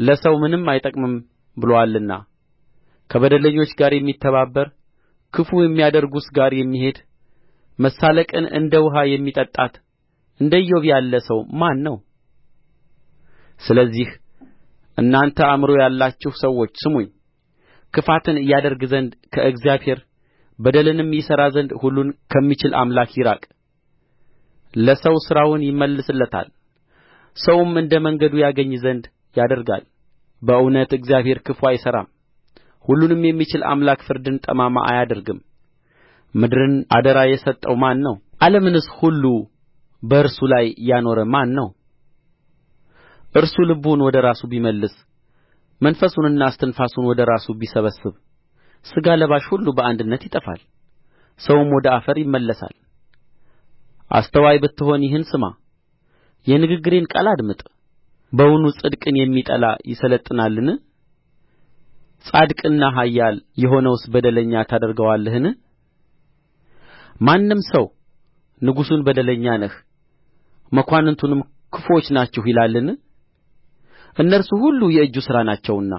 ለሰው ምንም አይጠቅምም ብሎአልና ከበደለኞች ጋር የሚተባበር ክፉ የሚያደርጉስ ጋር የሚሄድ መሳለቅን እንደ ውኃ የሚጠጣት እንደ ኢዮብ ያለ ሰው ማን ነው ስለዚህ እናንተ አእምሮ ያላችሁ ሰዎች ስሙኝ ክፋትን ያደርግ ዘንድ ከእግዚአብሔር በደልንም ይሠራ ዘንድ ሁሉን ከሚችል አምላክ ይራቅ ለሰው ሥራውን ይመልስለታል ሰውም እንደ መንገዱ ያገኝ ዘንድ ያደርጋል በእውነት እግዚአብሔር ክፉ አይሠራም ሁሉንም የሚችል አምላክ ፍርድን ጠማማ አያደርግም ምድርን አደራ የሰጠው ማን ነው ዓለምንስ ሁሉ በእርሱ ላይ ያኖረ ማን ነው እርሱ ልቡን ወደ ራሱ ቢመልስ መንፈሱንና እስትንፋሱን ወደ ራሱ ቢሰበስብ ሥጋ ለባሽ ሁሉ በአንድነት ይጠፋል ሰውም ወደ አፈር ይመለሳል አስተዋይ ብትሆን ይህን ስማ የንግግሬን ቃል አድምጥ በውኑ ጽድቅን የሚጠላ ይሠለጥናልን ጻድቅና ኃያል የሆነውስ በደለኛ ታደርገዋለህን ማንም ሰው ንጉሡን በደለኛ ነህ መኳንንቱንም ክፉዎች ናችሁ ይላልን እነርሱ ሁሉ የእጁ ሥራ ናቸውና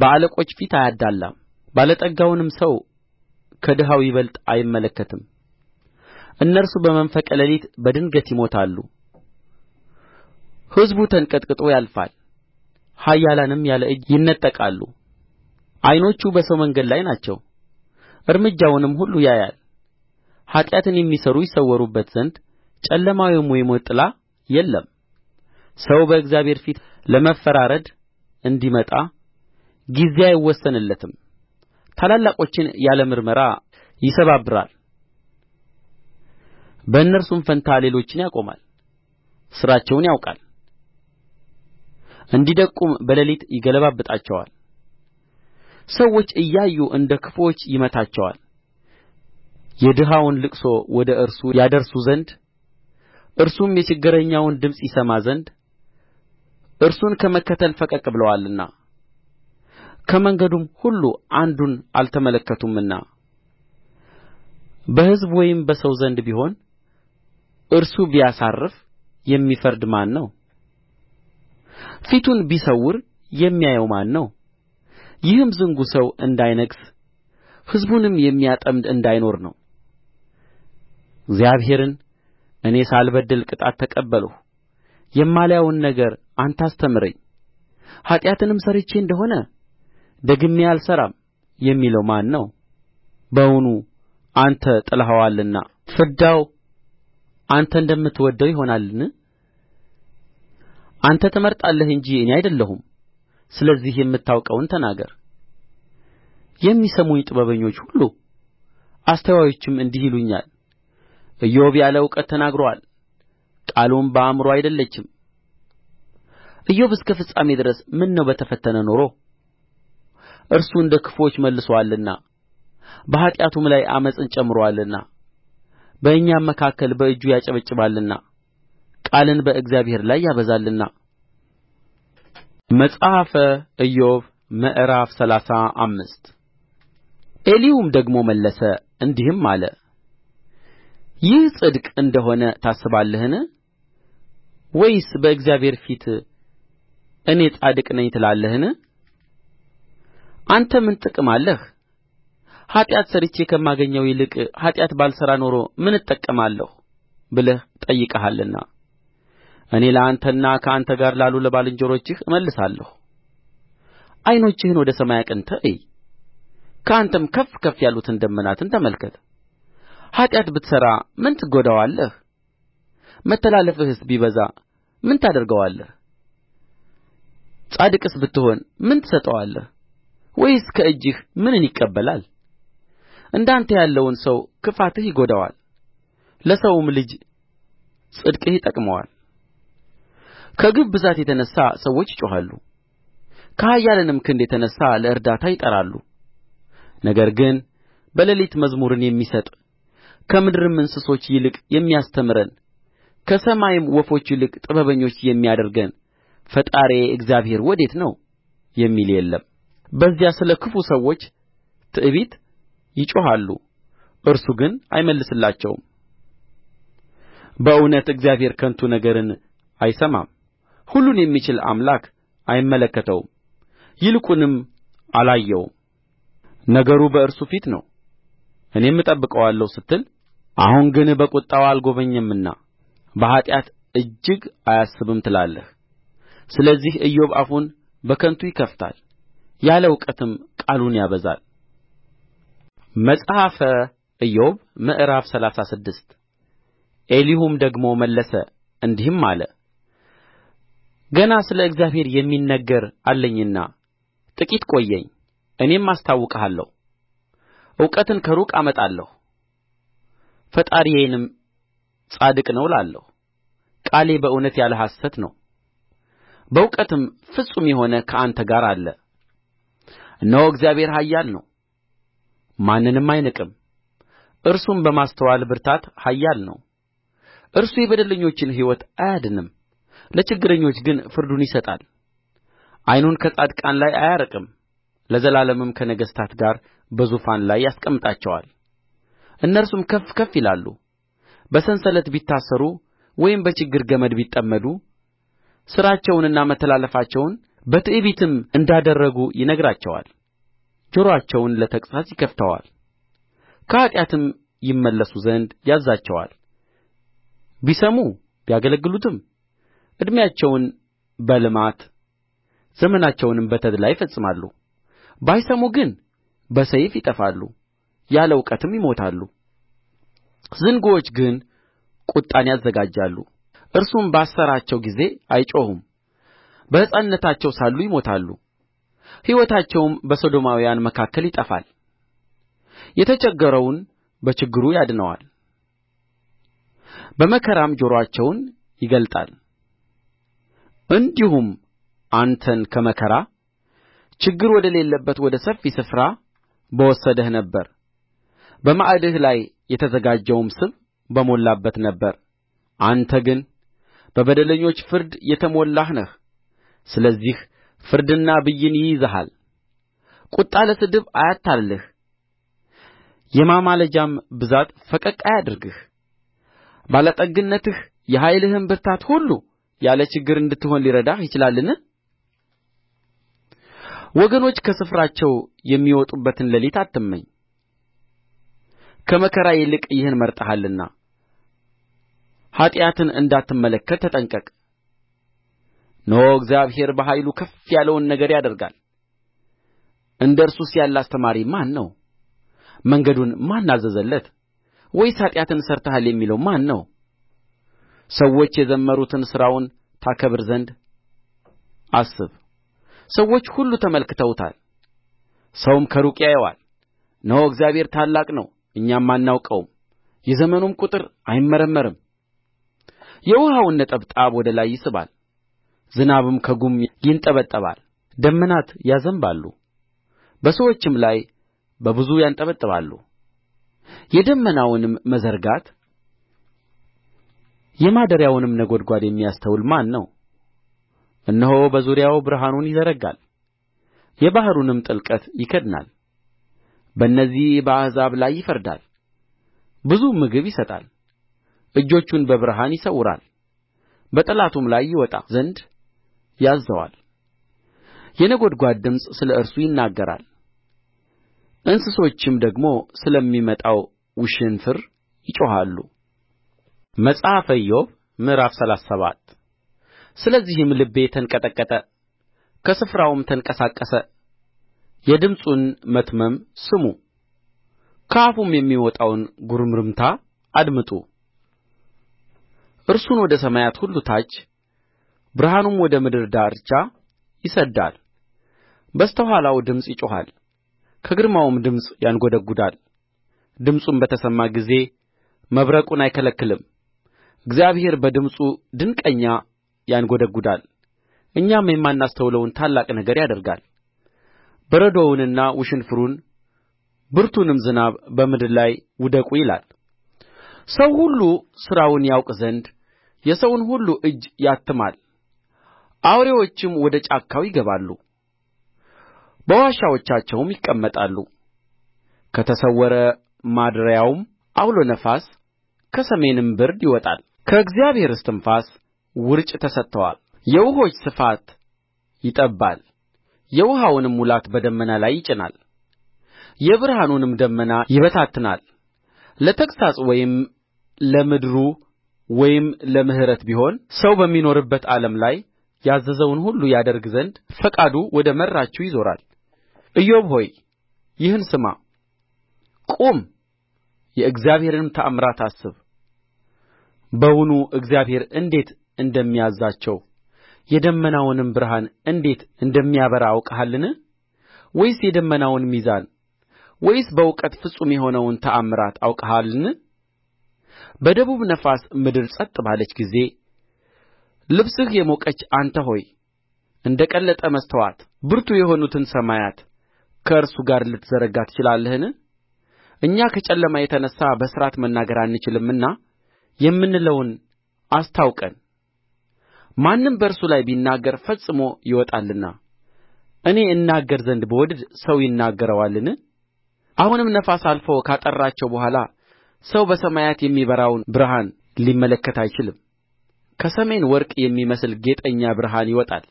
በአለቆች ፊት አያደላም ባለጠጋውንም ሰው ከድሀው ይበልጥ አይመለከትም እነርሱ በመንፈቀ ሌሊት በድንገት ይሞታሉ ሕዝቡ ተንቀጥቅጦ ያልፋል ኃያላንም ያለ እጅ ይነጠቃሉ ዓይኖቹ በሰው መንገድ ላይ ናቸው እርምጃውንም ሁሉ ያያል ኃጢአትን የሚሠሩ ይሰወሩበት ዘንድ ጨለማ ወይም የሞት ጥላ የለም ሰው በእግዚአብሔር ፊት ለመፈራረድ እንዲመጣ ጊዜ አይወሰንለትም ታላላቆችን ያለ ምርመራ ይሰባብራል በእነርሱም ፋንታ ሌሎችን ያቆማል ሥራቸውን ያውቃል እንዲደቁም በሌሊት ይገለባብጣቸዋል ሰዎች እያዩ እንደ ክፉዎች ይመታቸዋል የድሀውን ልቅሶ ወደ እርሱ ያደርሱ ዘንድ እርሱም የችግረኛውን ድምፅ ይሰማ ዘንድ እርሱን ከመከተል ፈቀቅ ብለዋልና ከመንገዱም ሁሉ አንዱን አልተመለከቱምና በሕዝብ ወይም በሰው ዘንድ ቢሆን እርሱ ቢያሳርፍ የሚፈርድ ማን ነው? ፊቱን ቢሰውር የሚያየው ማን ነው? ይህም ዝንጉ ሰው እንዳይነግሥ ሕዝቡንም የሚያጠምድ እንዳይኖር ነው። እግዚአብሔርን እኔ ሳልበድል ቅጣት ተቀበልሁ የማላየውን ነገር አንተ አስተምረኝ ኃጢአትንም ሠርቼ እንደ ሆነ ደግሜ አልሠራም የሚለው ማን ነው በውኑ አንተ ጥለኸዋልና ፍዳው አንተ እንደምትወደው ይሆናልን አንተ ትመርጣለህ እንጂ እኔ አይደለሁም ስለዚህ የምታውቀውን ተናገር የሚሰሙኝ ጥበበኞች ሁሉ አስተዋዮችም እንዲህ ይሉኛል ኢዮብ ያለ እውቀት ተናግሮአል ቃሉም በአእምሮ አይደለችም ኢዮብ እስከ ፍጻሜ ድረስ ምነው በተፈተነ ኖሮ እርሱ እንደ ክፉዎች መልሶአልና በኃጢአቱም ላይ ዓመፅን ጨምሮአልና በእኛም መካከል በእጁ ያጨበጭባልና ቃልን በእግዚአብሔር ላይ ያበዛልና መጽሐፈ ኢዮብ ምዕራፍ ሰላሳ አምስት ኤሊሁም ደግሞ መለሰ እንዲህም አለ ይህ ጽድቅ እንደ ሆነ ታስባለህን ወይስ በእግዚአብሔር ፊት እኔ ጻድቅ ነኝ ትላለህን አንተ ምን ጥቅም አለህ ኃጢአት ሠርቼ ከማገኘው ይልቅ ኃጢአት ባልሠራ ኖሮ ምን እጠቀማለሁ ብለህ ጠይቀሃልና እኔ ለአንተና ከአንተ ጋር ላሉ ለባልንጀሮችህ እመልሳለሁ ዓይኖችህን ወደ ሰማይ አቅንተህ እይ ከአንተም ከፍ ከፍ ያሉትን ደመናትን ተመልከት ኃጢአት ብትሠራ ምን ትጐዳዋለህ መተላለፍህስ ቢበዛ ምን ታደርገዋለህ ጻድቅስ ብትሆን ምን ትሰጠዋለህ ወይስ ከእጅህ ምንን ይቀበላል እንደ አንተ ያለውን ሰው ክፋትህ ይጐዳዋል ለሰውም ልጅ ጽድቅህ ይጠቅመዋል ከግፍ ብዛት የተነሣ ሰዎች ይጮኻሉ ከኃያላንም ክንድ የተነሣ ለእርዳታ ይጠራሉ ነገር ግን በሌሊት መዝሙርን የሚሰጥ ከምድርም እንስሶች ይልቅ የሚያስተምረን ከሰማይም ወፎች ይልቅ ጥበበኞች የሚያደርገን ፈጣሪዬ እግዚአብሔር ወዴት ነው የሚል የለም በዚያ ስለ ክፉ ሰዎች ትዕቢት ይጮኻሉ እርሱ ግን አይመልስላቸውም በእውነት እግዚአብሔር ከንቱ ነገርን አይሰማም ሁሉን የሚችል አምላክ አይመለከተውም ይልቁንም አላየውም ነገሩ በእርሱ ፊት ነው እኔም እጠብቀዋለሁ ስትል አሁን ግን በቍጣው አልጐበኘምና በኃጢአት እጅግ አያስብም ትላለህ ስለዚህ ኢዮብ አፉን በከንቱ ይከፍታል ያለ እውቀትም ቃሉን ያበዛል መጽሐፈ ኢዮብ ምዕራፍ ሰላሳ ስድስት ኤሊሁም ደግሞ መለሰ እንዲህም አለ ገና ስለ እግዚአብሔር የሚነገር አለኝና ጥቂት ቆየኝ እኔም አስታውቅሃለሁ እውቀትን ከሩቅ አመጣለሁ ፈጣሪዬንም ጻድቅ ነው እላለሁ ቃሌ በእውነት ያለ ሐሰት ነው በእውቀትም ፍጹም የሆነ ከአንተ ጋር አለ እነሆ እግዚአብሔር ኃያል ነው ማንንም አይንቅም እርሱም በማስተዋል ብርታት ኃያል ነው እርሱ የበደለኞችን ሕይወት አያድንም ለችግረኞች ግን ፍርዱን ይሰጣል ዓይኑን ከጻድቃን ላይ አያርቅም ለዘላለምም ከነገሥታት ጋር በዙፋን ላይ ያስቀምጣቸዋል እነርሱም ከፍ ከፍ ይላሉ በሰንሰለት ቢታሰሩ ወይም በችግር ገመድ ቢጠመዱ ሥራቸውንና መተላለፋቸውን በትዕቢትም እንዳደረጉ ይነግራቸዋል ጆሮአቸውን ለተግሣጽ ይከፍተዋል ከኃጢአትም ይመለሱ ዘንድ ያዝዛቸዋል ቢሰሙ ቢያገለግሉትም ዕድሜያቸውን በልማት ዘመናቸውንም በተድላ ይፈጽማሉ ባይሰሙ ግን በሰይፍ ይጠፋሉ ያለ እውቀትም ይሞታሉ ዝንጉዎች ግን ቍጣን ያዘጋጃሉ እርሱም ባሰራቸው ጊዜ አይጮኹም በሕፃንነታቸው ሳሉ ይሞታሉ ሕይወታቸውም በሰዶማውያን መካከል ይጠፋል የተቸገረውን በችግሩ ያድነዋል በመከራም ጆሮአቸውን ይገልጣል እንዲሁም አንተን ከመከራ ችግር ወደሌለበት ወደ ሰፊ ስፍራ በወሰደህ ነበር በማዕድህ ላይ የተዘጋጀውም ስብ በሞላበት ነበር አንተ ግን በበደለኞች ፍርድ የተሞላህ ነህ ስለዚህ ፍርድና ብይን ይይዝሃል ቍጣ ለስድብ አያታልልህ የማማለጃም ብዛት ፈቀቅ አያድርግህ ባለጠግነትህ የኃይልህም ብርታት ሁሉ ያለ ችግር እንድትሆን ሊረዳህ ይችላልን ወገኖች ከስፍራቸው የሚወጡበትን ሌሊት አትመኝ ከመከራ ይልቅ ይህን መርጠሃልና ኃጢአትን እንዳትመለከት ተጠንቀቅ እነሆ እግዚአብሔር በኃይሉ ከፍ ያለውን ነገር ያደርጋል እንደ እርሱስ ያለ አስተማሪ ማን ነው መንገዱን ማን አዘዘለት ወይስ ኃጢአትን ሠርተሃል የሚለው ማን ነው ሰዎች የዘመሩትን ሥራውን ታከብር ዘንድ አስብ ሰዎች ሁሉ ተመልክተውታል ሰውም ከሩቅ ያየዋል እነሆ እግዚአብሔር ታላቅ ነው እኛም አናውቀውም የዘመኑም ቍጥር አይመረመርም የውኃውን ነጠብጣብ ወደ ላይ ይስባል ዝናብም ከጉም ይንጠበጠባል። ደመናት ያዘንባሉ በሰዎችም ላይ በብዙ ያንጠበጥባሉ። የደመናውንም መዘርጋት የማደሪያውንም ነጐድጓድ የሚያስተውል ማን ነው እነሆ በዙሪያው ብርሃኑን ይዘረጋል የባሕሩንም ጥልቀት ይከድናል በእነዚህ በአሕዛብ ላይ ይፈርዳል ብዙ ምግብ ይሰጣል እጆቹን በብርሃን ይሰውራል በጠላቱም ላይ ይወጣ ዘንድ ያዝዘዋል የነጐድጓድ ድምፅ ስለ እርሱ ይናገራል እንስሶችም ደግሞ ስለሚመጣው ውሽንፍር ይጮኻሉ መጽሐፈ ኢዮብ ምዕራፍ ሰላሳ ሰባት ስለዚህም ልቤ ተንቀጠቀጠ ከስፍራውም ተንቀሳቀሰ የድምፁን መትመም ስሙ ከአፉም የሚወጣውን ጕርምርምታ አድምጡ እርሱን ወደ ሰማያት ሁሉ ታች ብርሃኑም ወደ ምድር ዳርቻ ይሰድዳል በስተ ኋላው ድምፅ ይጮኻል ከግርማውም ድምፅ ያንጐደጕዳል ድምፁም በተሰማ ጊዜ መብረቁን አይከለክልም እግዚአብሔር በድምፁ ድንቅኛ ያንጐደጕዳል እኛም የማናስተውለውን ታላቅ ነገር ያደርጋል በረዶውንና ውሽንፍሩን ብርቱንም ዝናብ በምድር ላይ ውደቁ ይላል ሰው ሁሉ ሥራውን ያውቅ ዘንድ የሰውን ሁሉ እጅ ያትማል አውሬዎችም ወደ ጫካው ይገባሉ በዋሾቻቸውም ይቀመጣሉ ከተሰወረ ማደሪያውም ዐውሎ ነፋስ ከሰሜንም ብርድ ይወጣል ከእግዚአብሔር እስትንፋስ ውርጭ ተሰጥተዋል የውኆች ስፋት ይጠብባል የውኃውንም ሙላት በደመና ላይ ይጭናል የብርሃኑንም ደመና ይበታትናል ለተግሣጽ ወይም ለምድሩ ወይም ለምሕረት ቢሆን ሰው በሚኖርበት ዓለም ላይ ያዘዘውን ሁሉ ያደርግ ዘንድ ፈቃዱ ወደ መራችው ይዞራል ኢዮብ ሆይ ይህን ስማ ቁም የእግዚአብሔርንም ተአምራት አስብ በውኑ እግዚአብሔር እንዴት እንደሚያዝዛቸው የደመናውንም ብርሃን እንዴት እንደሚያበራ አውቀሃልን ወይስ የደመናውን ሚዛን ወይስ በእውቀት ፍጹም የሆነውን ተአምራት አውቀሃልን በደቡብ ነፋስ ምድር ጸጥ ባለች ጊዜ ልብስህ የሞቀች አንተ ሆይ እንደ ቀለጠ መስተዋት ብርቱ የሆኑትን ሰማያት ከእርሱ ጋር ልትዘረጋ ትችላለህን እኛ ከጨለማ የተነሣ በሥርዓት መናገር አንችልምና የምንለውን አስታውቀን ማንም በእርሱ ላይ ቢናገር ፈጽሞ ይወጣልና እኔ እናገር ዘንድ ብወድድ ሰው ይናገረዋልን አሁንም ነፋስ አልፎ ካጠራቸው በኋላ ሰው በሰማያት የሚበራውን ብርሃን ሊመለከት አይችልም ከሰሜን ወርቅ የሚመስል ጌጠኛ ብርሃን ይወጣል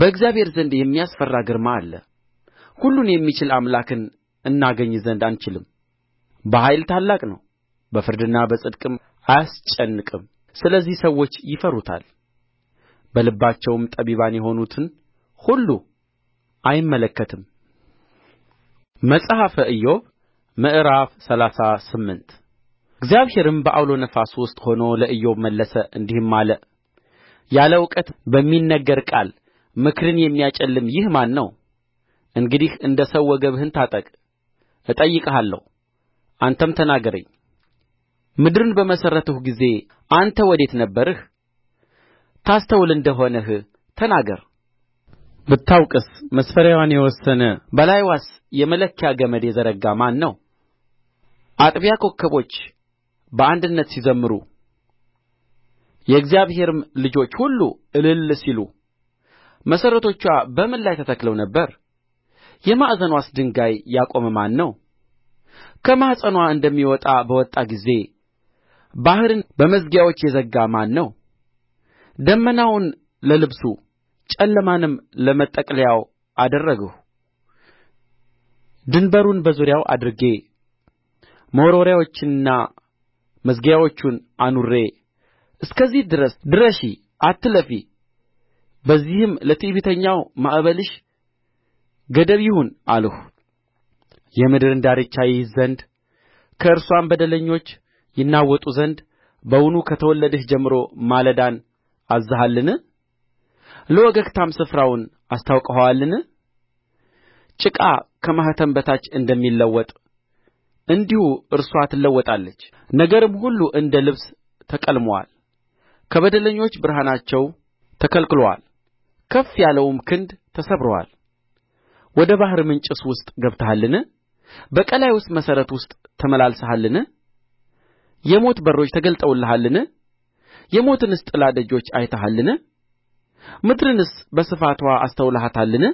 በእግዚአብሔር ዘንድ የሚያስፈራ ግርማ አለ ሁሉን የሚችል አምላክን እናገኝ ዘንድ አንችልም በኃይል ታላቅ ነው በፍርድና በጽድቅም አያስጨንቅም ስለዚህ ሰዎች ይፈሩታል በልባቸውም ጠቢባን የሆኑትን ሁሉ አይመለከትም መጽሐፈ ኢዮብ ምዕራፍ ሰላሳ ስምንት እግዚአብሔርም በዐውሎ ነፋስ ውስጥ ሆኖ ለኢዮብ መለሰ እንዲህም አለ ያለ እውቀት በሚነገር ቃል ምክርን የሚያጨልም ይህ ማን ነው? እንግዲህ እንደ ሰው ወገብህን ታጠቅ፣ እጠይቅሃለሁ፣ አንተም ተናገረኝ። ምድርን በመሠረትሁ ጊዜ አንተ ወዴት ነበርህ ታስተውል እንደ ሆንህ ተናገር ብታውቅስ መስፈሪያዋን የወሰነ በላይዋስ የመለኪያ ገመድ የዘረጋ ማን ነው አጥቢያ ኮከቦች በአንድነት ሲዘምሩ የእግዚአብሔርም ልጆች ሁሉ እልል ሲሉ መሠረቶችዋ በምን ላይ ተተክለው ነበር የማዕዘንዋስ ድንጋይ ያቆመ ማን ነው ከማኅፀንዋ እንደሚወጣ በወጣ ጊዜ ባሕርን በመዝጊያዎች የዘጋ ማን ነው ደመናውን ለልብሱ ጨለማንም ለመጠቅለያው አደረግሁ ድንበሩን በዙሪያው አድርጌ መወርወሪያዎቹንና መዝጊያዎቹን አኑሬ እስከዚህ ድረስ ድረሺ አትለፊ በዚህም ለትዕቢተኛው ማዕበልሽ ገደብ ይሁን አልሁ የምድርን ዳርቻ ይይዝ ዘንድ ከእርስዋም በደለኞች ይናወጡ ዘንድ በውኑ ከተወለድህ ጀምሮ ማለዳን አዝዘሃልን ለወገግታም ስፍራውን አስታውቀኸዋልን ጭቃ ከማኅተም በታች እንደሚለወጥ እንዲሁ እርስዋ ትለወጣለች ነገርም ሁሉ እንደ ልብስ ተቀልሞአል ከበደለኞች ብርሃናቸው ተከልክሎአል ከፍ ያለውም ክንድ ተሰብሮአል ወደ ባሕር ምንጭስ ውስጥ ገብተሃልን በቀላዩስ መሠረት ውስጥ ተመላልሰሃልን የሞት በሮች ተገልጠውልሃልን የሞትንስ ጥላ ደጆች አይተሃልን ምድርንስ በስፋትዋ አስተውለሃታልን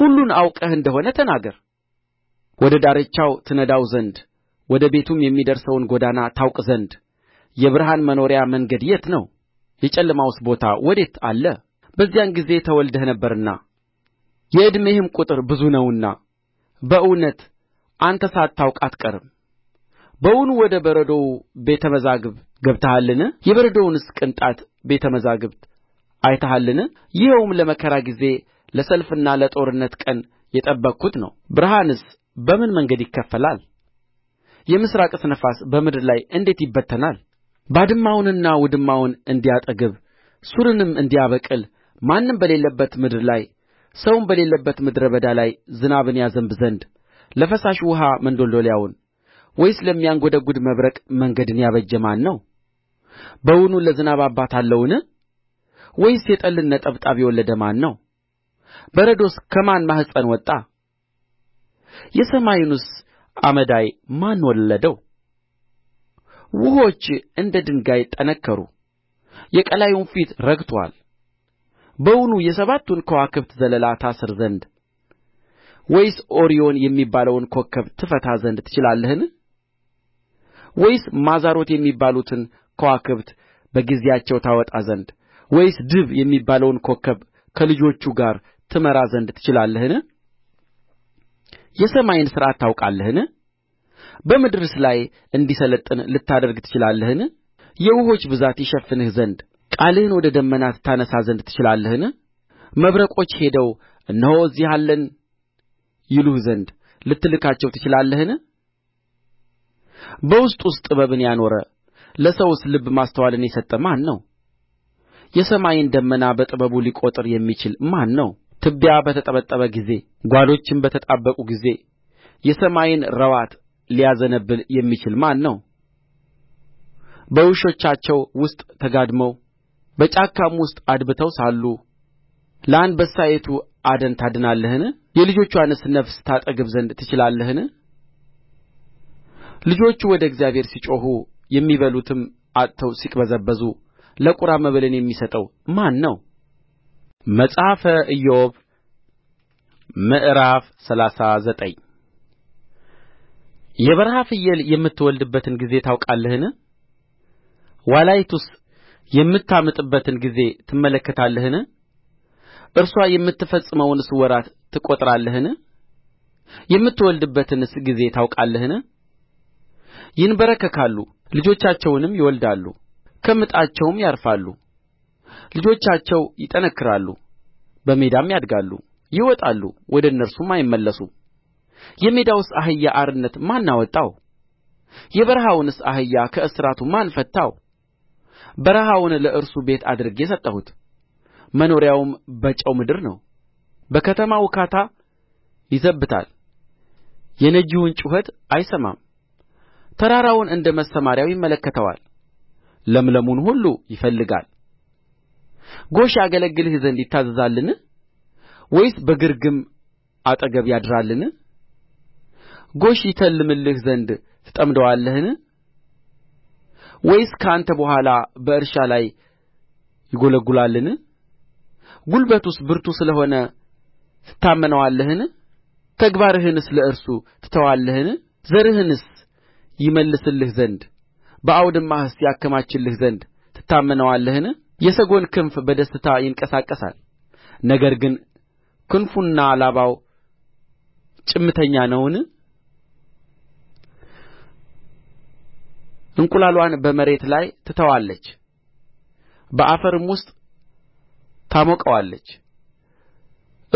ሁሉን አውቀህ እንደ ሆነ ተናገር ወደ ዳርቻው ትነዳው ዘንድ ወደ ቤቱም የሚደርሰውን ጐዳና ታውቅ ዘንድ የብርሃን መኖሪያ መንገድ የት ነው የጨለማውስ ቦታ ወዴት አለ በዚያን ጊዜ ተወልደህ ነበርና የዕድሜህም ቍጥር ብዙ ነውና በእውነት አንተ ሳታውቅ አትቀርም በውኑ ወደ በረዶው ቤተ መዛግብት ገብተሃልን የበረዶውንስ ቅንጣት ቤተ መዛግብት አይተሃልን ይኸውም ለመከራ ጊዜ ለሰልፍና ለጦርነት ቀን የጠበቅሁት ነው ብርሃንስ በምን መንገድ ይከፈላል የምሥራቅስ ነፋስ በምድር ላይ እንዴት ይበተናል ባድማውንና ውድማውን እንዲያጠግብ ሱርንም እንዲያበቅል ማንም በሌለበት ምድር ላይ ሰውም በሌለበት ምድረ በዳ ላይ ዝናብን ያዘንብ ዘንድ ለፈሳሽ ውኃ መንዶልዶያውን ወይስ ለሚያንጐደጕድ መብረቅ መንገድን ያበጀ ማን ነው በውኑ ለዝናብ አባት አለውን ወይስ የጠልን ነጠብጣብ የወለደ ማን ነው በረዶስ ከማን ማኅፀን ወጣ የሰማዩንስ አመዳይ ማን ወለደው ውኆች እንደ ድንጋይ ጠነከሩ የቀላዩም ፊት ረግቶአል በውኑ የሰባቱን ከዋክብት ዘለላ ታስር ዘንድ ወይስ ኦሪዮን የሚባለውን ኮከብ ትፈታ ዘንድ ትችላለህን ወይስ ማዛሮት የሚባሉትን ከዋክብት በጊዜያቸው ታወጣ ዘንድ ወይስ ድብ የሚባለውን ኮከብ ከልጆቹ ጋር ትመራ ዘንድ ትችላለህን የሰማይን ሥርዓት ታውቃለህን በምድርስ ላይ እንዲሠለጥን ልታደርግ ትችላለህን የውኆች ብዛት ይሸፍንህ ዘንድ ቃልህን ወደ ደመናት ታነሣ ዘንድ ትችላለህን መብረቆች ሄደው እነሆ እዚህ አለን ይሉህ ዘንድ ልትልካቸው ትችላለህን በውስጡስ ጥበብን ያኖረ ለሰውስ ልብ ማስተዋልን የሰጠ ማን ነው የሰማይን ደመና በጥበቡ ሊቈጥር የሚችል ማን ነው ትቢያ በተጠበጠበ ጊዜ ጓሎችም በተጣበቁ ጊዜ የሰማይን ረዋት ሊያዘነብል የሚችል ማን ነው በዋሾቻቸው ውስጥ ተጋድመው በጫካም ውስጥ አድብተው ሳሉ ለአንበሳይቱ አደን ታድናለህን የልጆችዋንስ ነፍስ ታጠግብ ዘንድ ትችላለህን ልጆቹ ወደ እግዚአብሔር ሲጮኹ የሚበሉትም አጥተው ሲቅበዘበዙ ለቁራ መብልን የሚሰጠው ማን ነው መጽሐፈ ኢዮብ ምዕራፍ ሰላሳ ዘጠኝ የበረሃ ፍየል የምትወልድበትን ጊዜ ታውቃለህን? ዋላይቱስ የምታምጥበትን ጊዜ ትመለከታለህን? እርሷ የምትፈጽመውንስ ወራት ትቈጥራለህን? የምትወልድበትንስ ጊዜ ታውቃለህን? ይንበረከካሉ ልጆቻቸውንም ይወልዳሉ ከምጣቸውም ያርፋሉ ልጆቻቸው ይጠነክራሉ በሜዳም ያድጋሉ ይወጣሉ ወደ እነርሱም አይመለሱም የሜዳውስ አህያ አርነት ማን አወጣው የበረሃውንስ አህያ ከእስራቱ ማን ፈታው በረሃውን ለእርሱ ቤት አድርጌ ሰጠሁት መኖሪያውም በጨው ምድር ነው በከተማ ውካታ ይዘብታል የነጂውን ጩኸት አይሰማም ተራራውን እንደ መሰምርያው ይመለከተዋል ለምለሙን ሁሉ ይፈልጋል ጎሽ ያገለግልህ ዘንድ ይታዘዛልን ወይስ በግርግም አጠገብ ያድራልን ጎሽ ይተልምልህ ዘንድ ትጠምደዋለህን ወይስ ከአንተ በኋላ በእርሻ ላይ ይጐለጕላልን ጕልበቱስ ብርቱ ስለ ሆነ ትታመነዋለህን ተግባርህንስ ለእርሱ ትተዋለህን ዘርህንስ ይመልስልህ ዘንድ በአውድማህስ ያከማችልህ ዘንድ ትታመነዋለህን የሰጐን ክንፍ በደስታ ይንቀሳቀሳል ነገር ግን ክንፉና ላባው ጭምተኛ ነውን እንቍላልዋን በመሬት ላይ ትተዋለች በአፈርም ውስጥ ታሞቀዋለች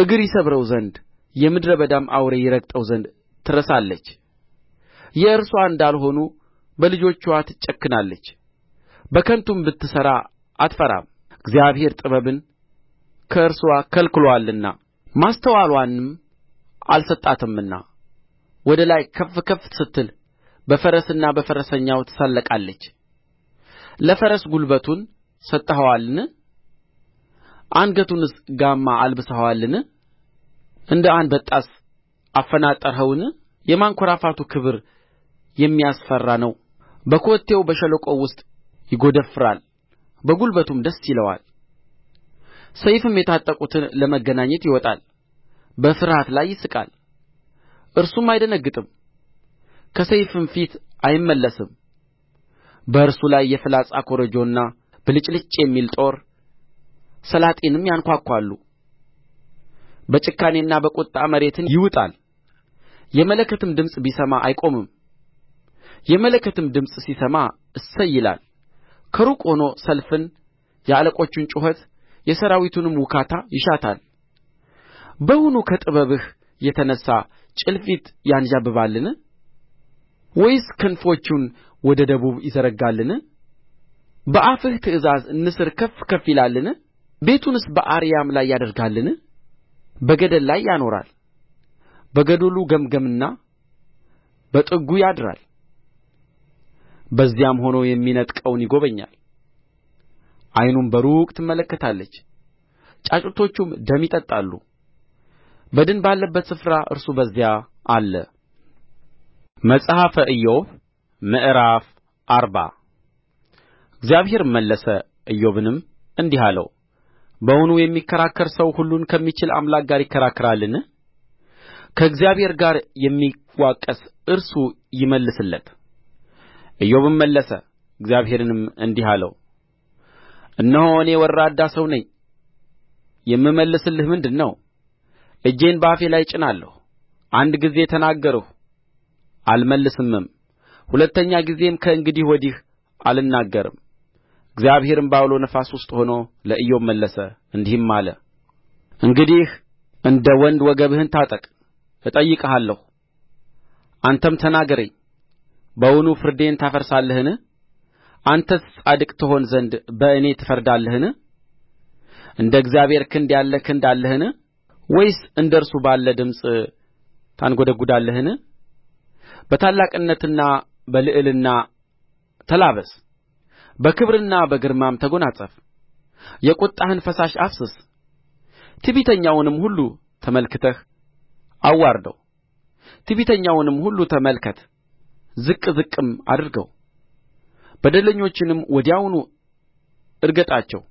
እግር ይሰብረው ዘንድ የምድረ በዳም አውሬ ይረግጠው ዘንድ ትረሳለች የእርስዋ እንዳልሆኑ በልጆችዋ ትጨክናለች በከንቱም ብትሠራ አትፈራም እግዚአብሔር ጥበብን ከእርስዋ ከልክሎአልና ማስተዋልንም አልሰጣትምና ወደ ላይ ከፍ ከፍ ስትል በፈረስና በፈረሰኛው ትሳለቃለች ለፈረስ ጕልበቱን ሰጥተኸዋልን አንገቱንስ ጋማ አልብሰኸዋልን እንደ አንበጣስ አፈናጠርኸውን የማንኰራፋቱ ክብር የሚያስፈራ ነው በኮቴው በሸለቆው ውስጥ ይጐደፍራል በጕልበቱም ደስ ይለዋል ሰይፍም የታጠቁትን ለመገናኘት ይወጣል በፍርሃት ላይ ይስቃል እርሱም አይደነግጥም ከሰይፍም ፊት አይመለስም በእርሱ ላይ የፍላጻ ኮረጆና ብልጭልጭ የሚል ጦር ሰላጢንም ያንኳኳሉ በጭካኔና በቍጣ መሬትን ይውጣል የመለከትም ድምፅ ቢሰማ አይቆምም የመለከትም ድምፅ ሲሰማ እሰይ ይላል ከሩቅ ሆኖ ሰልፍን የአለቆቹን ጩኸት የሠራዊቱንም ውካታ ይሻታል በውኑ ከጥበብህ የተነሣ ጭልፊት ያንዣብባልን ወይስ ክንፎቹን ወደ ደቡብ ይዘረጋልን በአፍህ ትእዛዝ ንስር ከፍ ከፍ ይላልን ቤቱንስ በአርያም ላይ ያደርጋልን በገደል ላይ ያኖራል በገደሉ ገመገምና በጥጉ ያድራል በዚያም ሆኖ የሚነጥቀውን ይጐበኛል ዓይኑም በሩቅ ትመለከታለች ጫጩቶቹም ደም ይጠጣሉ በድን ባለበት ስፍራ እርሱ በዚያ አለ መጽሐፈ ኢዮብ ምዕራፍ አርባ እግዚአብሔርም መለሰ ኢዮብንም እንዲህ አለው በውኑ የሚከራከር ሰው ሁሉን ከሚችል አምላክ ጋር ይከራከራልን ከእግዚአብሔር ጋር የሚዋቀስ እርሱ ይመልስለት ኢዮብም መለሰ እግዚአብሔርንም እንዲህ አለው እነሆ እኔ ወራዳ ሰው ነኝ የምመልስልህ ምንድር ነው እጄን በአፌ ላይ እጭናለሁ አንድ ጊዜ ተናገርሁ አልመልስምም ሁለተኛ ጊዜም ከእንግዲህ ወዲህ አልናገርም እግዚአብሔርም በዐውሎ ነፋስ ውስጥ ሆኖ ለኢዮብ መለሰ እንዲህም አለ እንግዲህ እንደ ወንድ ወገብህን ታጠቅ እጠይቅሃለሁ አንተም ተናገረኝ በውኑ ፍርዴን ታፈርሳለህን አንተስ ጻድቅ ትሆን ዘንድ በእኔ ትፈርዳለህን እንደ እግዚአብሔር ክንድ ያለ ክንድ አለህን ወይስ እንደ እርሱ ባለ ድምፅ ታንጐደጕዳለህን በታላቅነትና በልዕልና ተላበስ በክብርና በግርማም ተጐናጸፍ የቍጣህን ፈሳሽ አፍስስ ትዕቢተኛውንም ሁሉ ተመልክተህ አዋርደው ትዕቢተኛውንም ሁሉ ተመልከት ዝቅ ዝቅም አድርገው በደለኞችንም ወዲያውኑ እርገጣቸው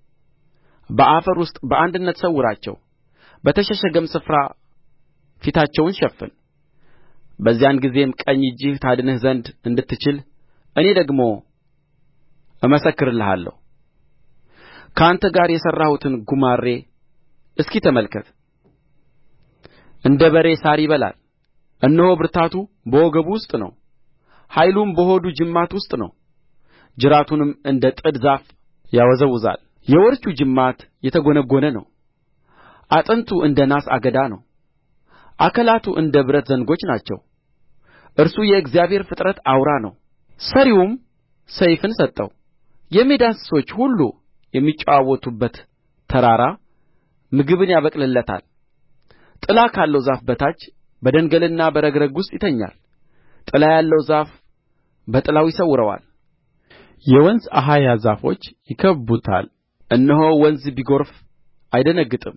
በአፈር ውስጥ በአንድነት ሰውራቸው በተሸሸገም ስፍራ ፊታቸውን ሸፍን በዚያን ጊዜም ቀኝ እጅህ ታድንህ ዘንድ እንድትችል እኔ ደግሞ እመሰክርልሃለሁ ከአንተ ጋር የሠራሁትን ጉማሬ እስኪ ተመልከት እንደ በሬ ሣር ይበላል እነሆ ብርታቱ በወገቡ ውስጥ ነው ኃይሉም በሆዱ ጅማት ውስጥ ነው ጅራቱንም እንደ ጥድ ዛፍ ያወዛውዛል የወርቹ ጅማት የተጐነጐነ ነው አጥንቱ እንደ ናስ አገዳ ነው አካላቱ እንደ ብረት ዘንጎች ናቸው እርሱ የእግዚአብሔር ፍጥረት አውራ ነው ሠሪውም ሰይፍን ሰጠው የሜዳ እንስሶች ሁሉ የሚጨዋወቱበት ተራራ ምግብን ያበቅልለታል ጥላ ካለው ዛፍ በታች በደንገልና በረግረግ ውስጥ ይተኛል ጥላ ያለው ዛፍ በጥላው ይሰውረዋል የወንዝ አኻያ ዛፎች ይከብቡታል እነሆ ወንዝ ቢጐርፍ አይደነግጥም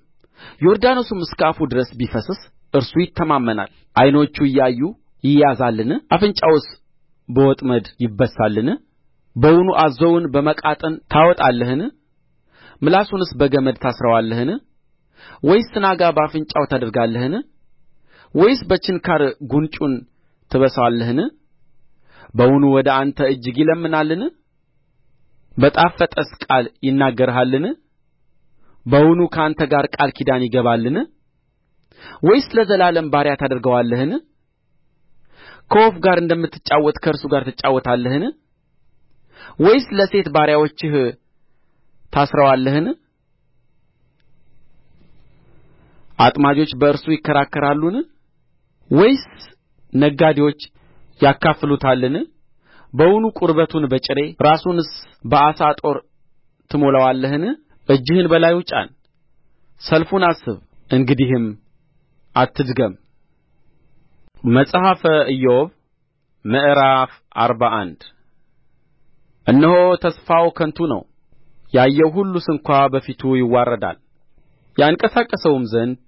ዮርዳኖስም እስከ አፉ ድረስ ቢፈስስ እርሱ ይተማመናል ዓይኖቹ እያዩ ይያዛልን አፍንጫውስ በወጥመድ ይበሳልን በውኑ አዞውን በመቃጥን ታወጣለህን ምላሱንስ በገመድ ታስረዋለህን ወይስ ስናጋ በአፍንጫው ታደርጋለህን ወይስ በችንካር ጕንጩን ትበሳዋለህን በውኑ ወደ አንተ እጅግ ይለምናልን በጣፈጠስ ቃል ይናገርሃልን በውኑ ከአንተ ጋር ቃል ኪዳን ይገባልን ወይስ ለዘላለም ባሪያ ታደርገዋለህን ከወፍ ጋር እንደምትጫወት ከእርሱ ጋር ትጫወታለህን ወይስ ለሴት ባሪያዎችህ ታስረዋለህን አጥማጆች በእርሱ ይከራከራሉን ወይስ ነጋዴዎች ያካፍሉታልን በውኑ ቁርበቱን በጭሬ ራሱንስ በዓሣ ጦር ትሞላዋለህን እጅህን በላዩ ጫን ሰልፉን አስብ እንግዲህም አትድገም መጽሐፈ ኢዮብ ምዕራፍ አርባ አንድ እነሆ ተስፋው ከንቱ ነው ያየው ሁሉ ስንኳ በፊቱ ይዋረዳል ያንቀሳቅሰውም ዘንድ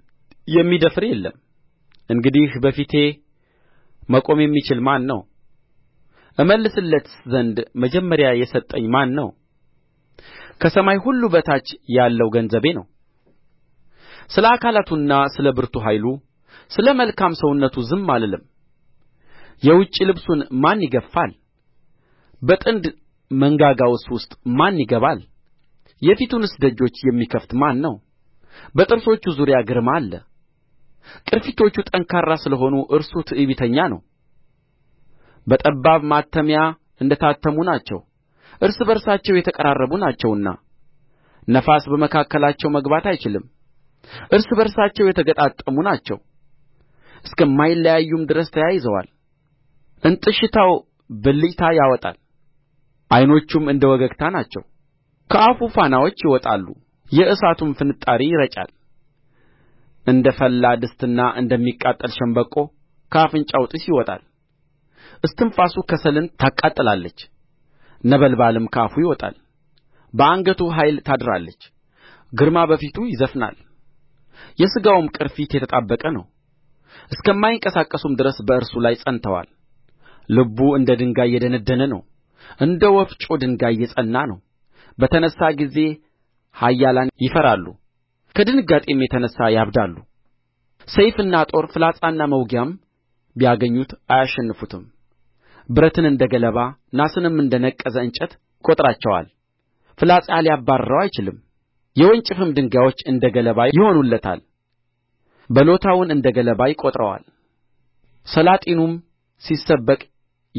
የሚደፍር የለም እንግዲህ በፊቴ መቆም የሚችል ማን ነው እመልስለትስ ዘንድ መጀመሪያ የሰጠኝ ማን ነው ከሰማይ ሁሉ በታች ያለው ገንዘቤ ነው ስለ አካላቱና ስለ ብርቱ ኃይሉ ስለ መልካም ሰውነቱ ዝም አልልም የውጭ ልብሱን ማን ይገፋል በጥንድ መንጋጋውስ ውስጥ ማን ይገባል የፊቱንስ ደጆች የሚከፍት ማን ነው በጥርሶቹ ዙሪያ ግርማ አለ ቅርፊቶቹ ጠንካራ ስለ ሆኑ እርሱ ትዕቢተኛ ነው በጠባብ ማተሚያ እንደ ታተሙ ናቸው እርስ በርሳቸው የተቀራረቡ ናቸውና ነፋስ በመካከላቸው መግባት አይችልም እርስ በርሳቸው የተገጣጠሙ ናቸው እስከማይለያዩም ድረስ ተያይዘዋል እንጥሽታው ብልጭታ ያወጣል ዓይኖቹም እንደ ወገግታ ናቸው ከአፉ ፋናዎች ይወጣሉ የእሳቱም ፍንጣሪ ይረጫል እንደ ፈላ ድስትና እንደሚቃጠል ሸምበቆ ከአፍንጫው ጢስ ይወጣል እስትንፋሱ ከሰልን ታቃጥላለች ነበልባልም ከአፉ ይወጣል በአንገቱ ኃይል ታድራለች ግርማ በፊቱ ይዘፍናል የሥጋውም ቅርፊት የተጣበቀ ነው እስከማይንቀሳቀሱም ድረስ በእርሱ ላይ ጸንተዋል ልቡ እንደ ድንጋይ የደነደነ ነው እንደ ወፍጮ ድንጋይ የጸና ነው በተነሣ ጊዜ ኃያላን ይፈራሉ ከድንጋጤም የተነሣ ያብዳሉ ሰይፍና ጦር ፍላጻና መውጊያም ቢያገኙት አያሸንፉትም ብረትን እንደ ገለባ ናስንም እንደ ነቀዘ እንጨት ይቈጥራቸዋል ፍላጻ ሊያባርረው አይችልም የወንጭፍም ድንጋዮች እንደ ገለባ ይሆኑለታል በሎታውን እንደ ገለባ ይቈጥረዋል ሰላጢኑም ሲሰበቅ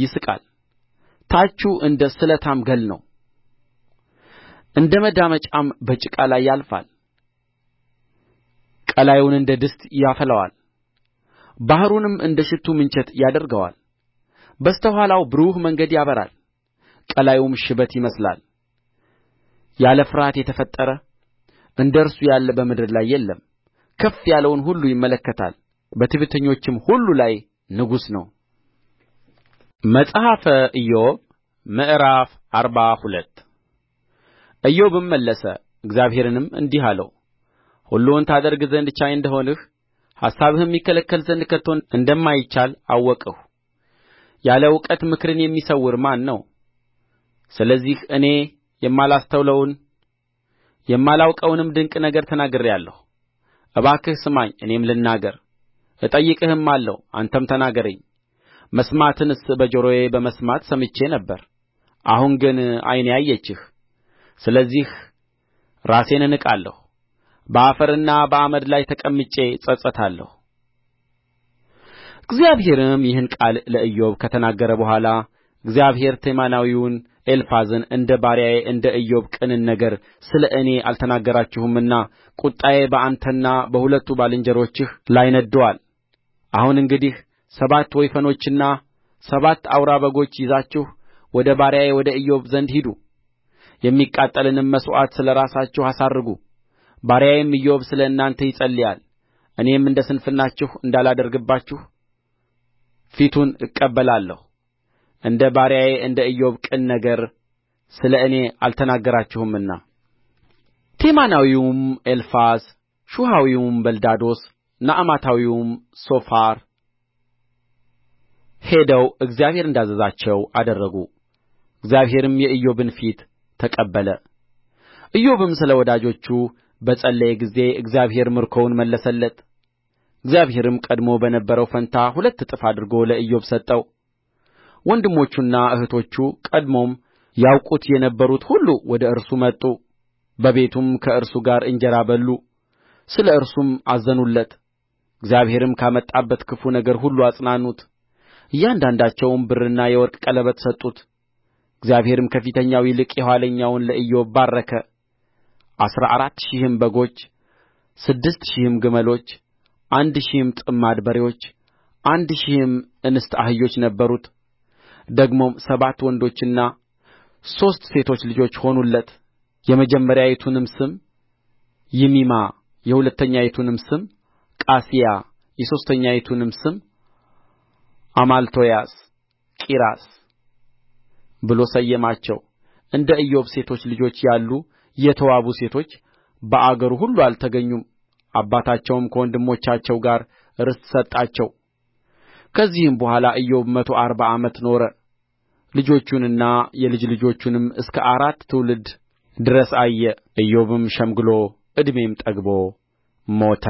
ይስቃል ታቹ እንደ ስለታም ገል ነው እንደ መዳመጫም በጭቃ ላይ ያልፋል ቀላዩን እንደ ድስት ያፈላዋል ባሕሩንም እንደ ሽቱ ምንቸት ያደርገዋል በስተ ኋላው ብሩህ መንገድ ያበራል ቀላዩም ሽበት ይመስላል ያለ ፍርሃት የተፈጠረ እንደ እርሱ ያለ በምድር ላይ የለም ከፍ ያለውን ሁሉ ይመለከታል በትዕቢተኞችም ሁሉ ላይ ንጉሥ ነው መጽሐፈ ኢዮብ ምዕራፍ አርባ ሁለት ኢዮብም መለሰ እግዚአብሔርንም እንዲህ አለው ሁሉን ታደርግ ዘንድ ቻይ እንደ ሆንህ አሳብህም ይከለከል ዘንድ ከቶ እንደማይቻል አወቅሁ ያለ እውቀት ምክርን የሚሰውር ማን ነው ስለዚህ እኔ የማላስተውለውን የማላውቀውንም ድንቅ ነገር ተናግሬአለሁ እባክህ ስማኝ እኔም ልናገር እጠይቅህማለሁ አንተም ተናገረኝ መስማትንስ በጆሮዬ በመስማት ሰምቼ ነበር አሁን ግን ዓይኔ አየችህ ስለዚህ ራሴን እንቃለሁ በአፈርና በአመድ ላይ ተቀምጬ እጸጸታለሁ እግዚአብሔርም ይህን ቃል ለኢዮብ ከተናገረ በኋላ እግዚአብሔር ቴማናዊውን ኤልፋዝን እንደ ባሪያዬ እንደ ኢዮብ ቅንን ነገር ስለ እኔ አልተናገራችሁምና ቍጣዬ በአንተና በሁለቱ ባልንጀሮችህ ላይ ነድዶአል አሁን እንግዲህ ሰባት ወይፈኖችና ሰባት አውራ በጎች ይዛችሁ ወደ ባሪያዬ ወደ ኢዮብ ዘንድ ሂዱ የሚቃጠልንም መሥዋዕት ስለ ራሳችሁ አሳርጉ ባሪያዬም ኢዮብ ስለ እናንተ ይጸልያል እኔም እንደ ስንፍናችሁ እንዳላደርግባችሁ ፊቱን እቀበላለሁ እንደ ባሪያዬ እንደ ኢዮብ ቅን ነገር ስለ እኔ አልተናገራችሁምና ቴማናዊውም ኤልፋዝ ሹሐዊውም በልዳዶስ ናዕማታዊውም ሶፋር ሄደው እግዚአብሔር እንዳዘዛቸው አደረጉ። እግዚአብሔርም የኢዮብን ፊት ተቀበለ። ኢዮብም ስለ ወዳጆቹ በጸለየ ጊዜ እግዚአብሔር ምርኮውን መለሰለት እግዚአብሔርም ቀድሞ በነበረው ፋንታ ሁለት እጥፍ አድርጎ ለኢዮብ ሰጠው ወንድሞቹና እኅቶቹ ቀድሞም ያውቁት የነበሩት ሁሉ ወደ እርሱ መጡ በቤቱም ከእርሱ ጋር እንጀራ በሉ ስለ እርሱም አዘኑለት እግዚአብሔርም ካመጣበት ክፉ ነገር ሁሉ አጽናኑት እያንዳንዳቸውም ብርና የወርቅ ቀለበት ሰጡት እግዚአብሔርም ከፊተኛው ይልቅ የኋለኛውን ለኢዮብ ባረከ አሥራ አራት ሺህም በጎች ስድስት ሺህም ግመሎች አንድ ሺህም ጥማድ በሬዎች አንድ ሺህም እንስት አህዮች ነበሩት ደግሞም ሰባት ወንዶችና ሦስት ሴቶች ልጆች ሆኑለት የመጀመሪያይቱንም ስም ይሚማ የሁለተኛይቱንም ስም ቃስያ የሦስተኛይቱንም ስም አማልቶያስ ቂራስ ብሎ ሰየማቸው እንደ ኢዮብ ሴቶች ልጆች ያሉ የተዋቡ ሴቶች በአገሩ ሁሉ አልተገኙም አባታቸውም ከወንድሞቻቸው ጋር ርስት ሰጣቸው ከዚህም በኋላ ኢዮብ መቶ አርባ ዓመት ኖረ ልጆቹንና የልጅ ልጆቹንም እስከ አራት ትውልድ ድረስ አየ ኢዮብም ሸምግሎ ዕድሜም ጠግቦ ሞተ